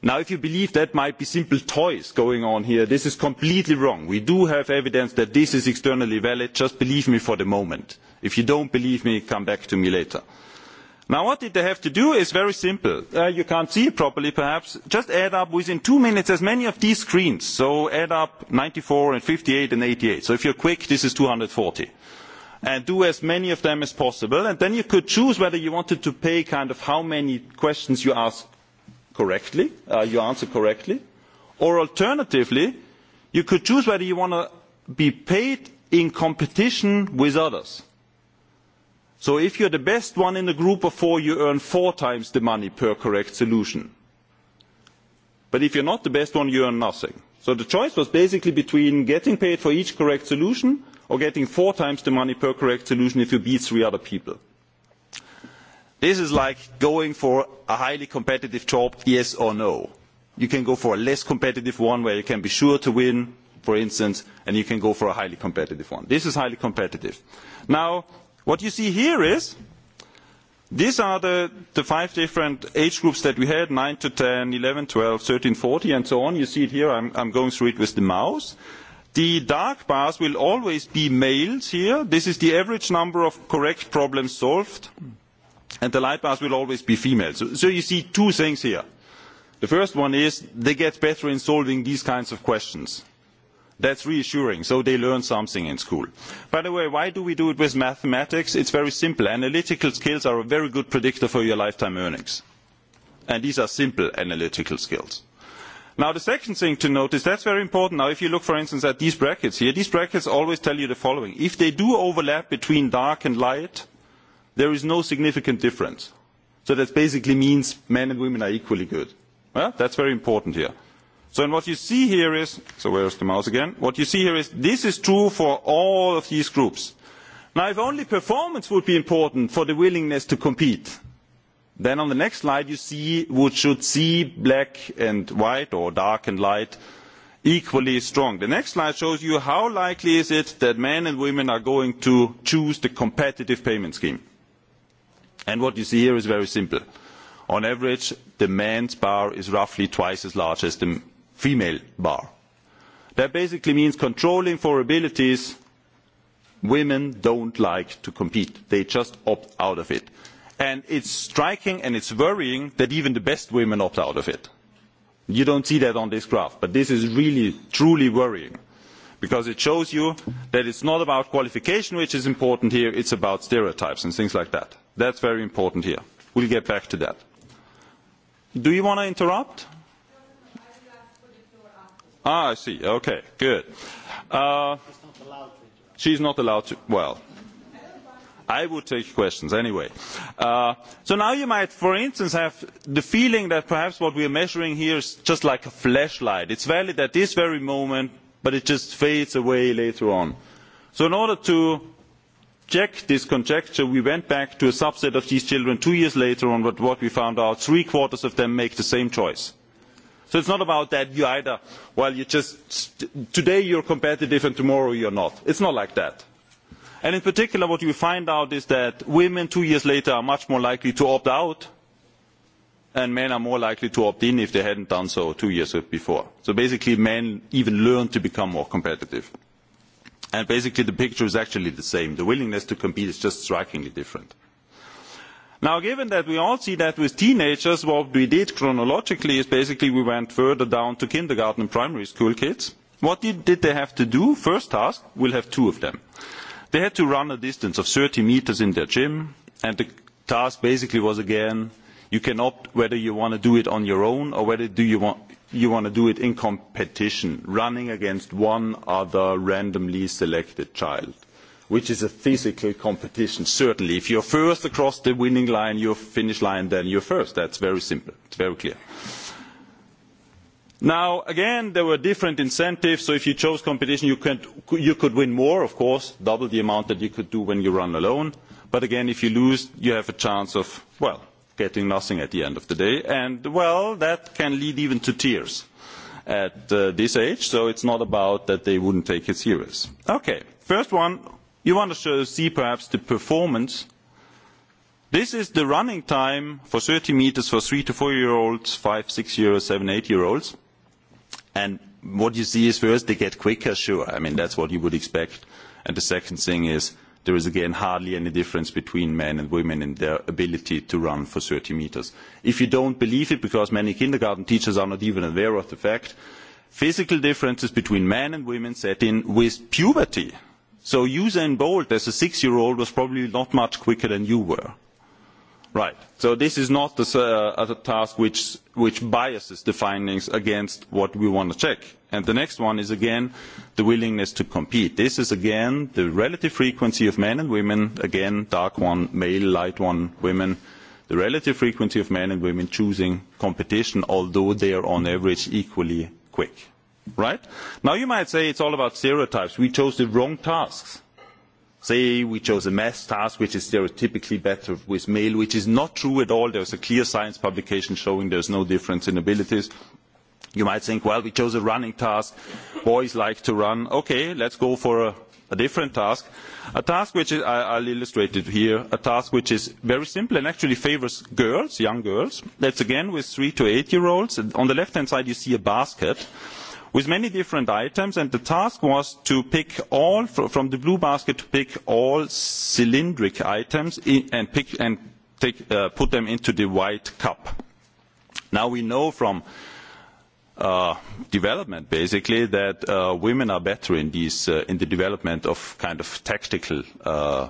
Now, if you believe that might be simple toys going on here, this is completely wrong. We do have evidence that this is externally valid. Just believe me for the moment. If you don't believe me, come back to me later. Now, what did they have to do is very simple. Uh, you can't see it properly, perhaps. Just add up within two minutes as many of these screens. So add up 94 and 58 and 88. So if you're quick, this is 240. And do as many of them as possible. And then you could choose whether you wanted to pay kind of how many questions you ask correctly, uh, you answer correctly. Or alternatively, you could choose whether you want to be paid in competition with others. So if you're the best one in the group of four, you earn four times the money per correct solution. But if you're not the best one, you earn nothing. So the choice was basically between getting paid for each correct solution or getting four times the money per correct solution if you beat three other people. This is like going for a highly competitive job, yes or no. You can go for a less competitive one where you can be sure to win, for instance, and you can go for a highly competitive one. This is highly competitive. Now, what you see here is these are the, the five different age groups that we had 9 to 10, 11, 12, 13, 40, and so on. You see it here, I'm, I'm going through it with the mouse. The dark bars will always be males here. This is the average number of correct problems solved. And the light bars will always be females. So, so you see two things here. The first one is they get better in solving these kinds of questions that is reassuring so they learn something in school. by the way why do we do it with mathematics? it is very simple analytical skills are a very good predictor for your lifetime earnings and these are simple analytical skills. Now the second thing to notice, that's very important. Now if you look for instance at these brackets here, these brackets always tell you the following. If they do overlap between dark and light, there is no significant difference. So that basically means men and women are equally good. Well, that's very important here. So and what you see here is, so where's the mouse again? What you see here is this is true for all of these groups. Now if only performance would be important for the willingness to compete, then on the next slide you see would should see black and white or dark and light equally strong. The next slide shows you how likely is it that men and women are going to choose the competitive payment scheme. And what you see here is very simple. On average, the men's bar is roughly twice as large as the female bar. That basically means controlling for abilities women don't like to compete. They just opt out of it. And it's striking and it's worrying that even the best women opt out of it. You don't see that on this graph, but this is really, truly worrying because it shows you that it's not about qualification, which is important here, it's about stereotypes and things like that. That's very important here. We'll get back to that. Do you want to interrupt? Ah, I see. Okay, good. Uh, she's not allowed to. Well, I would take questions anyway. Uh, so now you might, for instance, have the feeling that perhaps what we are measuring here is just like a flashlight. It's valid at this very moment, but it just fades away later on. So in order to check this conjecture, we went back to a subset of these children two years later on, but what we found out, three quarters of them make the same choice so it is not about that you either well you just today you are competitive and tomorrow you are not it is not like that and in particular what you find out is that women two years later are much more likely to opt out and men are more likely to opt in if they hadn't done so two years before so basically men even learn to become more competitive and basically the picture is actually the same the willingness to compete is just strikingly different Now, given that we all see that with teenagers, what we did chronologically is basically we went further down to kindergarten and primary school kids. What did, did they have to do? First task, we'll have two of them. They had to run a distance of 30 meters in their gym, and the task basically was again, you can opt whether you want to do it on your own or whether do you want you want to do it in competition, running against one other randomly selected child which is a physical competition, certainly. If you're first across the winning line, your finish line, then you're first. That's very simple. It's very clear. Now, again, there were different incentives. So if you chose competition, you, can, you could win more, of course, double the amount that you could do when you run alone. But again, if you lose, you have a chance of, well, getting nothing at the end of the day. And, well, that can lead even to tears at uh, this age. So it's not about that they wouldn't take it serious. Okay, first one, You want to see perhaps the performance. This is the running time for 30 meters for three to four year olds, five, six year olds, seven, eight year olds. And what you see is first they get quicker, sure. I mean, that's what you would expect. And the second thing is there is again hardly any difference between men and women in their ability to run for 30 meters. If you don't believe it, because many kindergarten teachers are not even aware of the fact, physical differences between men and women set in with puberty. So Usain Bolt, as a six-year-old, was probably not much quicker than you were. Right. So this is not the uh, task which, which biases the findings against what we want to check. And the next one is, again, the willingness to compete. This is, again, the relative frequency of men and women. Again, dark one, male, light one, women. The relative frequency of men and women choosing competition, although they are on average equally quick right? Now you might say it's all about stereotypes. We chose the wrong tasks. Say we chose a math task, which is stereotypically better with male, which is not true at all. There's a clear science publication showing there's no difference in abilities. You might think, well, we chose a running task. Boys like to run. Okay, let's go for a, a different task. A task which is, I, I'll illustrate it here, a task which is very simple and actually favors girls, young girls. That's again with three to eight year olds. And on the left hand side, you see a basket with many different items and the task was to pick all from the blue basket to pick all cylindric items and pick and take, uh, put them into the white cup now we know from uh, development basically that uh, women are better in these uh, in the development of kind of tactical uh,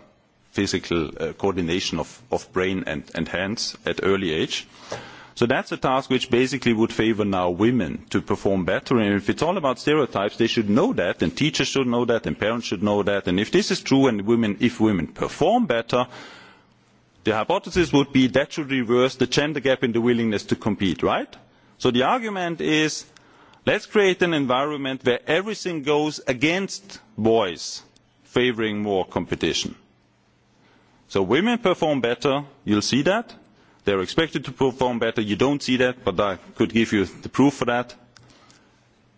physical uh, coordination of, of brain and, and hands at early age. Uh, So that's a task which basically would favor now women to perform better. And if it's all about stereotypes, they should know that, and teachers should know that, and parents should know that. And if this is true, and women, if women perform better, the hypothesis would be that should reverse the gender gap in the willingness to compete, right? So the argument is, let's create an environment where everything goes against boys favoring more competition. So women perform better, you'll see that, they are expected to perform better. You don't see that, but I could give you the proof for that.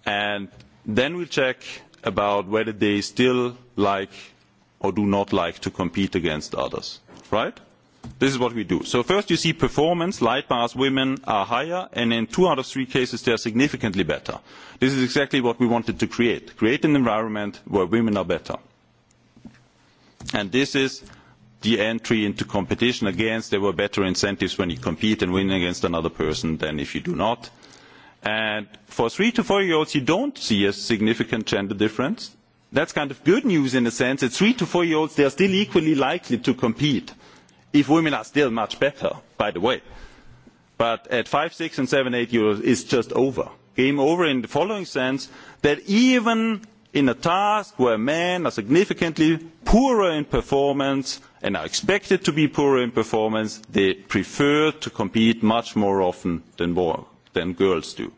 And then we check about whether they still like or do not like to compete against others. Right? This is what we do. So first you see performance, light bars, women are higher, and in two out of three cases they are significantly better. This is exactly what we wanted to create. Create an environment where women are better. And this is the entry into competition against there were better incentives when you compete and win against another person than if you do not. And for three to four year olds you don't see a significant gender difference. That's kind of good news in a sense that three to four year olds they are still equally likely to compete if women are still much better, by the way. But at five, six and seven, eight year olds it's just over. Game over in the following sense that even in a task where men are significantly poorer in performance and are expected to be poorer in performance, they prefer to compete much more often than, more, than girls do.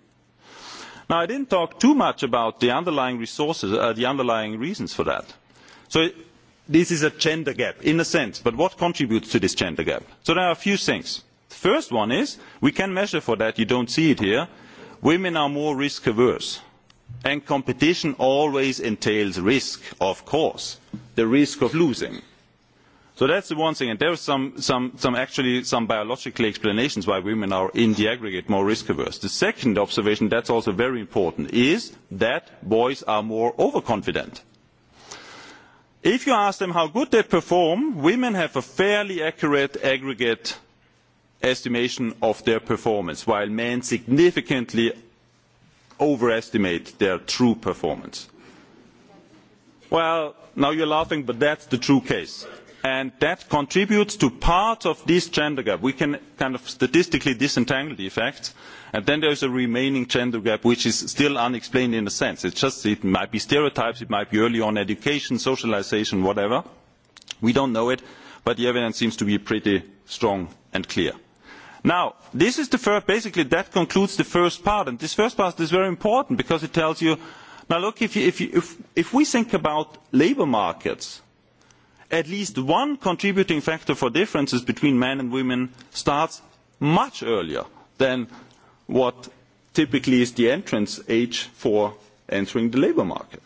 Now, I didn't talk too much about the underlying resources, uh, the underlying reasons for that. So it, this is a gender gap, in a sense, but what contributes to this gender gap? So there are a few things. The first one is, we can measure for that, you don't see it here, women are more risk-averse and competition always entails risk of course the risk of losing. So that's the one thing and there are some, some, some actually some biological explanations why women are in the aggregate more risk averse. The second observation that's also very important is that boys are more overconfident. If you ask them how good they perform, women have a fairly accurate aggregate estimation of their performance, while men significantly overestimate their true performance. Well, now you're laughing, but that's the true case. And that contributes to part of this gender gap. We can kind of statistically disentangle the effects. And then there's a remaining gender gap, which is still unexplained in a sense. It's just, it might be stereotypes, it might be early on education, socialization, whatever. We don't know it, but the evidence seems to be pretty strong and clear. Now, this is the first, basically, that concludes the first part. And this first part is very important because it tells you now, look, if, you, if, you, if, if we think about labor markets, at least one contributing factor for differences between men and women starts much earlier than what typically is the entrance age for entering the labor market.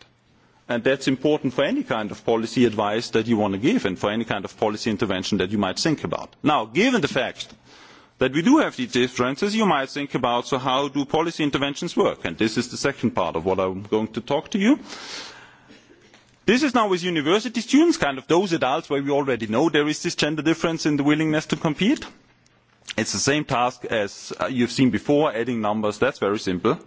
And that's important for any kind of policy advice that you want to give and for any kind of policy intervention that you might think about. Now, given the fact that we do have these differences, you might think about so how do policy interventions work? And this is the second part of what I'm going to talk to you. This is now with university students, kind of those adults where we already know there is this gender difference in the willingness to compete. It's the same task as uh, you've seen before, adding numbers, that's very simple.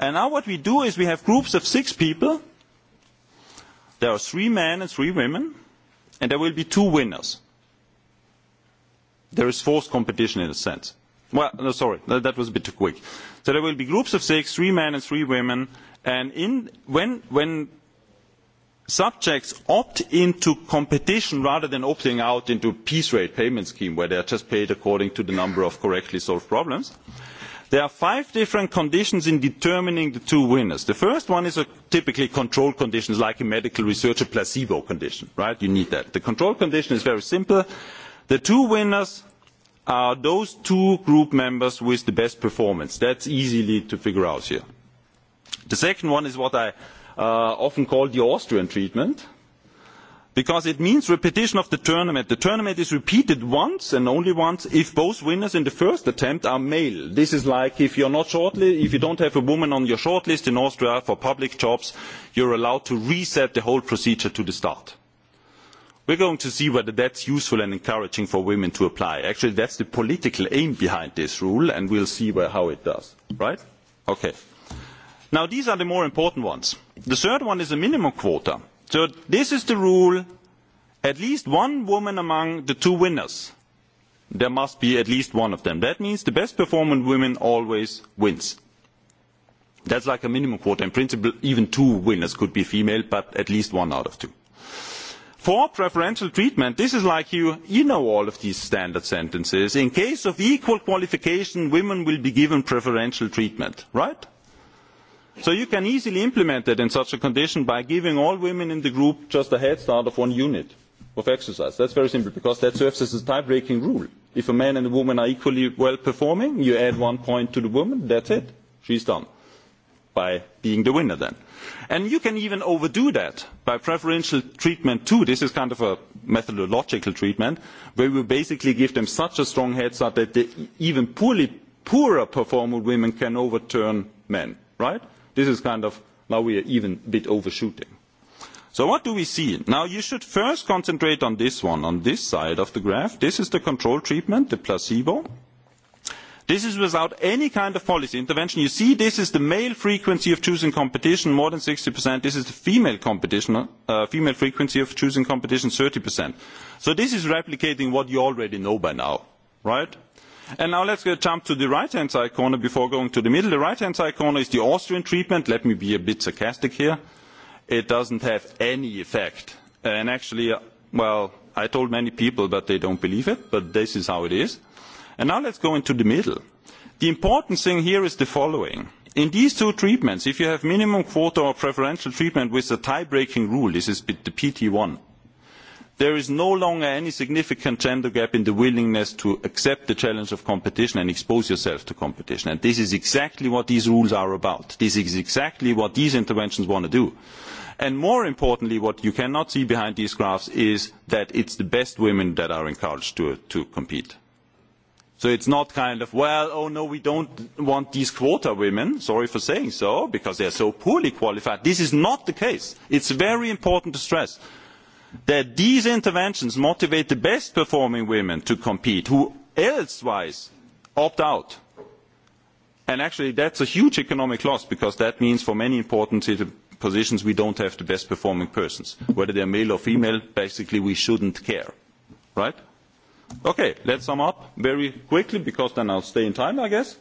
And now what we do is we have groups of six people. There are three men and three women, and there will be two winners there is forced competition in a sense. Well, no, sorry, that, no, that was a bit too quick. So there will be groups of six, three men and three women, and in, when, when subjects opt into competition rather than opting out into a piece rate payment scheme where they are just paid according to the number of correctly solved problems, there are five different conditions in determining the two winners. The first one is a typically controlled condition, like a medical researcher placebo condition, right? You need that. The control condition is very simple. The two winners are those two group members with the best performance. That's easy to figure out here. The second one is what I uh, often call the Austrian treatment, because it means repetition of the tournament. The tournament is repeated once and only once if both winners in the first attempt are male. This is like if, you're not shortly, if you don't have a woman on your shortlist in Austria for public jobs, you're allowed to reset the whole procedure to the start we are going to see whether that is useful and encouraging for women to apply. actually, that is the political aim behind this rule, and we will see where, how it does. right? okay. now, these are the more important ones. the third one is a minimum quota. so this is the rule. at least one woman among the two winners. there must be at least one of them. that means the best performing women always wins. that's like a minimum quota. in principle, even two winners could be female, but at least one out of two for preferential treatment, this is like you, you know all of these standard sentences. In case of equal qualification, women will be given preferential treatment, right? So you can easily implement it in such a condition by giving all women in the group just a head start of one unit of exercise. That's very simple because that serves as a tie breaking rule. If a man and a woman are equally well performing, you add one point to the woman, that's it, she's done by being the winner then. And you can even overdo that by preferential treatment too. This is kind of a methodological treatment where we basically give them such a strong head start that the even poorly poorer performing women can overturn men, right? This is kind of now we are even a bit overshooting. So what do we see? Now you should first concentrate on this one, on this side of the graph. This is the control treatment, the placebo. This is without any kind of policy intervention. You see, this is the male frequency of choosing competition, more than 60%. This is the female competition, uh, female frequency of choosing competition, 30%. So this is replicating what you already know by now, right? And now let's get jump to the right-hand side corner before going to the middle. The right-hand side corner is the Austrian treatment. Let me be a bit sarcastic here. It doesn't have any effect. And actually, uh, well, I told many people that they don't believe it, but this is how it is. Now let's go into the middle. The important thing here is the following. In these two treatments, if you have minimum quota or preferential treatment with a tie-breaking rule, this is the PT1, there is no longer any significant gender gap in the willingness to accept the challenge of competition and expose yourself to competition. And this is exactly what these rules are about. This is exactly what these interventions want to do. And more importantly, what you cannot see behind these graphs is that it's the best women that are encouraged to, to compete. So it's not kind of, well, oh no, we don't want these quota women, sorry for saying so, because they're so poorly qualified. This is not the case. It's very important to stress that these interventions motivate the best performing women to compete who elsewise opt out. And actually, that's a huge economic loss because that means for many important positions, we don't have the best performing persons. Whether they're male or female, basically, we shouldn't care. Right? Okay, let's sum up very quickly because then I'll stay in time, I guess.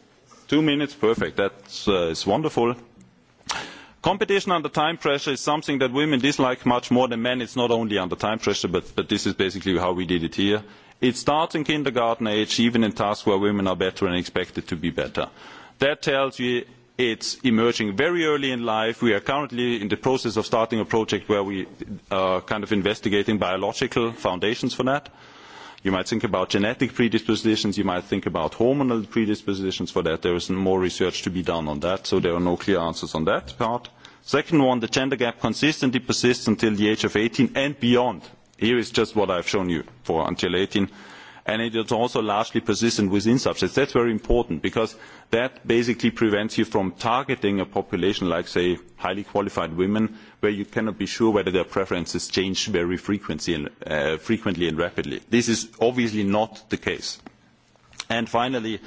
Two minutes, perfect. That's uh, it's wonderful. Competition under time pressure is something that women dislike much more than men. It's not only under time pressure, but, but this is basically how we did it here. It starts in kindergarten age, even in tasks where women are better and expected to be better. That tells you it's emerging very early in life. We are currently in the process of starting a project where we are uh, kind of investigating biological foundations for that. You might think about genetic predispositions. You might think about hormonal predispositions for that. There is more research to be done on that, so there are no clear answers on that part. Second one, the gender gap consistently persists until the age of 18 and beyond. Here is just what I've shown you for until 18 and it is also largely persistent within subsets. That's very important because that basically prevents you from targeting a population like, say, highly qualified women, where you cannot be sure whether their preferences change very frequently and, uh, frequently and rapidly. This is obviously not the case. And finally,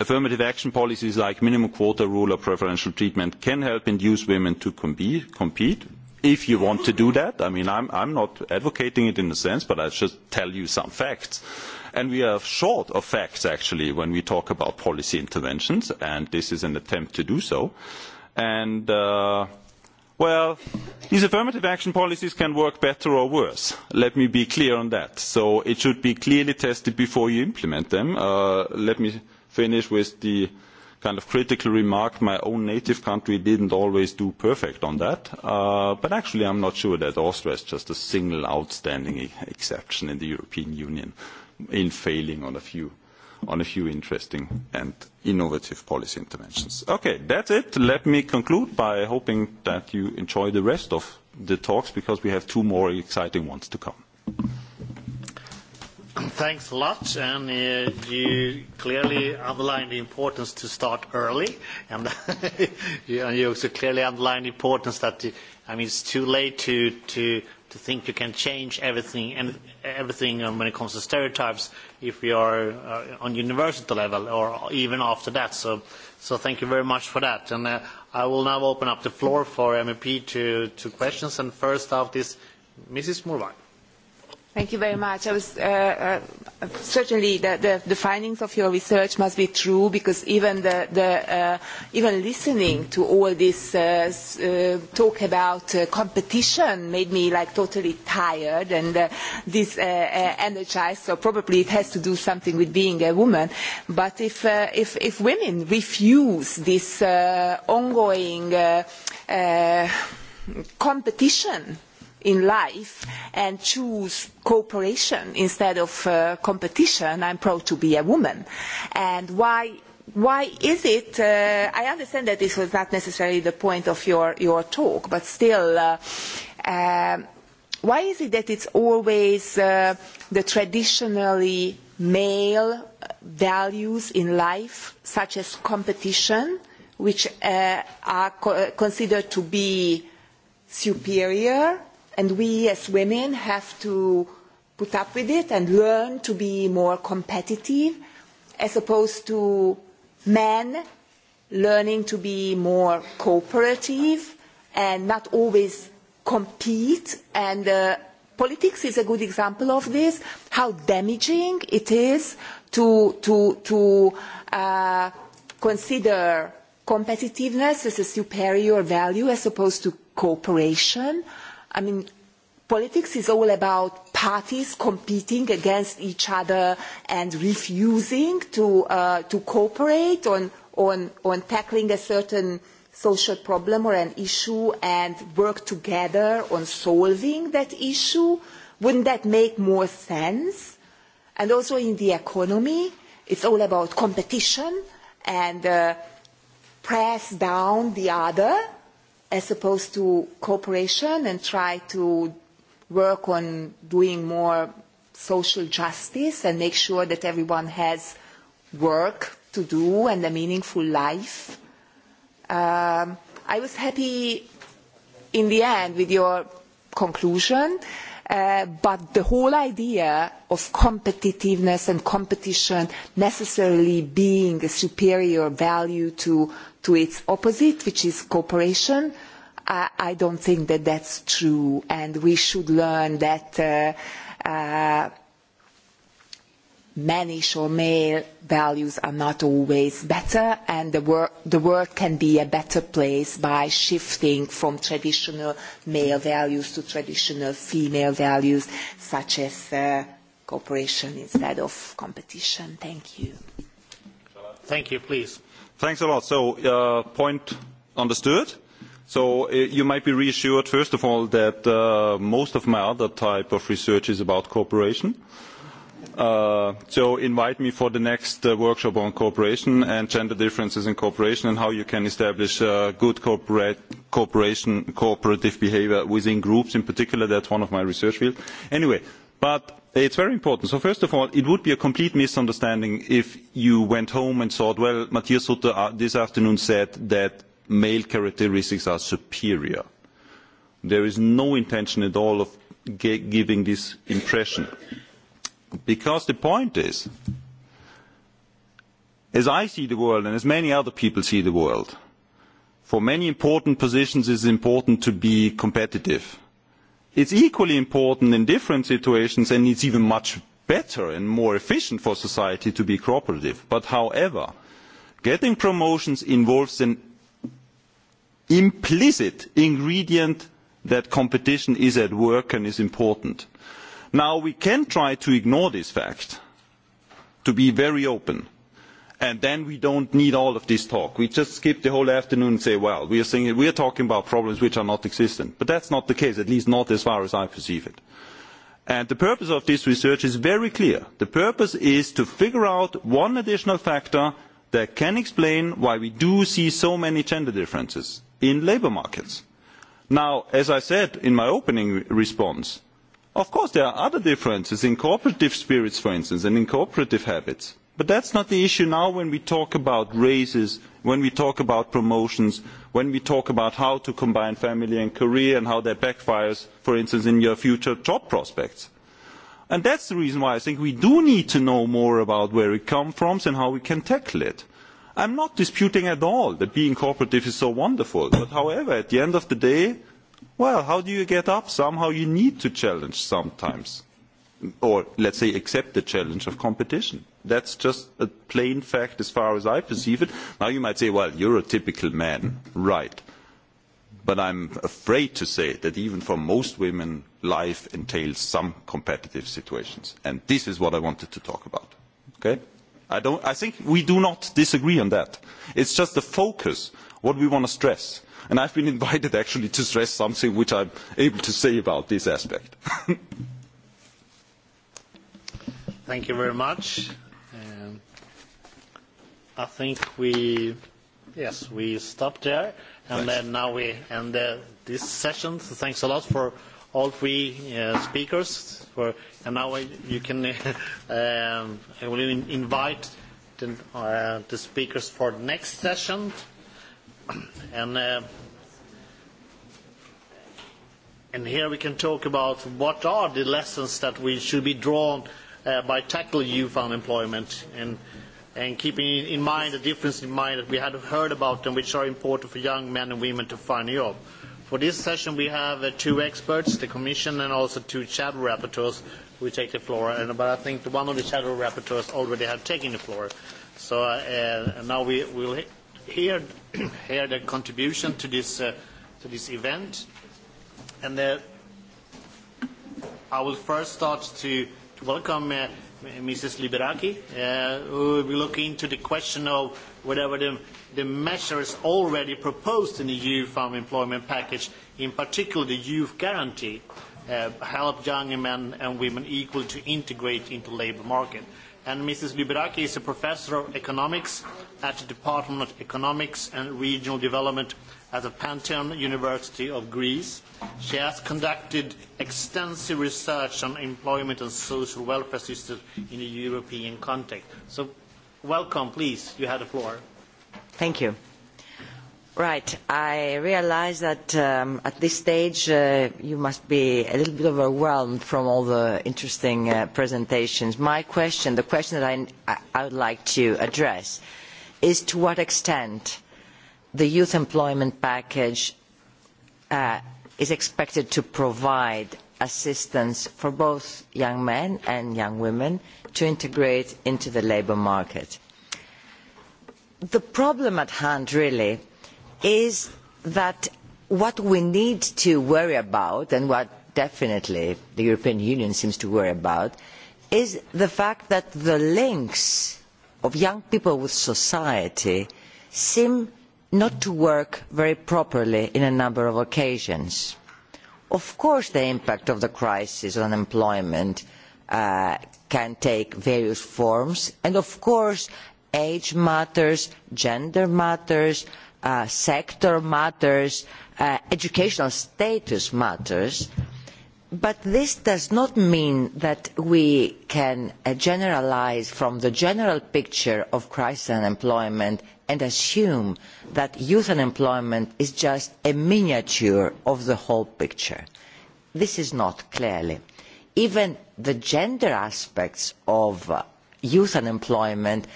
affirmative action policies like minimum quota rule or preferential treatment can help induce women to com- compete. If you want to do that, I mean, I'm, I'm not advocating it in a sense, but I'll just tell you some facts. And we are short of facts, actually, when we talk about policy interventions, and this is an attempt to do so. And, uh, well, these affirmative action policies can work better or worse. Let me be clear on that. So it should be clearly tested before you implement them. Uh, let me finish with the kind of critical remark my own native country didn't always do perfect on that. Uh, but actually, I'm not sure that Austria is just a single outstanding e- exception in the European Union in failing on a few on a few interesting and innovative policy interventions. Okay, that's it. Let me conclude by hoping that you enjoy the rest of the talks because we have two more exciting ones to come. Thanks a lot, and uh, you clearly underlined the importance to start early, and you also clearly underlined the importance that, I mean, it's too late to, to to think you can change everything and everything um, when it comes to stereotypes if you are uh, on university level or even after that. So, so thank you very much for that. And uh, I will now open up the floor for MEP to, to questions. And first off, this Mrs. Murvai. Thank you very much. I was, uh, uh, certainly, the, the, the findings of your research must be true because even, the, the, uh, even listening to all this uh, uh, talk about uh, competition made me like totally tired and uh, this uh, uh, energized. So probably it has to do something with being a woman. But if, uh, if, if women refuse this uh, ongoing uh, uh, competition in life and choose cooperation instead of uh, competition i am proud to be a woman and why why is it uh, i understand that this was not necessarily the point of your your talk but still uh, um, why is it that it's always uh, the traditionally male values in life such as competition which uh, are co considered to be superior and we as women have to put up with it and learn to be more competitive as opposed to men learning to be more cooperative and not always compete and uh, politics is a good example of this how damaging it is to to to uh, consider competitiveness as a superior value as opposed to cooperation uh, I mean, politics is all about parties competing against each other and refusing to uh, to cooperate on on on tackling a certain social problem or an issue and work together on solving that issue. Wouldn't that make more sense? And also in the economy, it's all about competition and uh, press down the other as opposed to cooperation and try to work on doing more social justice and make sure that everyone has work to do and a meaningful life. Um, I was happy in the end with your conclusion, uh, but the whole idea of competitiveness and competition necessarily being a superior value to to its opposite, which is cooperation. I, I don't think that that's true, and we should learn that uh, uh, mannish or male values are not always better, and the, wor- the world can be a better place by shifting from traditional male values to traditional female values, such as uh, cooperation instead of competition. Thank you. Thank you, please. Thanks a lot. Uh, point understood. Uh, you might be reassured, first of all, that uh, most of my other type of research is about cooperation. Invite me for the next workshop on cooperation and gender differences in cooperation and how you can establish good cooperation, cooperative behavior within groups in particular. That's one of my research field. Anyway, but It's very important. So first of all, it would be a complete misunderstanding if you went home and thought, well, Matthias Sutter uh, this afternoon said that male characteristics are superior. There is no intention at all of ge- giving this impression. Because the point is, as I see the world and as many other people see the world, for many important positions it's important to be competitive it is equally important in different situations and it is even much better and more efficient for society to be cooperative. however getting promotions involves an implicit ingredient that competition is at work and is important. now we can try to ignore this fact to be very open and then we don't need all of this talk. We just skip the whole afternoon and say, well, we are, saying, we are talking about problems which are not existent. But that's not the case, at least not as far as I perceive it. And the purpose of this research is very clear. The purpose is to figure out one additional factor that can explain why we do see so many gender differences in labor markets. Now, as I said in my opening response, of course there are other differences in cooperative spirits, for instance, and in cooperative habits. But that's not the issue now when we talk about raises, when we talk about promotions, when we talk about how to combine family and career and how that backfires, for instance, in your future job prospects. And that's the reason why I think we do need to know more about where it comes from and how we can tackle it. I'm not disputing at all that being cooperative is so wonderful. But however, at the end of the day, well, how do you get up? Somehow you need to challenge sometimes, or let's say accept the challenge of competition. That's just a plain fact as far as I perceive it. Now, you might say, well, you're a typical man. Right. But I'm afraid to say that even for most women, life entails some competitive situations. And this is what I wanted to talk about. Okay? I, don't, I think we do not disagree on that. It's just the focus, what we want to stress. And I've been invited actually to stress something which I'm able to say about this aspect. Thank you very much. I think we yes, we stop there. And then now we end this session. So thanks a lot for all three uh, speakers. And now you can um, I will invite uh, the speakers for next session. Uh, and here we can talk about what are the lessons that we should be drawn by tackling youth unemployment. And and keeping in mind the difference in mind that we had heard about and which are important for young men and women to find a job. For this session, we have uh, two experts, the Commission and also two shadow rapporteurs who take the floor. And, but I think one of the shadow rapporteurs already have taken the floor. So uh, and uh, now we will hear, hear the contribution to this, uh, to this event. And the, uh, I will first start to, to welcome uh, Mrs. Liberaki, uh, we will be looking into the question of whatever the, the measures already proposed in the youth farm employment package, in particular the youth guarantee, uh, help young men and women equally to integrate into labour market. And Mrs. Liberaki is a professor of economics at the Department of Economics and Regional Development at the Pantheon University of Greece. She has conducted extensive research on employment and social welfare systems in a European context. So welcome, please. You had the floor. Thank you. Right. I realize that um, at this stage uh, you must be a little bit overwhelmed from all the interesting uh, presentations. My question, the question that I, I would like to address, is to what extent uh, the youth employment package uh, is expected to provide assistance for both young men and young women to integrate into the labour market. The problem at hand really is that what we need to worry about and what definitely the European Union seems to worry about is the fact that the links of young people with society seem not to work very properly on a number of occasions. Of course the impact of the crisis on employment uh, can take various forms and of course age matters, gender matters, uh, sector matters, uh, educational status matters, but this does not mean that we can uh, generalize from the general picture of crisis unemployment and assume that youth unemployment is just a miniature of the whole picture. This is not clearly. Even the gender aspects of uh, youth unemployment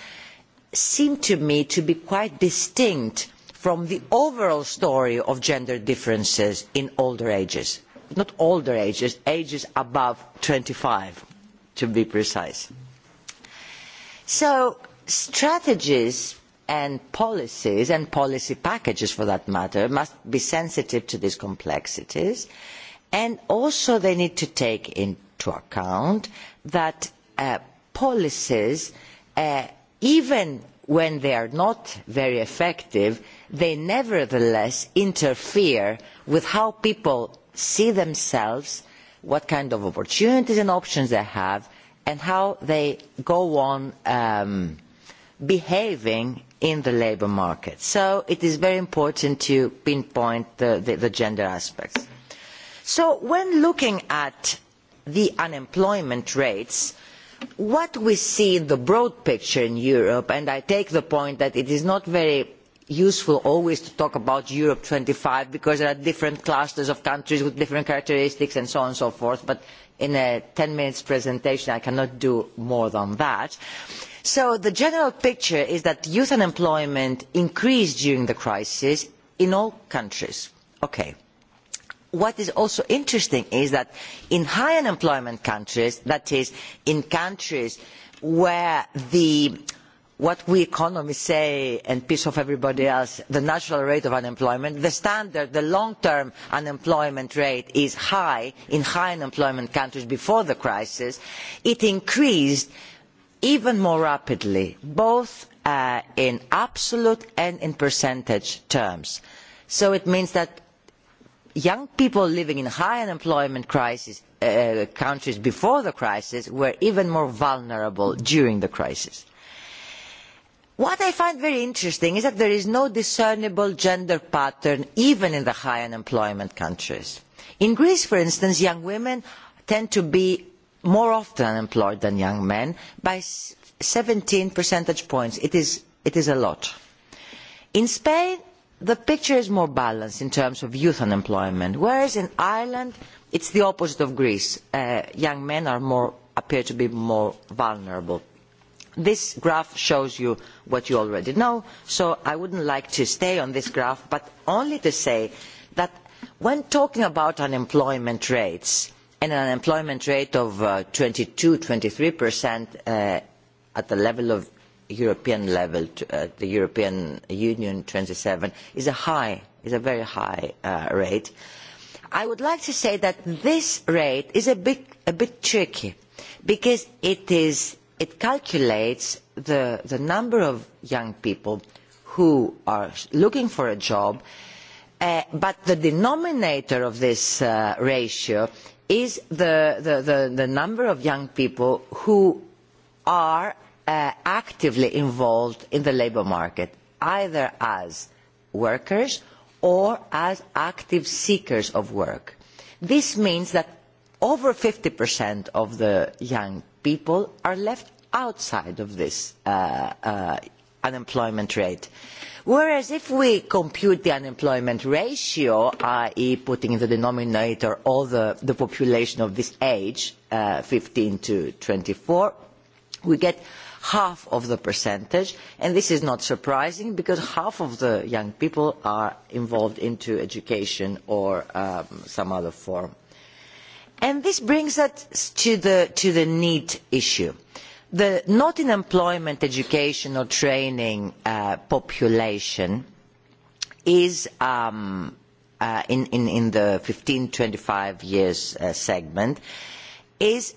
seem to me to be quite distinct from the overall story of gender differences in older ages. Not older ages, ages above 25, to be precise. So strategies and policies and policy packages for that matter must be sensitive to these complexities and also they need to take into account that uh, policies uh, even when they are not very effective they nevertheless interfere with how people see themselves what kind of opportunities and options they have and how they go on um, behaving in the labour market. So it is very important to pinpoint the, the, the gender aspects. So when looking at the unemployment rates, what we see in the broad picture in Europe, and I take the point that it is not very useful always to talk about Europe 25 because there are different clusters of countries with different characteristics and so on and so forth, but in a 10 minutes presentation I cannot do more than that so the general picture is that youth unemployment increased during the crisis in all countries. okay. what is also interesting is that in high unemployment countries, that is, in countries where the what we economists say and piss off everybody else, the natural rate of unemployment, the standard, the long-term unemployment rate is high in high unemployment countries before the crisis. it increased even more rapidly both uh, in absolute and in percentage terms. so it means that young people living in high unemployment uh, countries before the crisis were even more vulnerable during the crisis. what i find very interesting is that there is no discernible gender pattern even in the high unemployment countries. in greece for instance young women tend to be more often unemployed than young men by 17 percentage points. It is, it is a lot. In Spain, the picture is more balanced in terms of youth unemployment, whereas in Ireland, it's the opposite of Greece. Uh, young men are more, appear to be more vulnerable. This graph shows you what you already know, so I wouldn't like to stay on this graph, but only to say that when talking about unemployment rates, and an unemployment rate of uh, twenty two twenty three percent uh, at the level of european level uh, the european union twenty seven is a high is a very high uh, rate i would like to say that this rate is a bit a bit tricky because it is it calculates the the number of young people who are looking for a job uh, but the denominator of this uh, ratio is the, the, the, the number of young people who are uh, actively involved in the labour market, either as workers or as active seekers of work. This means that over 50% of the young people are left outside of this uh, uh, unemployment rate. Uh, whereas if we compute the unemployment ratio, i.e. putting in the denominator all the, the population of this age, uh, 15 to 24, we get half of the percentage. And this is not surprising because half of the young people are involved into education or um, some other form. And this brings us to the, to the need issue. Uh, the not in employment education or training uh, population is um, uh, in, in, in the 15 25 years uh, segment is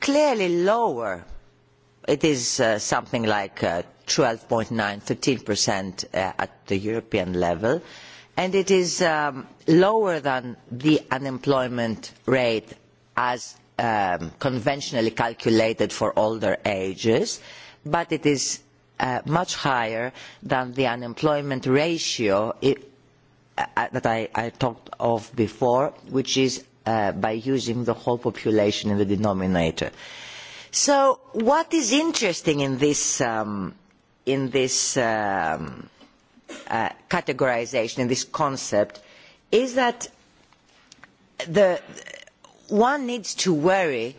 clearly lower it is uh, something like 12.9 uh, 13% uh, at the european level and it is um, lower than the unemployment rate as um, conventionally calculated for older ages, but it is uh, much higher than the unemployment ratio it, uh, that I, I talked of before, which is uh, by using the whole population in the denominator. So what is interesting in this, um, in this um, uh, categorization, in this concept, is that the, one needs to worry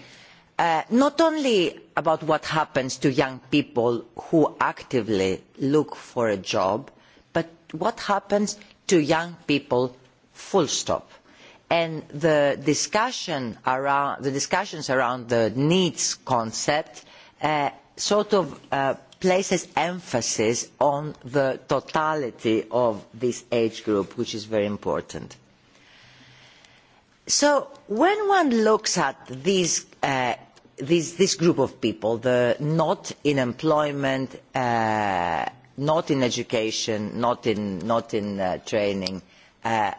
uh, not only about what happens to young people who actively look for a job but what happens to young people full stop and the discussion around the discussions around the needs concept uh, sort of uh, places emphasis on the totality of this age group which is very important so when one looks at these, uh, these, this group of people, the not in employment, uh, not in education, not in, not in uh, training, uh,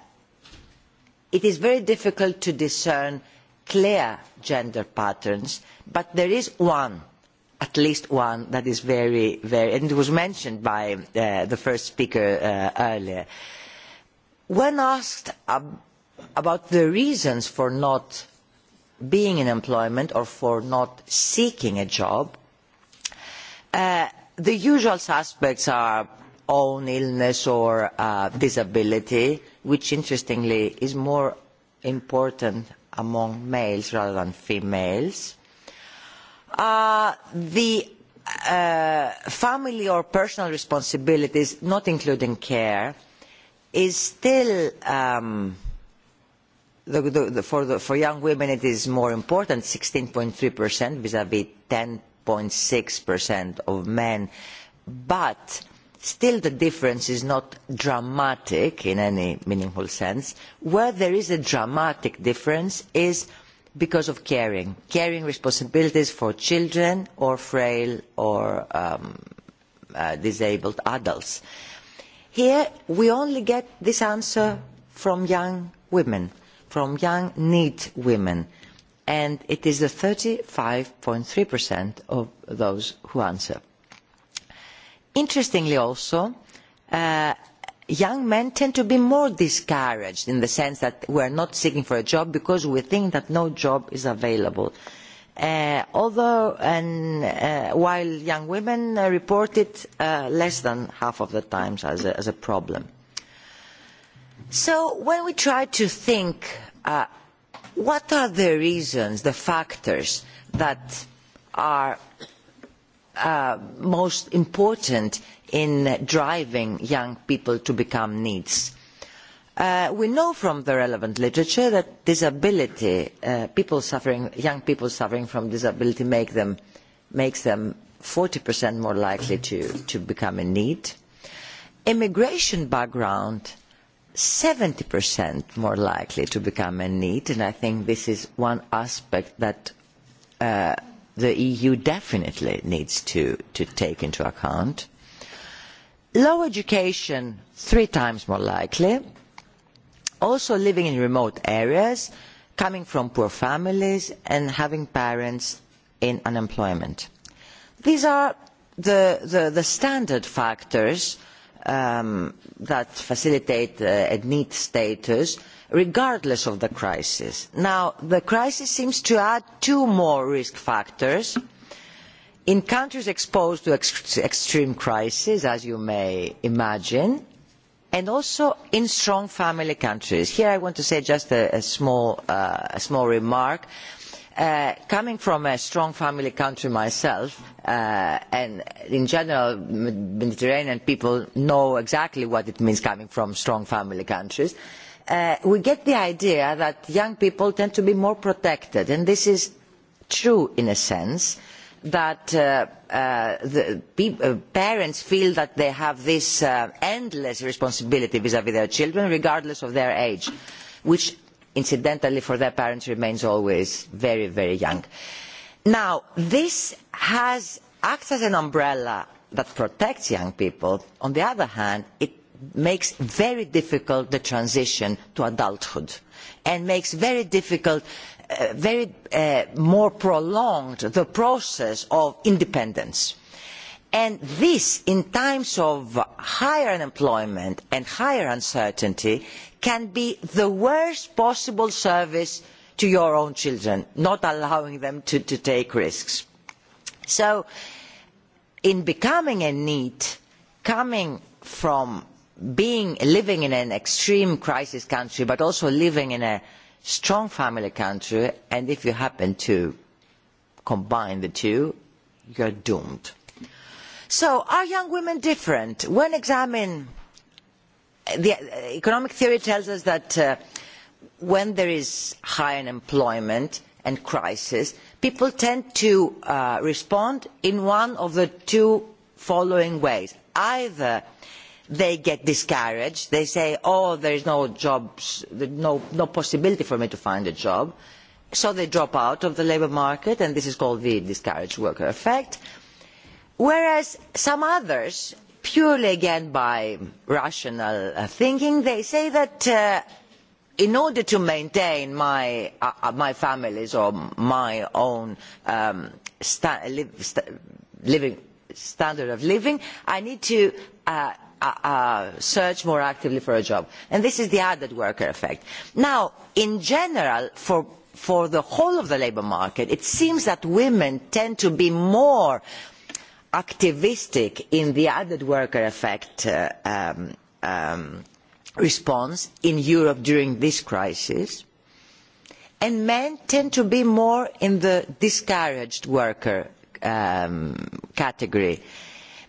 it is very difficult to discern clear gender patterns, but there is one, at least one, that is very, very, and it was mentioned by uh, the first speaker uh, earlier. When asked uh, about the reasons for not being in employment or for not seeking a job, uh, the usual suspects are own illness or uh, disability, which interestingly is more important among males rather than females. Uh, the uh, family or personal responsibilities, not including care, is still um, the, the, for, the, for young women, it is more important, 16.3% vis-à-vis 10.6% of men. But still the difference is not dramatic in any meaningful sense. Where there is a dramatic difference is because of caring. Caring responsibilities for children or frail or um, uh, disabled adults. Here, we only get this answer from young women from young need women and it is the 35.3% of those who answer. Interestingly also, uh, young men tend to be more discouraged in the sense that we're not seeking for a job because we think that no job is available. Uh, although, and, uh, while young women reported uh, less than half of the times as a, as a problem. So when we try to think, uh, what are the reasons, the factors that are uh, most important in driving young people to become needs? Uh, we know from the relevant literature that disability, uh, people suffering, young people suffering from disability make them, makes them 40% more likely to, to become in need. Immigration background 70% more likely to become a need, and I think this is one aspect that uh, the EU definitely needs to, to take into account. Low education, three times more likely. Also living in remote areas, coming from poor families, and having parents in unemployment. These are the, the, the standard factors um, that facilitate uh, admit status regardless of the crisis. Now, the crisis seems to add two more risk factors. In countries exposed to ex- extreme crisis, as you may imagine, and also in strong family countries. Here I want to say just a, a, small, uh, a small remark. Uh, Uh, coming from a strong family country myself uh, and in general mediterranean people know exactly what it means coming from strong family countries uh, we get the idea that young people tend to be more protected and this is true in a sense that parents feel that they have this endless responsibility vis vis their children regardless of their age which incidentally for their parents remains always very very young. Now this has acts as an umbrella that protects young people. On the other hand, it makes very difficult the transition to adulthood and makes very difficult uh, very uh, more prolonged the process of independence and this in times of higher unemployment and higher uncertainty can be the worst possible service to your own children not allowing them to, to take risks. so in becoming a neet coming from being living in an extreme crisis country but also living in a strong family country and if you happen to combine the two you are doomed so are young women different? when examined, uh, the uh, economic theory tells us that uh, when there is high unemployment and crisis, people tend to uh, respond in one of the two following ways. either they get discouraged, they say, oh, there is no jobs, no, no possibility for me to find a job, so they drop out of the labour market, and this is called the discouraged worker effect whereas some others purely again by rational uh, thinking say that uh, in order to maintain my uh, family's or my own um, standard of living i need to search more actively for a job and this is the added worker effect. now in general for the whole of the labour market it seems that women tend to be more activistic in the added worker effect uh, um, um, response in europe during this crisis and men tend to be more in the discouraged worker um, category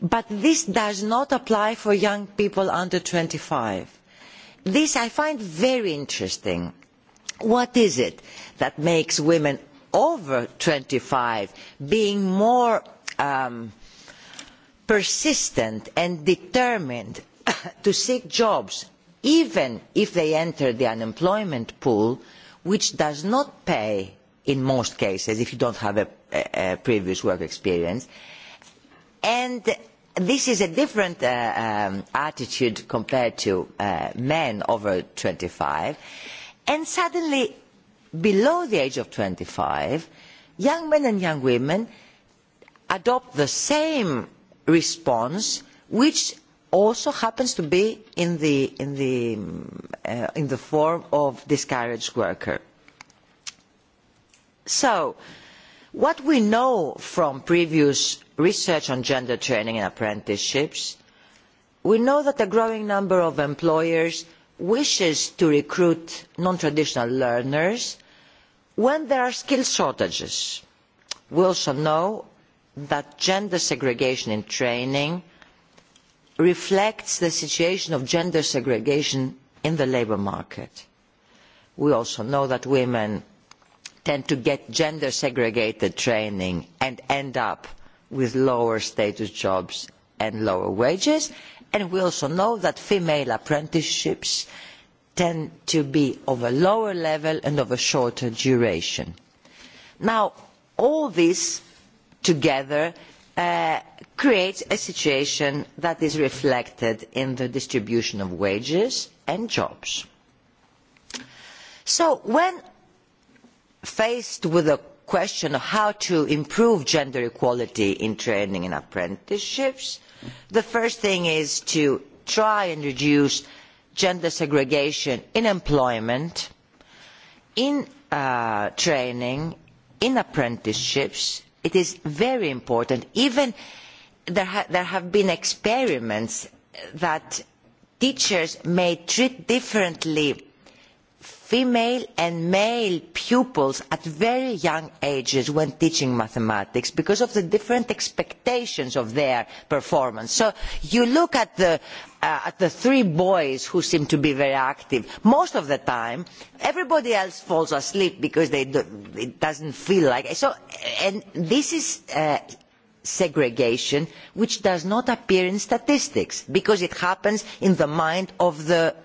but this does not apply for young people under twenty five this i find very interesting what is it that makes women over twenty five being more persistent and determined to seek jobs even if they enter the unemployment pool which does not pay in most cases if you do not have a, a previous work experience and this is a different uh, um, attitude compared to uh, men over 25 and suddenly below the age of 25 young men and young women adopt the same response which also happens to be in the, in the, uh, in the form of discouraged worker. So, what we know from previous research on gender training and apprenticeships, we know that a growing number of employers wishes to recruit non-traditional learners when there are skill shortages. We also know that gender segregation in training reflects the situation of gender segregation in the labour market. We also know that women tend to get gender segregated training and end up with lower status jobs and lower wages. And we also know that female apprenticeships tend to be of a lower level and of a shorter duration. Now, all this together uh, create a situation that is reflected in the distribution of wages and jobs. So when faced with the question of how to improve gender equality in training and apprenticeships, the first thing is to try and reduce gender segregation in employment, in uh, training, in apprenticeships, it is very important. Even there, ha- there have been experiments that teachers may treat differently uh, female and male pupils at very young ages when teaching mathematics because of the different expectations of their performance. So you look at the, uh, at the three boys who seem to be very active. Most of the time, everybody else falls asleep because they do, it doesn't feel like it. So, and this is uh, segregation which does not appear in statistics because it happens in the mind of the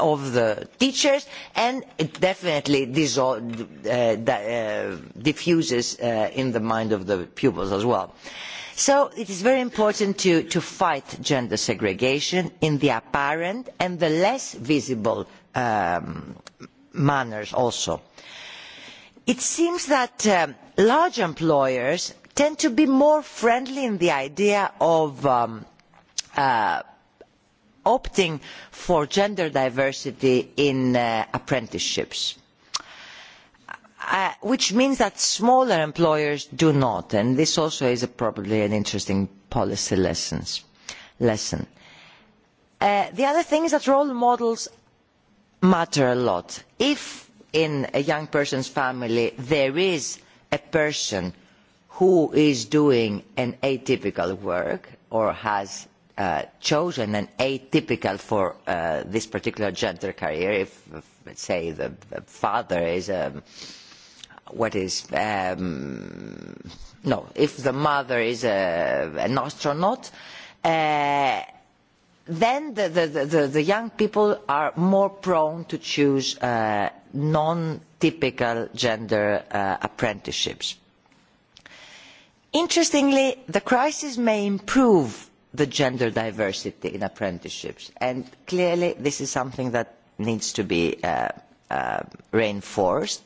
of the teachers and it definitely uh, uh, diffuses uh, in the mind of the pupils as well. So it is very important to, to fight gender segregation in the apparent and the less visible um, manners also. It seems that um, large employers tend to be more friendly in the idea of um, uh, opting for gender diversity in uh, apprenticeships uh, which means that smaller employers do not and this also is probably an interesting policy lesson. Uh, the other thing is that role models matter a lot. if in a young person's family there is a person who is doing atypical work or has Uh, chosen and atypical for uh, this particular gender career. If, if let's say, the, the father is a um, what is um, no, if the mother is a, uh, an astronaut. Uh, then the, the, the, the young people are more prone to choose uh, non-typical gender uh, apprenticeships. Interestingly, the crisis may improve gender diversity in apprenticeships and clearly this is something that needs to be uh, uh, reinforced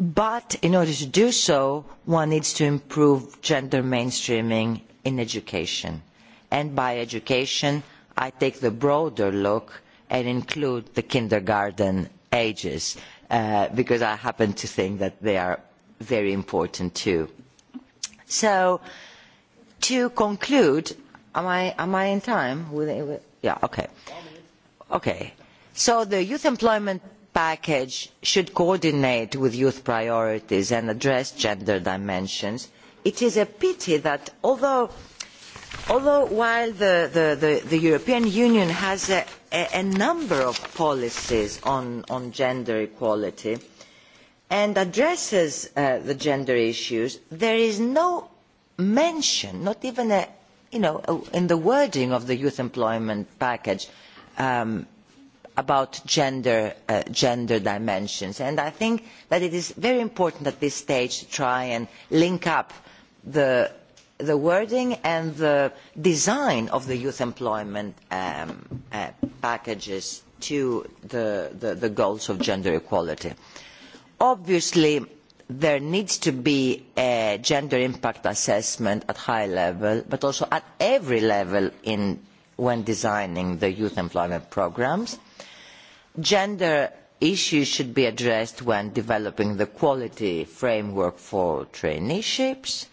but in order to do so one needs to improve gender mainstreaming in education and by education i take the broader look and include the kindergarten ages uh, because i happen to think that they are very important too so uh, to conclude, am I in time? Yeah, okay. One minute. Okay. The youth employment package should coordinate with youth priorities and address gender dimensions. It is a pity that although while the European Union has a number of policies on gender equality and addresses uh, the gender issues, there is no mention, not even a, you know, a, in the wording of the youth employment package, um, about gender, uh, gender dimensions. And I think that it is very important at this stage to try and link up the, the wording and the design of the youth employment um, uh, packages to the, the, the goals of gender equality. Obviously, there needs to be a gender impact assessment at high level but also at every level in, when designing the youth employment programmes. Gender issues should be addressed when developing the quality framework for traineeships.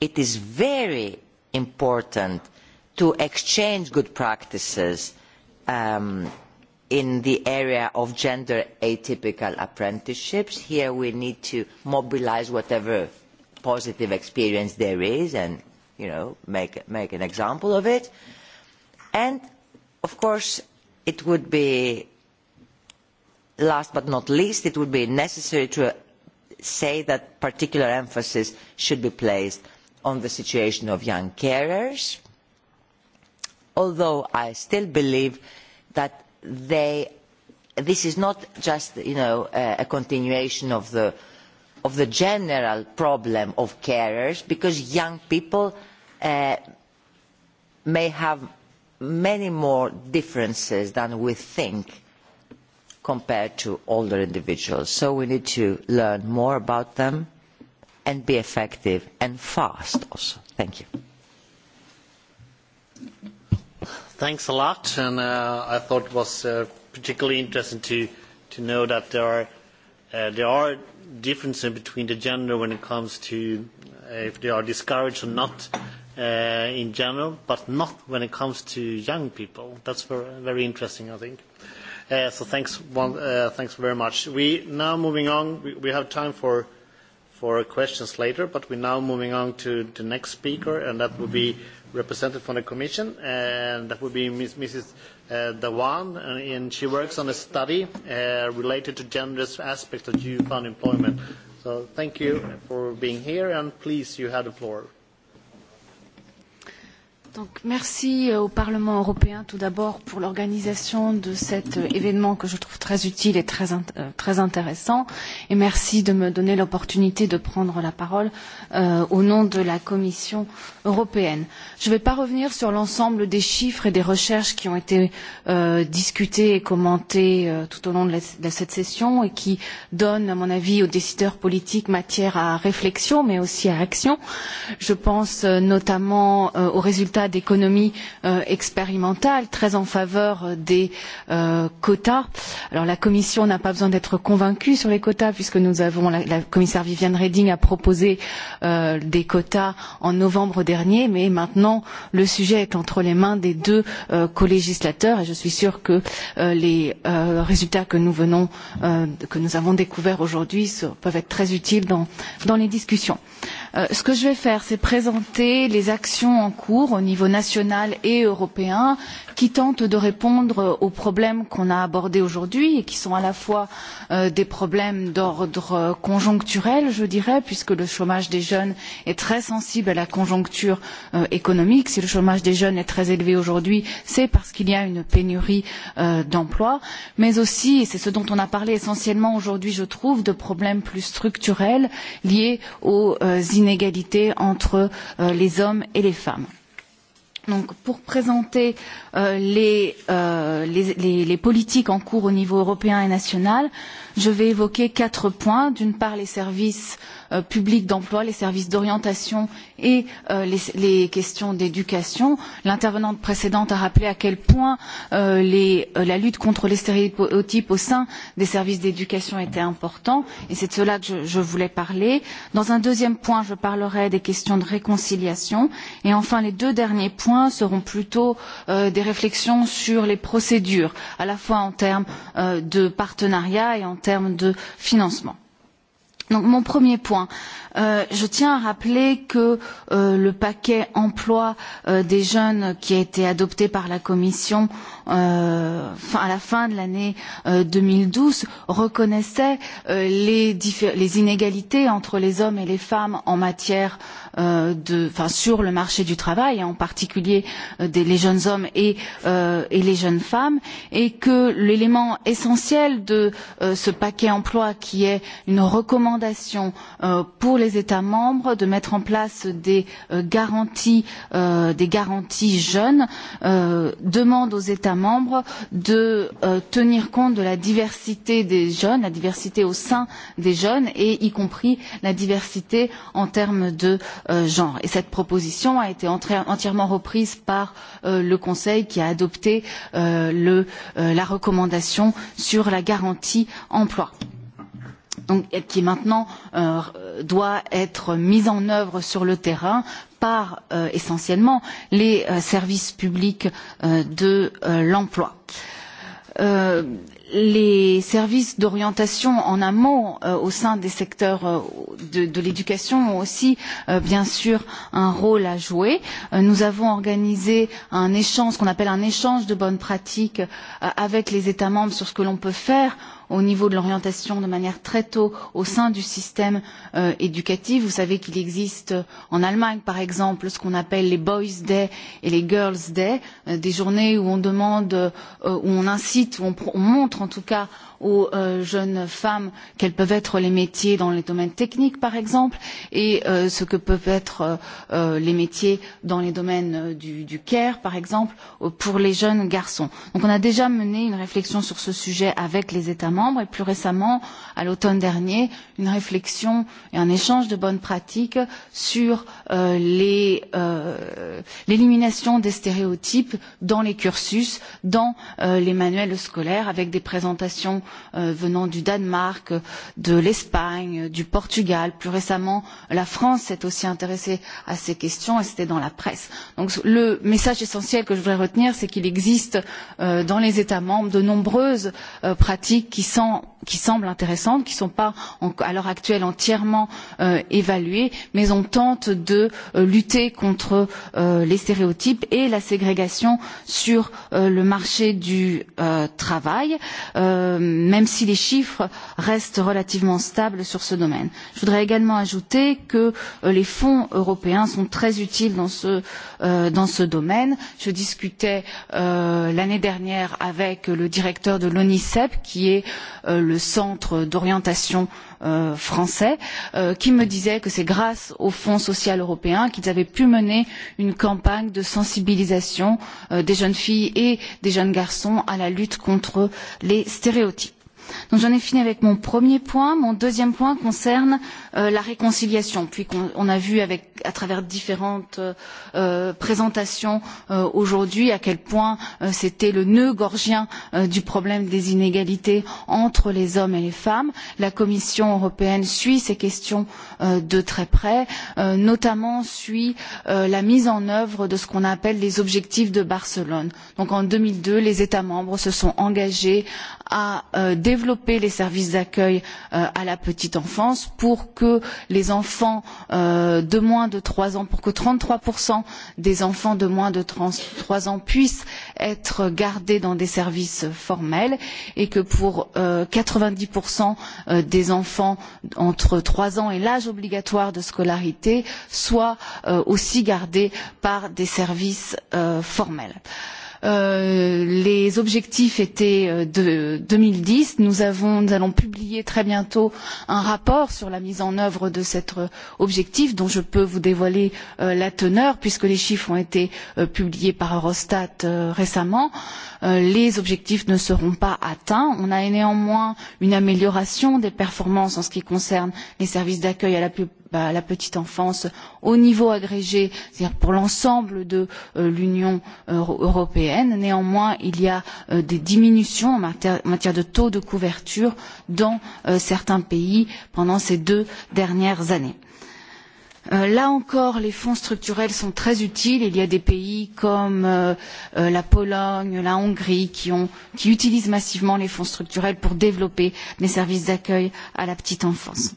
It is very important to exchange good practices um, in the area of gender atypical apprenticeships. here we need to mobilise whatever positive experience there is and you know, make, make an example of it. and of course it would be last but not least it would be necessary to uh, say that particular emphasis should be placed on the situation of young carers although i still believe that this is not just a continuation of the general problem of carers because young people uh, may have many more differences than we think compared to older individuals so we need to learn more about them and be effective and fast. thanks a lot. And uh, I thought it was uh, particularly interesting to to know that there are uh, there are differences between the gender when it comes to uh, if they are discouraged or not uh, in general, but not when it comes to young people. That's very, very interesting, I think. Uh, so thanks, one, uh, thanks very much. We now moving on. We, we have time for for questions later, but we're now moving on to the next speaker, and that will be representative from the commission, and that will be Mrs. Uh, Dhawan, uh, and she works on a study uh, related to gender aspects of youth unemployment. So thank you for being here, and please, you have the floor. Donc, merci euh, au Parlement européen tout d'abord pour l'organisation de cet euh, événement que je trouve très utile et très, in euh, très intéressant. Et merci de me donner l'opportunité de prendre la parole euh, au nom de la Commission européenne. Je ne vais pas revenir sur l'ensemble des chiffres et des recherches qui ont été euh, discutées et commentées euh, tout au long de, la, de cette session et qui donnent, à mon avis, aux décideurs politiques matière à réflexion mais aussi à action. Je pense euh, notamment euh, aux résultats résultats d'économies euh, expérimentales très en faveur euh, des euh, quotas. Alors la Commission n'a pas besoin d'être convaincue sur les quotas puisque nous avons la, la commissaire Viviane Reding a proposé euh, des quotas en novembre dernier, mais maintenant le sujet est entre les mains des deux euh, co-législateurs et je suis sûre que euh, les euh, résultats que nous venons euh, que nous avons découverts aujourd'hui peuvent être très utiles dans, dans les discussions. Euh, ce que je vais faire, c'est présenter les actions en cours au niveau national et européen qui tentent de répondre aux problèmes qu'on a abordés aujourd'hui et qui sont à la fois euh, des problèmes d'ordre conjoncturel, je dirais, puisque le chômage des jeunes est très sensible à la conjoncture euh, économique. Si le chômage des jeunes est très élevé aujourd'hui, c'est parce qu'il y a une pénurie euh, d'emplois, mais aussi, et c'est ce dont on a parlé essentiellement aujourd'hui, je trouve, de problèmes plus structurels liés aux euh, inégalités entre euh, les hommes et les femmes. Donc, pour présenter euh, les, euh, les, les, les politiques en cours au niveau européen et national, euh, Je vais évoquer quatre points. D'une part, les services euh, publics d'emploi, les services d'orientation et euh, les, les questions d'éducation. L'intervenante précédente a rappelé à quel point euh, les, euh, la lutte contre les stéréotypes au sein des services d'éducation était importante. Et c'est de cela que je, je voulais parler. Dans un deuxième point, je parlerai des questions de réconciliation. Et enfin, les deux derniers points seront plutôt euh, des réflexions sur les procédures, à la fois en termes euh, de partenariat et en termes de financement. Donc mon premier point, euh, je tiens à rappeler que euh, le paquet emploi euh, des jeunes qui a été adopté par la Commission euh, fin, à la fin de l'année euh, 2012 reconnaissait euh, les, les inégalités entre les hommes et les femmes en matière euh, de, fin, sur le marché du travail, en particulier euh, des, les jeunes hommes et, euh, et les jeunes femmes, et que l'élément essentiel de euh, ce paquet emploi qui est une recommandation euh, pour les États membres de mettre en place des euh, garanties euh, des garanties jeunes euh, demande aux États états membres de euh, tenir compte de la diversité des jeunes, la diversité au sein des jeunes et y compris la diversité en termes de euh, genre. Et cette proposition a été entièrement reprise par euh, le Conseil qui a adopté euh, le, euh, la recommandation sur la garantie emploi donc, qui maintenant euh, doit être mise en œuvre sur le terrain par euh, essentiellement les euh, services publics euh, de euh, l'emploi. Euh, les services d'orientation en amont euh, au sein des secteurs euh, de, de l'éducation ont aussi euh, bien sûr un rôle à jouer. Euh, nous avons organisé un échange, ce qu'on appelle un échange de bonnes pratiques euh, avec les États membres sur ce que l'on peut faire au niveau de l'orientation de manière très tôt au sein du système euh, éducatif. Vous savez qu'il existe euh, en Allemagne, par exemple, ce qu'on appelle les Boys Day et les Girls Day, euh, des journées où on demande, euh, où on incite, où on, on montre en tout cas aux euh, jeunes femmes quels peuvent être les métiers dans les domaines techniques par exemple et euh, ce que peuvent être euh, euh les métiers dans les domaines euh, du, du care par exemple euh, pour les jeunes garçons. Donc on a déjà mené une réflexion sur ce sujet avec les États membres et plus récemment à l'automne dernier une réflexion et un échange de bonnes pratiques sur euh, l'élimination euh, des stéréotypes dans les cursus, dans euh, les manuels scolaires avec des présentations Euh, venant du Danemark, de l'Espagne, du Portugal. Plus récemment, la France s'est aussi intéressée à ces questions et c'était dans la presse. Donc le message essentiel que je voudrais retenir, c'est qu'il existe euh, dans les États membres de nombreuses euh, pratiques qui sont qui semblent intéressantes, qui ne sont pas en, à l'heure actuelle entièrement euh, évaluées, mais on tente de euh, lutter contre euh, les stéréotypes et la ségrégation sur euh, le marché du euh, travail. Euh, même si les chiffres restent relativement stables sur ce domaine. Je voudrais également ajouter que euh, les fonds européens sont très utiles dans ce, euh, dans ce domaine. Je discutais euh, l'année dernière avec le directeur de l'ONICEP, qui est euh, le centre d'orientation euh, euh, français euh, qui me disaient que c'est grâce au Fonds social européen qu'ils avaient pu mener une campagne de sensibilisation euh, des jeunes filles et des jeunes garçons à la lutte contre les stéréotypes. Donc j'en ai fini avec mon premier point. Mon deuxième point concerne euh, la réconciliation, puis qu'on a vu avec, à travers différentes euh, présentations euh, aujourd'hui à quel point euh, c'était le nœud gorgien euh, du problème des inégalités entre les hommes et les femmes. La Commission européenne suit ces questions euh, de très près, euh, notamment suit euh, la mise en œuvre de ce qu'on appelle les objectifs de Barcelone. Donc en 2002, les États membres se sont engagés à euh, développer les services d'accueil euh, à la petite enfance pour que les enfants euh, de moins de trois ans, pour que 33% des enfants de moins de 30, 3 ans puissent être gardés dans des services formels et que pour euh, 90% euh, des enfants entre 3 ans et l'âge obligatoire de scolarité soient euh, aussi gardés par des services euh, formels. Euh, les objectifs étaient euh, de 2010. Nous, avons, nous allons publier très bientôt un rapport sur la mise en œuvre de cet euh, objectif dont je peux vous dévoiler euh, la teneur puisque les chiffres ont été euh, publiés par Eurostat euh, récemment. Euh, les objectifs ne seront pas atteints. On a néanmoins une amélioration des performances en ce qui concerne les services d'accueil à la population bah, la petite enfance au niveau agrégé, c'est-à-dire pour l'ensemble de euh, l'Union euro européenne. Néanmoins, il y a euh, des diminutions en matière, en matière de taux de couverture dans euh, certains pays pendant ces deux dernières années. Euh, là encore, les fonds structurels sont très utiles. Il y a des pays comme euh, euh, la Pologne, la Hongrie qui, ont, qui utilisent massivement les fonds structurels pour développer des services d'accueil à la petite enfance.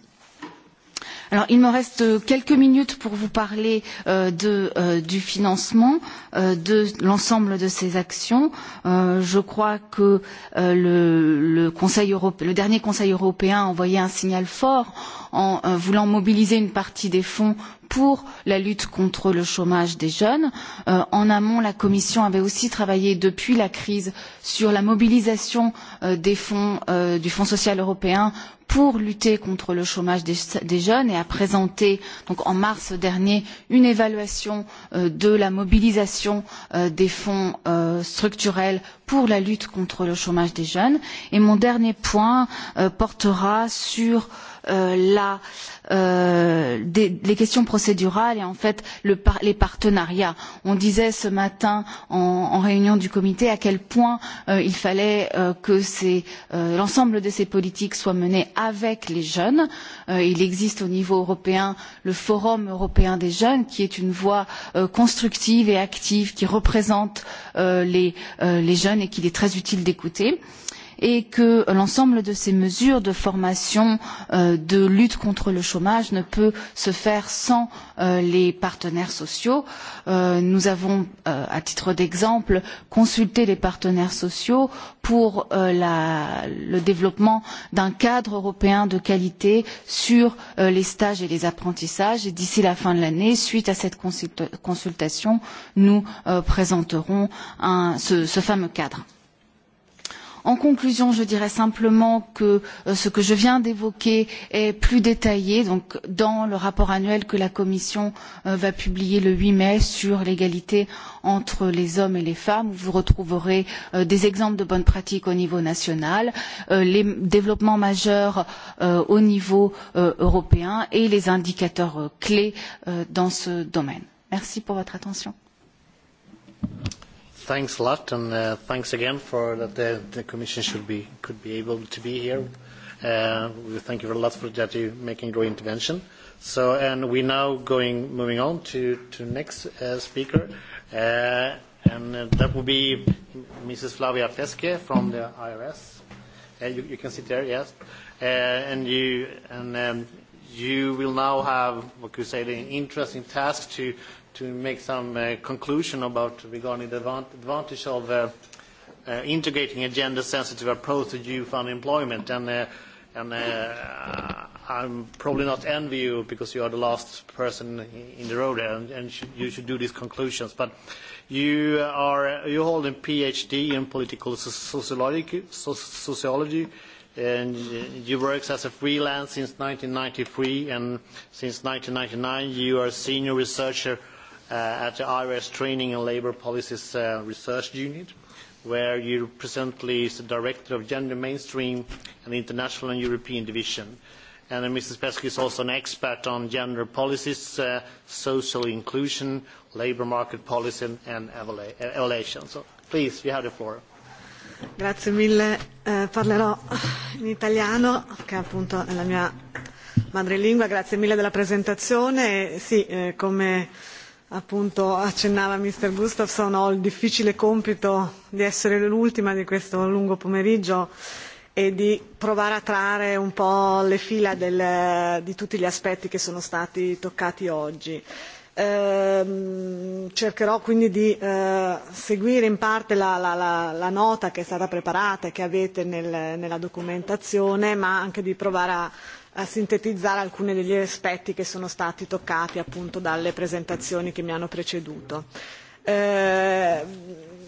Alors, il me reste euh, quelques minutes pour vous parler euh, de, euh, du financement euh, de l'ensemble de ces actions. Euh, je crois que euh, le, le, conseil Europe, le dernier Conseil européen a envoyé un signal fort en euh, voulant mobiliser une partie des fonds pour la lutte contre le chômage des jeunes. Euh, en amont, la Commission avait aussi travaillé depuis la crise sur la mobilisation euh, des fonds euh, du Fonds social européen pour lutter contre le chômage des, des jeunes et a présenté donc, en mars dernier une évaluation euh, de la mobilisation euh, des fonds euh, structurels pour la lutte contre le chômage des jeunes. Et mon dernier point euh, portera sur euh, euh, la, euh, des, les questions procédurales et en fait le, les partenariats. On disait ce matin en, en réunion du comité à quel point euh, il fallait euh, que euh, l'ensemble de ces politiques soient menées avec les jeunes. Euh, il existe au niveau européen le Forum européen des jeunes qui est une voie euh, constructive et active qui représente euh, les, euh, les jeunes et qu'il est très utile d'écouter. Euh, et que l'ensemble de ces mesures de formation euh, de lutte contre le chômage ne peut se faire sans euh, les partenaires sociaux. Euh, nous avons, euh, à titre d'exemple, consulté les partenaires sociaux pour euh, la, le développement d'un cadre européen de qualité sur euh, les stages et les apprentissages. Et d'ici la fin de l'année, suite à cette consulta consultation, nous euh, présenterons un, ce, ce fameux cadre. En conclusion, je dirais simplement que euh, ce que je viens d'évoquer est plus détaillé donc dans le rapport annuel que la Commission euh, va publier le 8 mai sur l'égalité entre les hommes et les femmes. Vous retrouverez euh, des exemples de bonnes pratiques au niveau national, les développements majeurs au niveau européen et les indicateurs clés dans ce domaine. Merci pour votre attention. Merci thanks a lot, and uh, thanks again for that the, the Commission should be, could be able to be here. Uh, we thank you a lot for that you making your intervention. So, and we now going moving on to to next uh, speaker, uh, and uh, that will be Mrs. Flavia Feske from the IRS. Uh, you, you can sit there, yes. Uh, and you and um, you will now have what you say the interesting task to to make some uh, conclusion about regarding the advantage of uh, uh, integrating a gender sensitive approach to youth unemployment and uh, and uh, I'm probably not envy you because you are the last person in the road and, and sh you should do these conclusions but you are you hold a PhD in political sociology, sociology and you work as a freelance since 1993 and since 1999 you are a senior researcher uh, at the IRS Training and Labour Policies uh, Research Unit, where you presently is the Director of Gender Mainstream and International and European Division. And uh, Mrs. Pesky is also an expert on gender policies, uh, social inclusion, labour market policy, and evaluation. So please, you have the floor. Grazie mille. Eh, parlerò in italiano, che appunto è la mia madrelingua. Grazie mille della presentazione. Sì, eh, come appunto accennava Mr. Gustafsson, ho il difficile compito di essere l'ultima di questo lungo pomeriggio e di provare a trarre un po' le fila del, di tutti gli aspetti che sono stati toccati oggi. Ehm, cercherò quindi di eh, seguire in parte la, la, la, la nota che è stata preparata e che avete nel, nella documentazione, ma anche di provare a a sintetizzare alcuni degli aspetti che sono stati toccati appunto dalle presentazioni che mi hanno preceduto. Eh,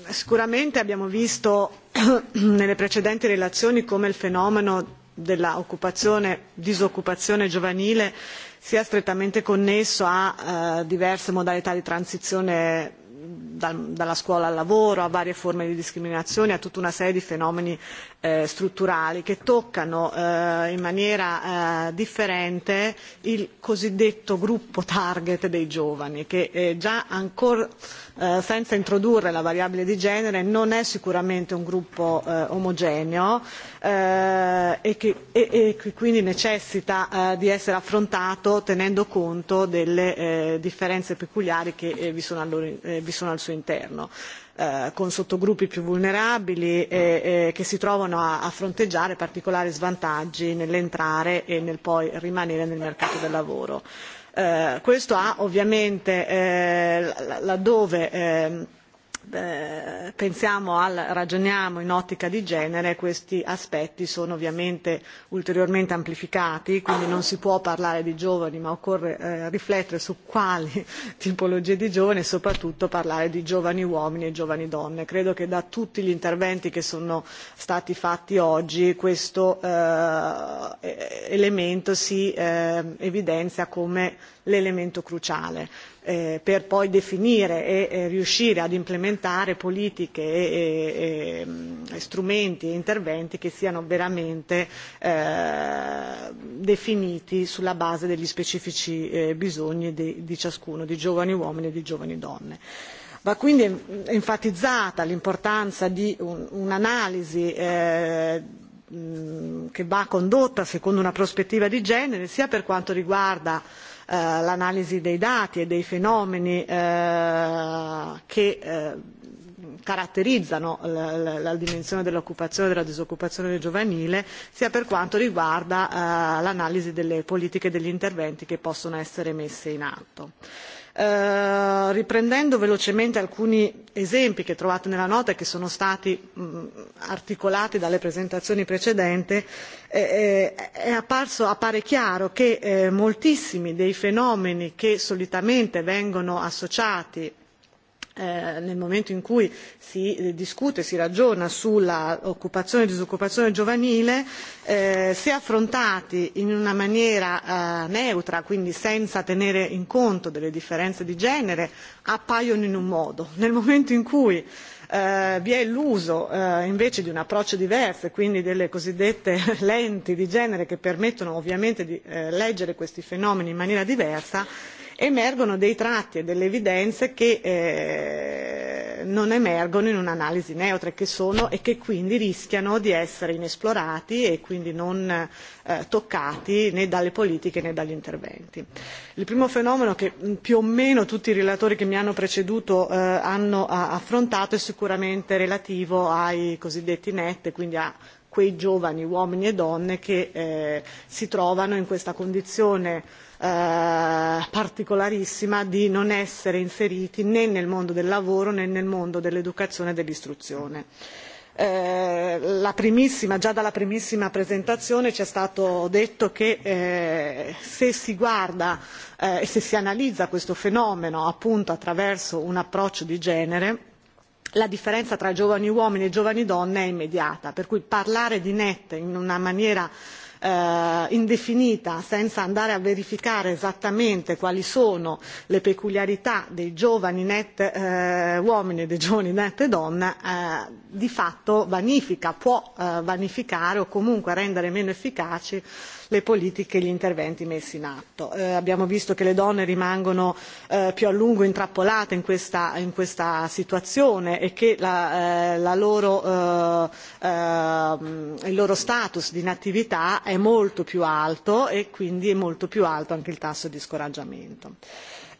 sicuramente abbiamo visto nelle precedenti relazioni come il fenomeno dell'occupazione disoccupazione giovanile sia strettamente connesso a eh, diverse modalità di transizione dal, dalla scuola al lavoro, a varie forme di discriminazione, a tutta una serie di fenomeni eh, strutturali che toccano eh, in maniera eh, differente il cosiddetto gruppo target dei giovani che eh, già ancora eh, senza introdurre la variabile di genere non è sicuramente un gruppo eh, omogeneo eh, e, che, e, e che quindi necessita eh, di essere affrontato tenendo conto delle eh, differenze peculiari che eh, vi, sono loro, eh, vi sono al suo interno. Eh, Eh, con sottogruppi più vulnerabili e, e che si trovano a fronteggiare particolari svantaggi nell'entrare e nel poi rimanere nel mercato del lavoro. Eh, questo ha ovviamente eh, laddove ehm, Eh, pensiamo al ragioniamo in ottica di genere questi aspetti sono ovviamente ulteriormente amplificati quindi non si può parlare di giovani ma occorre eh, riflettere su quali tipologie di giovani e soprattutto parlare di giovani uomini e giovani donne. credo che da tutti gli interventi che sono stati fatti oggi questo eh, e-, elemento si evidenzia come l'elemento cruciale eh, per poi definire e eh, riuscire ad implementare politiche e, e, e strumenti e interventi che siano veramente eh, definiti sulla base degli specifici eh, bisogni di, di ciascuno, di giovani uomini e di giovani donne. Va quindi enfatizzata l'importanza di un, un'analisi eh, che va condotta secondo una prospettiva di genere sia per quanto riguarda eh, Eh, l'analisi dei dati e dei fenomeni eh, che eh, caratterizzano la dimensione dell'occupazione e della disoccupazione giovanile, sia per quanto riguarda l'analisi delle politiche e degli interventi che possono essere messi in atto. Eh, riprendendo velocemente alcuni esempi che trovate nella nota e che sono stati mh, articolati dalle presentazioni precedenti, eh, eh, è apparso, appare chiaro che eh, moltissimi dei fenomeni che solitamente vengono associati Eh, nel momento in cui si discute si ragiona sull'occupazione e disoccupazione giovanile eh, se affrontati in una maniera eh, neutra quindi senza tenere in conto delle differenze di genere appaiono in un modo nel momento in cui eh, vi è l'uso eh, invece di un approccio diverso e quindi delle cosiddette lenti di genere che permettono ovviamente di eh, leggere questi fenomeni in maniera diversa emergono dei tratti e delle evidenze che eh, non emergono in un'analisi neutra e che sono e che quindi rischiano di essere inesplorati e quindi non eh, toccati né dalle politiche né dagli interventi. Il primo fenomeno che mm, più o meno tutti i relatori che mi hanno preceduto eh, hanno a, affrontato è sicuramente relativo ai cosiddetti net, quindi a quei giovani uomini e donne che eh, si trovano in questa condizione Eh, particolarissima di non essere inseriti né nel mondo del lavoro né nel mondo dell'educazione e dell'istruzione. Eh, la primissima, già dalla primissima presentazione ci è stato detto che eh, se si guarda eh, e eh, se si analizza questo fenomeno appunto attraverso un approccio di genere, la differenza tra giovani uomini e giovani donne è immediata, per cui parlare di net in una maniera eh, indefinita senza andare a verificare esattamente quali sono le peculiarità dei giovani net eh, uomini e dei giovani net e donne eh, di fatto vanifica, può eh, vanificare o comunque rendere meno efficaci eh, le politiche e gli interventi messi in atto. Eh, abbiamo visto che le donne rimangono eh, più a lungo intrappolate in questa, in questa situazione e che la, eh, la loro, eh, eh, il loro status di inattività è molto più alto e quindi è molto più alto anche il tasso di scoraggiamento.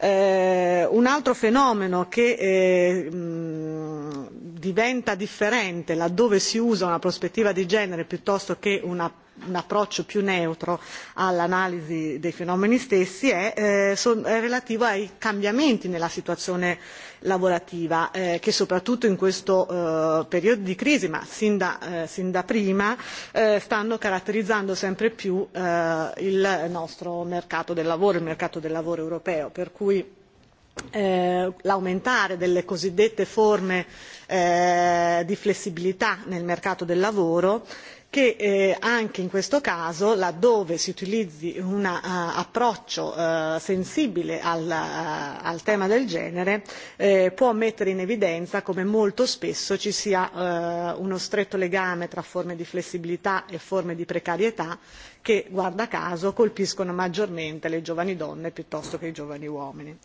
Eh, un altro fenomeno che eh, mh, diventa differente laddove si usa una prospettiva di genere piuttosto che una un approccio più neutro all'analisi dei fenomeni stessi è, eh, son, è relativo ai cambiamenti nella situazione lavorativa eh, che soprattutto in questo eh, periodo di crisi ma sin da, eh, sin da prima eh, stanno caratterizzando sempre più eh, il nostro mercato del lavoro, il mercato del lavoro europeo. Per cui eh, l'aumentare delle cosiddette forme eh, di flessibilità nel mercato del lavoro che eh, anche in questo caso laddove si utilizzi un eh, approccio eh, sensibile al tema del genere può mettere in evidenza come molto spesso ci sia uno stretto legame tra forme di flessibilità e forme di precarietà che guarda caso colpiscono maggiormente le giovani donne piuttosto che i giovani uomini.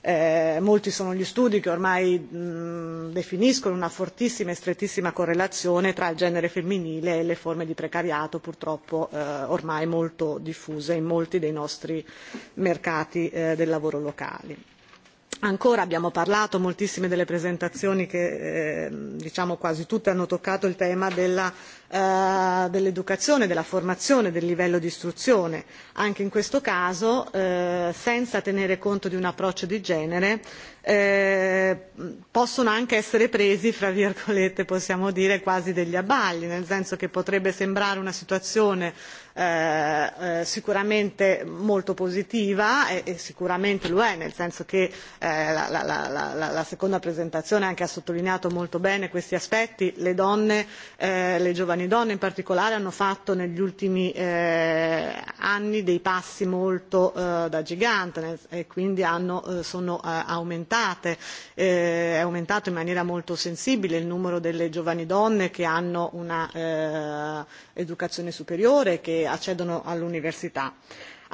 Eh, molti sono gli studi che ormai mh, mm, definiscono una fortissima e strettissima correlazione tra il genere femminile e le forme di precariato purtroppo eh, ormai molto diffuse in molti dei nostri mercati eh, del lavoro locali ancora abbiamo parlato moltissime delle presentazioni che ehm, diciamo quasi tutte hanno toccato il tema eh, dell'educazione della formazione del livello di istruzione anche in questo caso eh, senza tenere conto di un approccio di genere eh, possono anche essere presi fra virgolette possiamo dire quasi degli abbagli nel senso che potrebbe sembrare una situazione Eh, eh, sicuramente molto positiva e, e sicuramente lo è nel senso che eh, la, la, la, la, la seconda presentazione anche ha sottolineato molto bene questi aspetti le donne, eh, le giovani donne in particolare hanno fatto negli ultimi eh, anni dei passi molto eh, da gigante nel, e quindi hanno, eh, sono eh, aumentate eh, è aumentato in maniera molto sensibile il numero delle giovani donne che hanno una eh, educazione superiore che accedono all'università.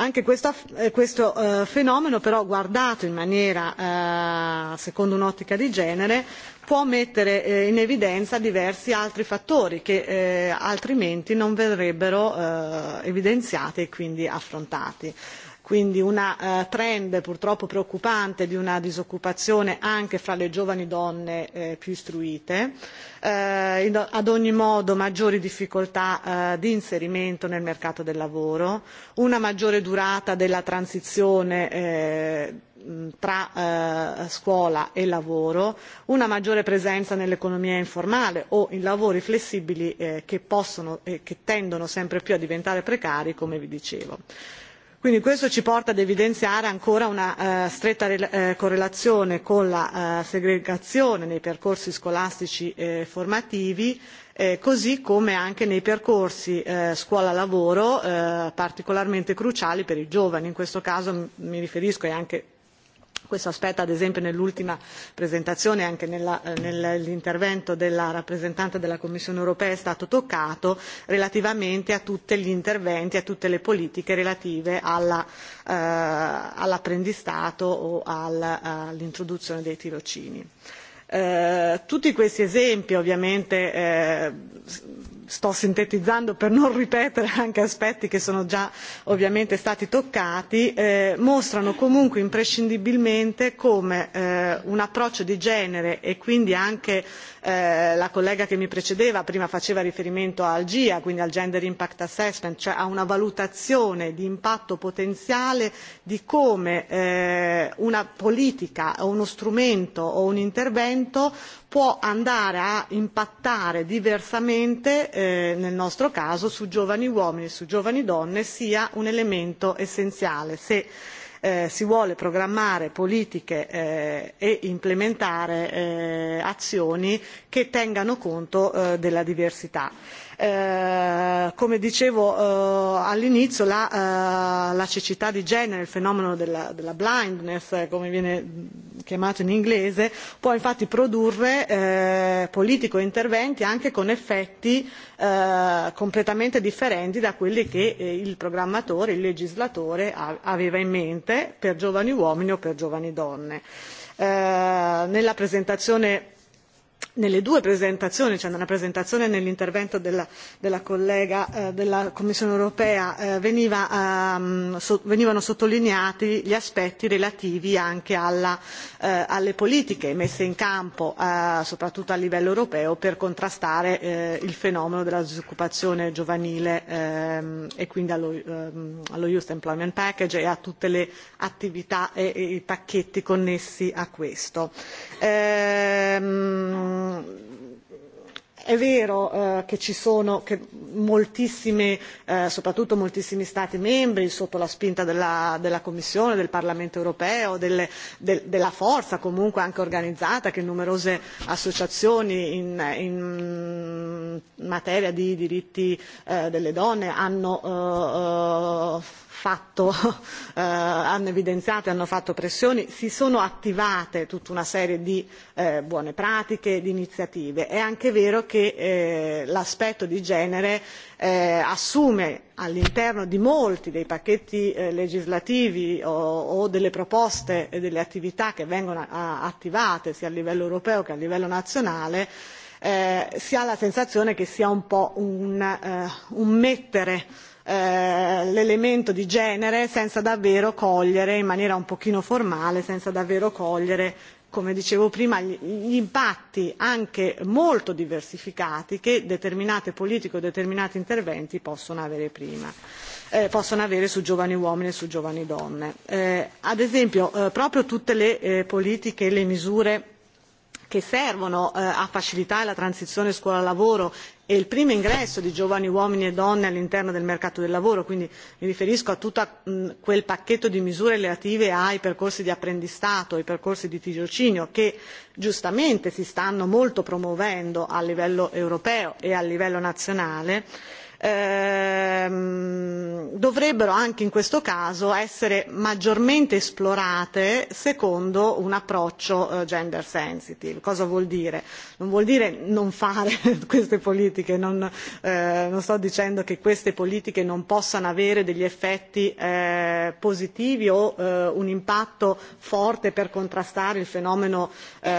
Anche questa, eh, questo eh, fenomeno però guardato in maniera eh, secondo un'ottica di genere può mettere eh, in evidenza diversi altri fattori che eh, altrimenti non verrebbero eh, evidenziati e quindi affrontati. Eh, quindi una eh, trend purtroppo preoccupante di una disoccupazione anche fra le giovani donne eh, più istruite eh, ad ogni modo maggiori difficoltà di inserimento nel mercato del lavoro una maggiore durata della transizione tra scuola e lavoro una maggiore presenza nell'economia informale o in lavori flessibili che possono e che tendono sempre più a diventare precari come vi dicevo quindi questo ci porta ad evidenziare ancora una eh, stretta eh, correlazione con la eh, segregazione nei percorsi scolastici e formativi così come anche nei percorsi scuola lavoro particolarmente cruciali per i giovani in questo caso mi riferisco e anche questo aspetto ad esempio nell'ultima presentazione anche eh, nell'intervento della rappresentante della commissione europea è stato toccato relativamente a tutti gli interventi a tutte le politiche relative eh, all'apprendistato o all'introduzione dei tirocini. Eh, tutti questi esempi ovviamente sto sintetizzando per non ripetere anche aspetti che sono già ovviamente stati toccati eh, mostrano comunque imprescindibilmente come eh, un approccio di genere e quindi anche eh, Eh, la collega che mi precedeva prima faceva riferimento al gia quindi al gender impact assessment cioè a una valutazione di impatto potenziale di come eh, una politica o uno strumento o un intervento può andare a impattare diversamente eh, nel nostro caso su giovani uomini e su giovani donne sia un elemento essenziale se Eh, si vuole programmare politiche eh, e implementare eh, azioni che tengano conto della diversità. Eh, come dicevo eh, all'inizio, la, eh, la cecità di genere, il fenomeno della, della blindness, eh, come viene chiamato in inglese, può infatti produrre eh, politico interventi anche con effetti eh, completamente differenti da quelli che eh, il programmatore, il legislatore a, aveva in mente per giovani uomini o per giovani donne. Eh, nella presentazione nelle due presentazioni cioè nella presentazione e nell'intervento della collega eh, della commissione europea eh, ehm, venivano sottolineati gli aspetti relativi anche eh, alle politiche messe in campo soprattutto a livello europeo per contrastare il fenomeno della disoccupazione giovanile ehm, e quindi ehm, allo youth employment package e a tutte le attività e, e i pacchetti connessi a questo. Ehm, è vero eh, che ci sono che moltissime, eh, soprattutto moltissimi Stati membri, sotto la spinta della, della Commissione, del Parlamento europeo, delle, de, della forza comunque anche organizzata, che numerose associazioni in, in materia di diritti eh, delle donne hanno. Eh, eh, fatto, eh, hanno evidenziato e hanno fatto pressioni, si sono attivate tutta una serie di eh, buone pratiche, di iniziative. È anche vero che eh, l'aspetto di genere eh, assume all'interno di molti dei pacchetti eh, legislativi o, o delle proposte e delle attività che vengono a, a, attivate sia a livello europeo che a livello nazionale, eh, si ha la sensazione che sia un po' un, uh, un mettere uh, Eh, l'elemento di genere senza davvero cogliere in maniera un pochino formale, senza davvero cogliere come dicevo prima, gli impatti anche molto diversificati che determinate politiche o determinati interventi possono avere, prima, eh, possono avere su giovani uomini e su giovani donne. Eh, ad esempio, eh, proprio tutte le eh, politiche e le misure che servono eh, a facilitare la transizione scuola-lavoro e il primo ingresso di giovani uomini e donne all'interno del mercato del lavoro, quindi mi riferisco a tutto quel pacchetto di misure relative ai percorsi di apprendistato, ai percorsi di tirocinio, che giustamente si stanno molto promuovendo a livello europeo e a livello nazionale, eh, ehm, dovrebbero anche in questo caso essere maggiormente esplorate secondo un approccio eh, gender sensitive. Cosa vuol dire? Non vuol dire non fare queste politiche, non, eh, non sto dicendo che queste politiche non possano avere degli effetti eh, positivi o eh, un impatto forte per contrastare il fenomeno eh,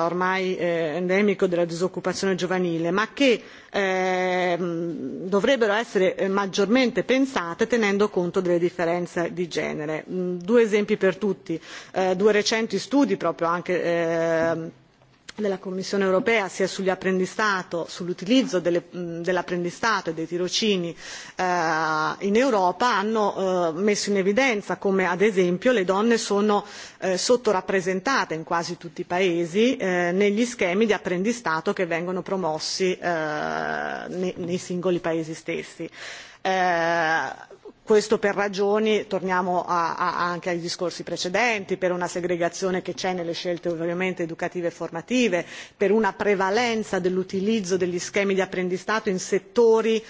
ormai eh, endemico della disoccupazione giovanile, ma che eh, dovrebbero dovrebbero essere eh, maggiormente pensate tenendo conto delle differenze di genere. Mm, due esempi per tutti eh, due recenti studi proprio anche ehm, della commissione europea sia sull'apprendistato sull'utilizzo dell'apprendistato e dei tirocini eh, in europa hanno eh, messo in evidenza come ad esempio le donne sono eh, sottorappresentate in quasi tutti i paesi negli schemi di apprendistato che vengono promossi nei singoli paesi stessi questo per ragioni, torniamo a, a, anche ai discorsi precedenti, per una segregazione che c'è nelle scelte ovviamente educative e formative, per una prevalenza dell'utilizzo degli schemi di apprendistato in settori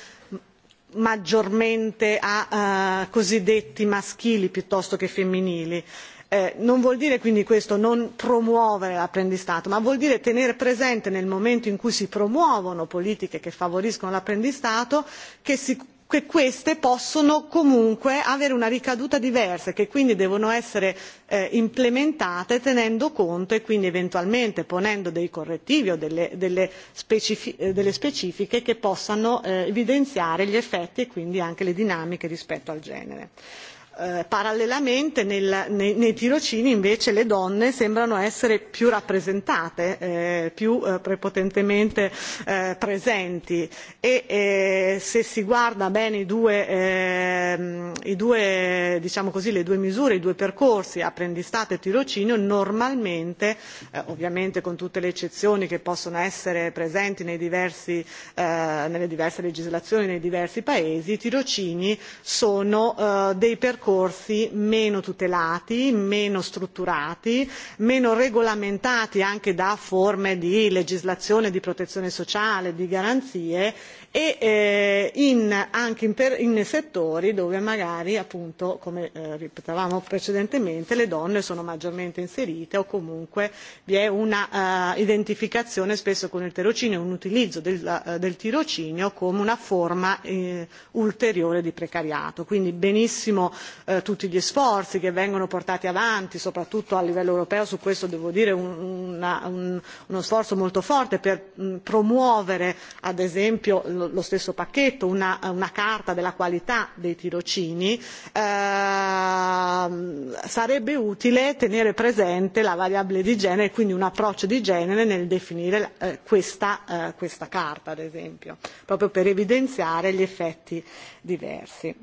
maggiormente a uh, cosiddetti maschili piuttosto che femminili. Eh, non vuol dire quindi questo non promuovere l'apprendistato, ma vuol dire tenere presente nel momento in cui si promuovono politiche che favoriscono l'apprendistato che si che queste possono comunque avere una ricaduta diversa e che quindi devono essere eh, implementate tenendo conto e quindi eventualmente ponendo dei correttivi o delle, delle, specifi- eh, delle specifiche che possano eh, evidenziare gli effetti e quindi anche le dinamiche rispetto al genere. Eh, parallelamente nel, nei, nei tirocini invece le donne sembrano essere più rappresentate, eh, più eh, prepotentemente eh, presenti e eh, se si guarda bene i due, eh, i due, diciamo così, le due misure, i due percorsi, apprendistato e tirocinio, normalmente, eh, ovviamente con tutte le eccezioni che possono essere presenti nei diversi, eh, nelle diverse legislazioni, nei diversi paesi, i tirocini sono eh, dei percorsi percorsi meno tutelati, meno strutturati, meno regolamentati anche da forme di legislazione, di protezione sociale, di garanzie e eh, in, anche in, per, in settori dove magari, appunto, come eh, ripetavamo precedentemente, le donne sono maggiormente inserite o comunque vi è un'identificazione eh, spesso con il tirocinio, un utilizzo del, eh, del tirocinio come una forma eh, ulteriore di precariato. Quindi benissimo eh, tutti gli sforzi che vengono portati avanti, soprattutto a livello europeo, su questo devo dire un, una, un, uno sforzo molto forte per mh, promuovere, ad esempio, lo stesso pacchetto, una, una carta della qualità dei tirocini, ehm, sarebbe utile tenere presente la variabile di genere, e quindi un approccio di genere nel definire eh, questa, eh, questa carta, ad esempio, proprio per evidenziare gli effetti diversi.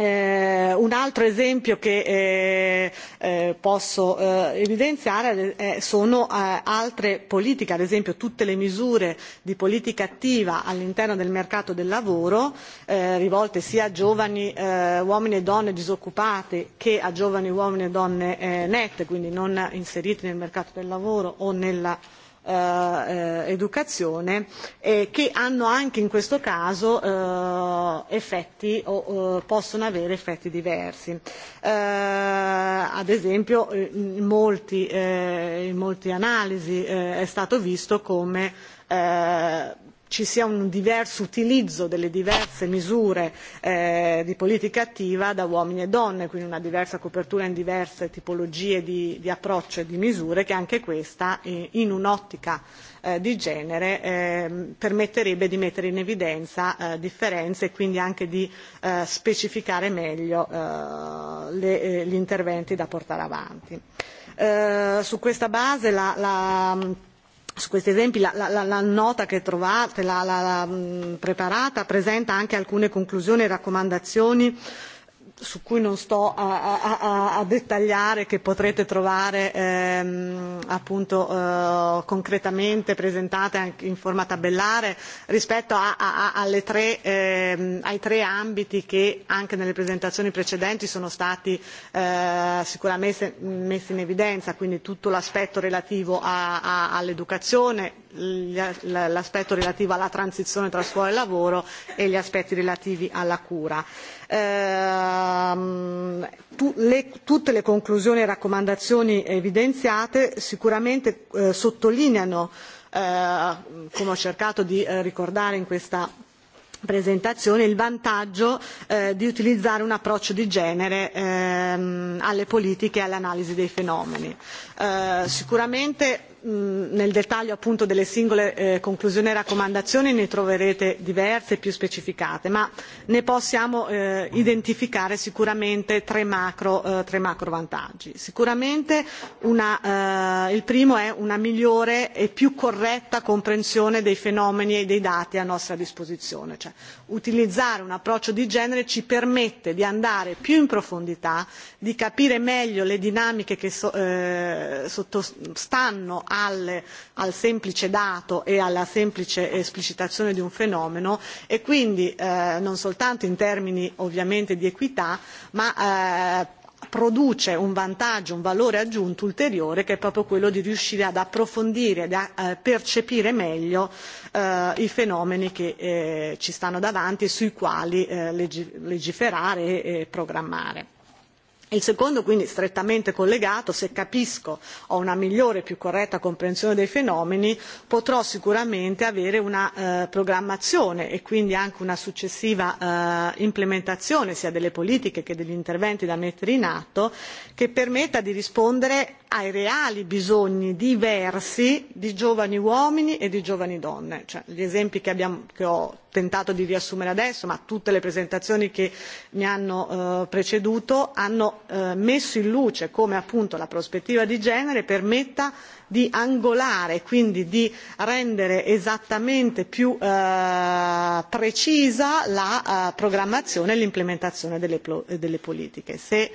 Eh, un altro esempio che eh, eh, posso eh, evidenziare eh, sono eh, altre politiche, ad esempio tutte le misure di politica attiva all'interno del mercato del lavoro, eh, rivolte sia a giovani eh, uomini e donne disoccupate che a giovani uomini e donne eh, nette, quindi non inseriti nel mercato del lavoro o nella. Eh, Eh, eh, educazione eh, che hanno anche in questo caso eh, effetti o eh, possono avere effetti diversi. Eh, ad esempio in molti, eh, in molti analisi eh, è stato visto come eh, ci sia un diverso utilizzo delle diverse misure eh, di politica attiva da uomini e donne, quindi una diversa copertura in diverse tipologie di, di approccio e di misure che anche questa in un'ottica eh, di genere eh, permetterebbe di mettere in evidenza eh, differenze e quindi anche di eh, specificare meglio eh, le, eh, gli interventi da portare avanti. Eh, su questa base la, la, su questi esempi la, la, la, la nota che trovate, la, la, la mh, preparata, presenta anche alcune conclusioni e raccomandazioni su cui non sto a, a, a, a dettagliare, che potrete trovare ehm, appunto eh, concretamente presentate anche in forma tabellare, rispetto a, a, a, alle tre, ehm, ai tre ambiti che anche nelle presentazioni precedenti sono stati eh, sicuramente messi in evidenza, quindi tutto l'aspetto relativo a, a, all'educazione, l'aspetto relativo alla transizione tra scuola e lavoro e gli aspetti relativi alla cura ehm, tu, le, tutte le conclusioni e raccomandazioni evidenziate sicuramente eh, sottolineano, eh, come ho cercato di eh, ricordare in questa presentazione, il vantaggio eh, di utilizzare un approccio di genere ehm, alle politiche e all'analisi dei fenomeni. Eh, sicuramente nel dettaglio appunto delle singole eh, conclusioni e raccomandazioni ne troverete diverse più specificate, ma ne possiamo eh, identificare sicuramente tre macro, eh, tre macro vantaggi. Sicuramente una, eh, il primo è una migliore e più corretta comprensione dei fenomeni e dei dati a nostra disposizione. Cioè, utilizzare un approccio di genere ci permette di andare più in profondità, di capire meglio le dinamiche che so, eh, sottostanno a al, al semplice dato e alla semplice esplicitazione di un fenomeno e quindi eh, non soltanto in termini ovviamente di equità ma eh, produce un vantaggio, un valore aggiunto ulteriore che è proprio quello di riuscire ad approfondire, ad eh, percepire meglio eh, i fenomeni che eh, ci stanno davanti e sui quali eh, legiferare e, e programmare il secondo quindi strettamente collegato se capisco ho una migliore e più corretta comprensione dei fenomeni potrò sicuramente avere una eh, programmazione e quindi anche una successiva eh, implementazione sia delle politiche che degli interventi da mettere in atto che permetta di rispondere ai reali bisogni diversi di giovani uomini e di giovani donne. Cioè, gli esempi che, abbiamo, che ho tentato di riassumere adesso, ma tutte le presentazioni che mi hanno eh, preceduto, hanno eh, messo in luce come appunto la prospettiva di genere permetta di angolare, quindi di rendere esattamente più eh, precisa la eh, programmazione e l'implementazione delle, delle politiche. Se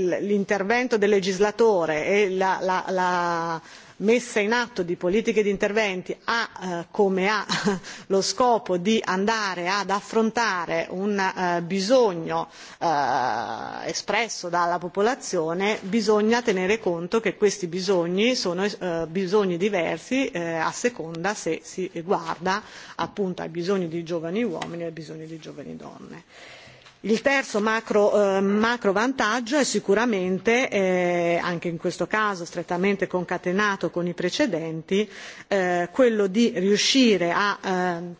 l'intervento del legislatore e la, la, la messa in atto di politiche di interventi ha eh, come ha lo scopo di andare ad affrontare un eh, bisogno eh, espresso dalla popolazione, bisogna tenere conto che questi bisogni sono eh, bisogni diversi eh, a seconda se si guarda appunto ai bisogni di giovani uomini e ai bisogni di giovani donne. Eh, il terzo eh, macro vantaggio è sicuramente eh, anche in questo caso strettamente concatenato con i precedenti eh, quello di riuscire a ehm,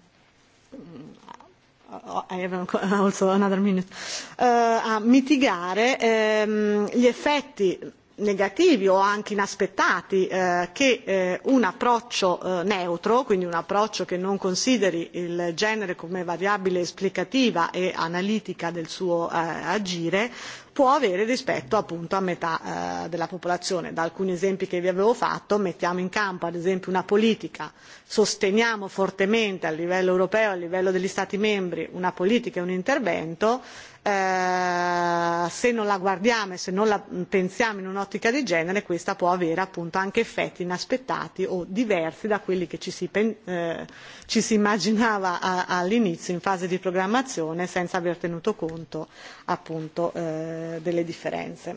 mitigare ehm, gli effetti negativi o anche inaspettati eh, che eh, un approccio eh, neutro, quindi un approccio che non consideri il genere come variabile esplicativa e analitica del suo eh, agire, può avere rispetto appunto a metà eh, della popolazione. Da alcuni esempi che vi avevo fatto mettiamo in campo ad esempio una politica, sosteniamo fortemente a livello europeo, a livello degli Stati membri, una politica e un intervento, Eh, se non la guardiamo e se non la pensiamo in un'ottica di genere, questa può avere appunto anche effetti inaspettati o diversi da quelli che ci si, eh, ci si immaginava a, all'inizio in fase di programmazione senza aver tenuto conto appunto eh, delle differenze.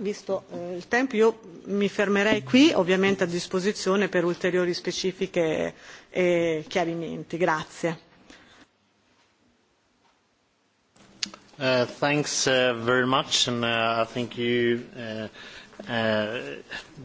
Visto eh, il tempo io mi fermerei qui ovviamente a disposizione per ulteriori specifiche e chiarimenti. Grazie. Uh, thanks uh, very much and uh, I think you uh, uh,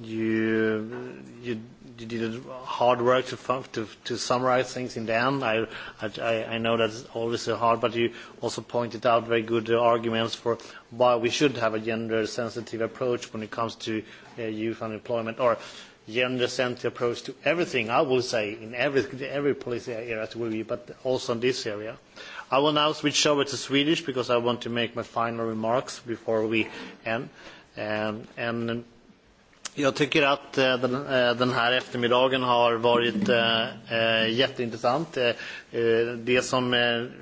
you you did hard work to to to summarize things in down I, I I know that's always hard but you also pointed out very good arguments for why we should have a gender sensitive approach when it comes to uh, youth unemployment or gender-centered approach to everything, I will say, in every, every policy area, but also in this area. Uh, I will now switch over to Swedish because I want to make my final remarks before we end. Um, jag tycker att eh, eh, den här eftermiddagen har varit eh, jätteintressant. Det som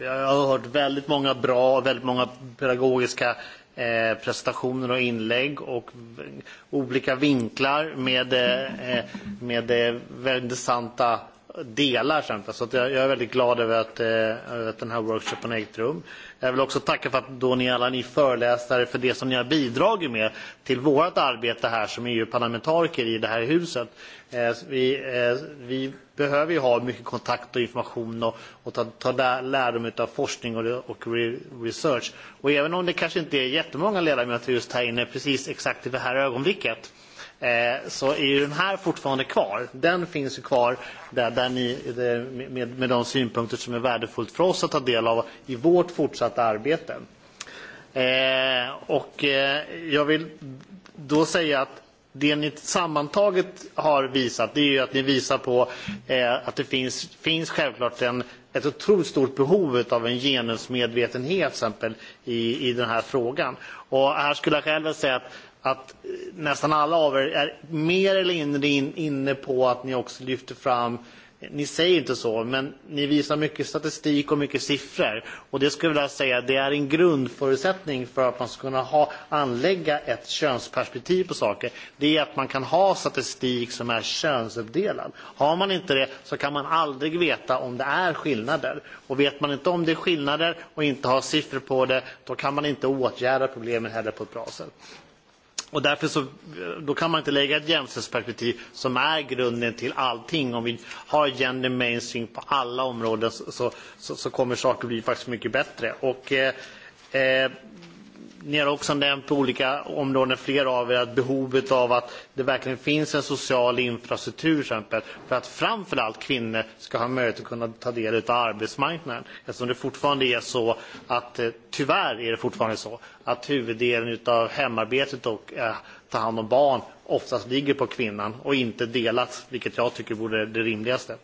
jag har hört väldigt många bra och väldigt många pedagogiska presentationer och inlägg och olika vinklar med väldigt intressanta delar. Så att jag är väldigt glad över att, eh, att den här workshopen ägt rum. Jag vill också tacka för att då ni alla ni föreläsare för det som ni har bidragit med till vårt arbete här som EU-parlamentariker i det här huset. Eh, vi, eh, vi behöver ju ha mycket kontakt och information och, och ta, ta lärdom av forskning och, och research. Och även om det kanske inte är jättemånga ledamöter just här inne precis exakt i det här ögonblicket eh, så är ju den här fortfarande kvar. Den finns ju kvar där, där ni, där, med, med de synpunkter som är värdefullt för oss att ta del av i vårt fortsatta arbete. Eh, och eh, jag vill då säga att det ni sammantaget har visat, det är ju att ni visar på eh, att det finns, finns självklart en, ett otroligt stort behov av en genusmedvetenhet, till exempel, i, i den här frågan. Och här skulle jag själv säga att att eh, nästan alla av er är mer eller mindre in, inne på att ni också lyfter fram, eh, ni säger inte så, men ni visar mycket statistik och mycket siffror. Och det skulle jag vilja säga, det är en grundförutsättning för att man ska kunna ha, anlägga ett könsperspektiv på saker. Det är att man kan ha statistik som är könsuppdelad. Har man inte det så kan man aldrig veta om det är skillnader. Och vet man inte om det är skillnader och inte har siffror på det, då kan man inte åtgärda problemen heller på ett bra sätt. Och därför så, eh, då kan man inte lägga ett jämställdhetsperspektiv som är grunden till allting. Om vi har gender mainstream på alla områden så, så, så kommer saker bli faktiskt mycket bättre. Och, eh, eh ni har också nämnt på olika områden, flera av er, att behovet av att det verkligen finns en social infrastruktur, exempel, för att framförallt kvinnor ska ha möjlighet att kunna ta del av arbetsmarknaden. Eftersom det fortfarande är så att, eh, tyvärr är det fortfarande så, att huvuddelen av hemarbetet och eh, ta hand om barn oftast ligger på kvinnan och inte delat, vilket jag tycker vore det rimligaste.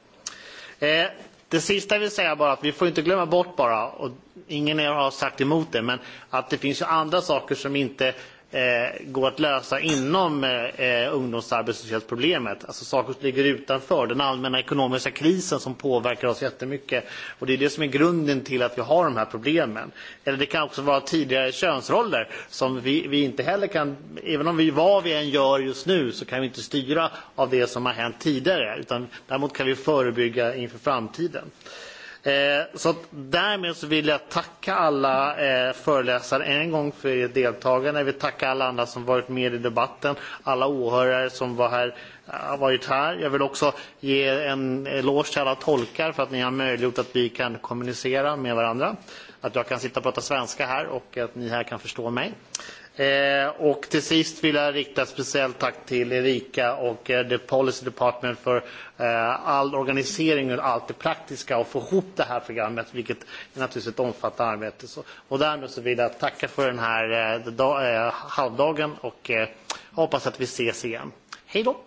Eh, Det sista jag vill säga bara att vi får inte glömma bort bara, och ingen av er har sagt emot det, men att det finns ju andra saker som inte Eh, gå att lösa inom eh, eh, ungdomsarbetslöshetsproblemet. Alltså saker som ligger utanför den allmänna ekonomiska krisen som påverkar oss jättemycket. Och det är det som är grunden till att vi har de här problemen. Eller det kan också vara tidigare könsroller som vi, vi inte heller kan... Även om vi vad vi än gör just nu så kan vi inte styra av det som har hänt tidigare. Utan däremot kan vi förebygga inför framtiden. Eh, Eh, så att därmed så vill jag tacka alla eh, föreläsare en gång för er deltagande. Jag vill tacka alla andra som varit med i debatten, alla åhörare som var här, eh, varit här. Jag vill också ge en eloge till alla tolkar för att ni har möjliggjort att vi kan kommunicera med varandra. Att jag kan sitta och prata svenska här och att ni här kan förstå mig. Eh, och till sist vill jag rikta speciellt tack till Erika och eh, The Policy Department för eh, all organisering och allt det praktiska och få ihop det här programmet, vilket är naturligtvis ett omfattande arbete. Så, och därmed så vill jag tacka för den här eh, dag, eh, halvdagen och eh, hoppas att vi ses igen. Hej då!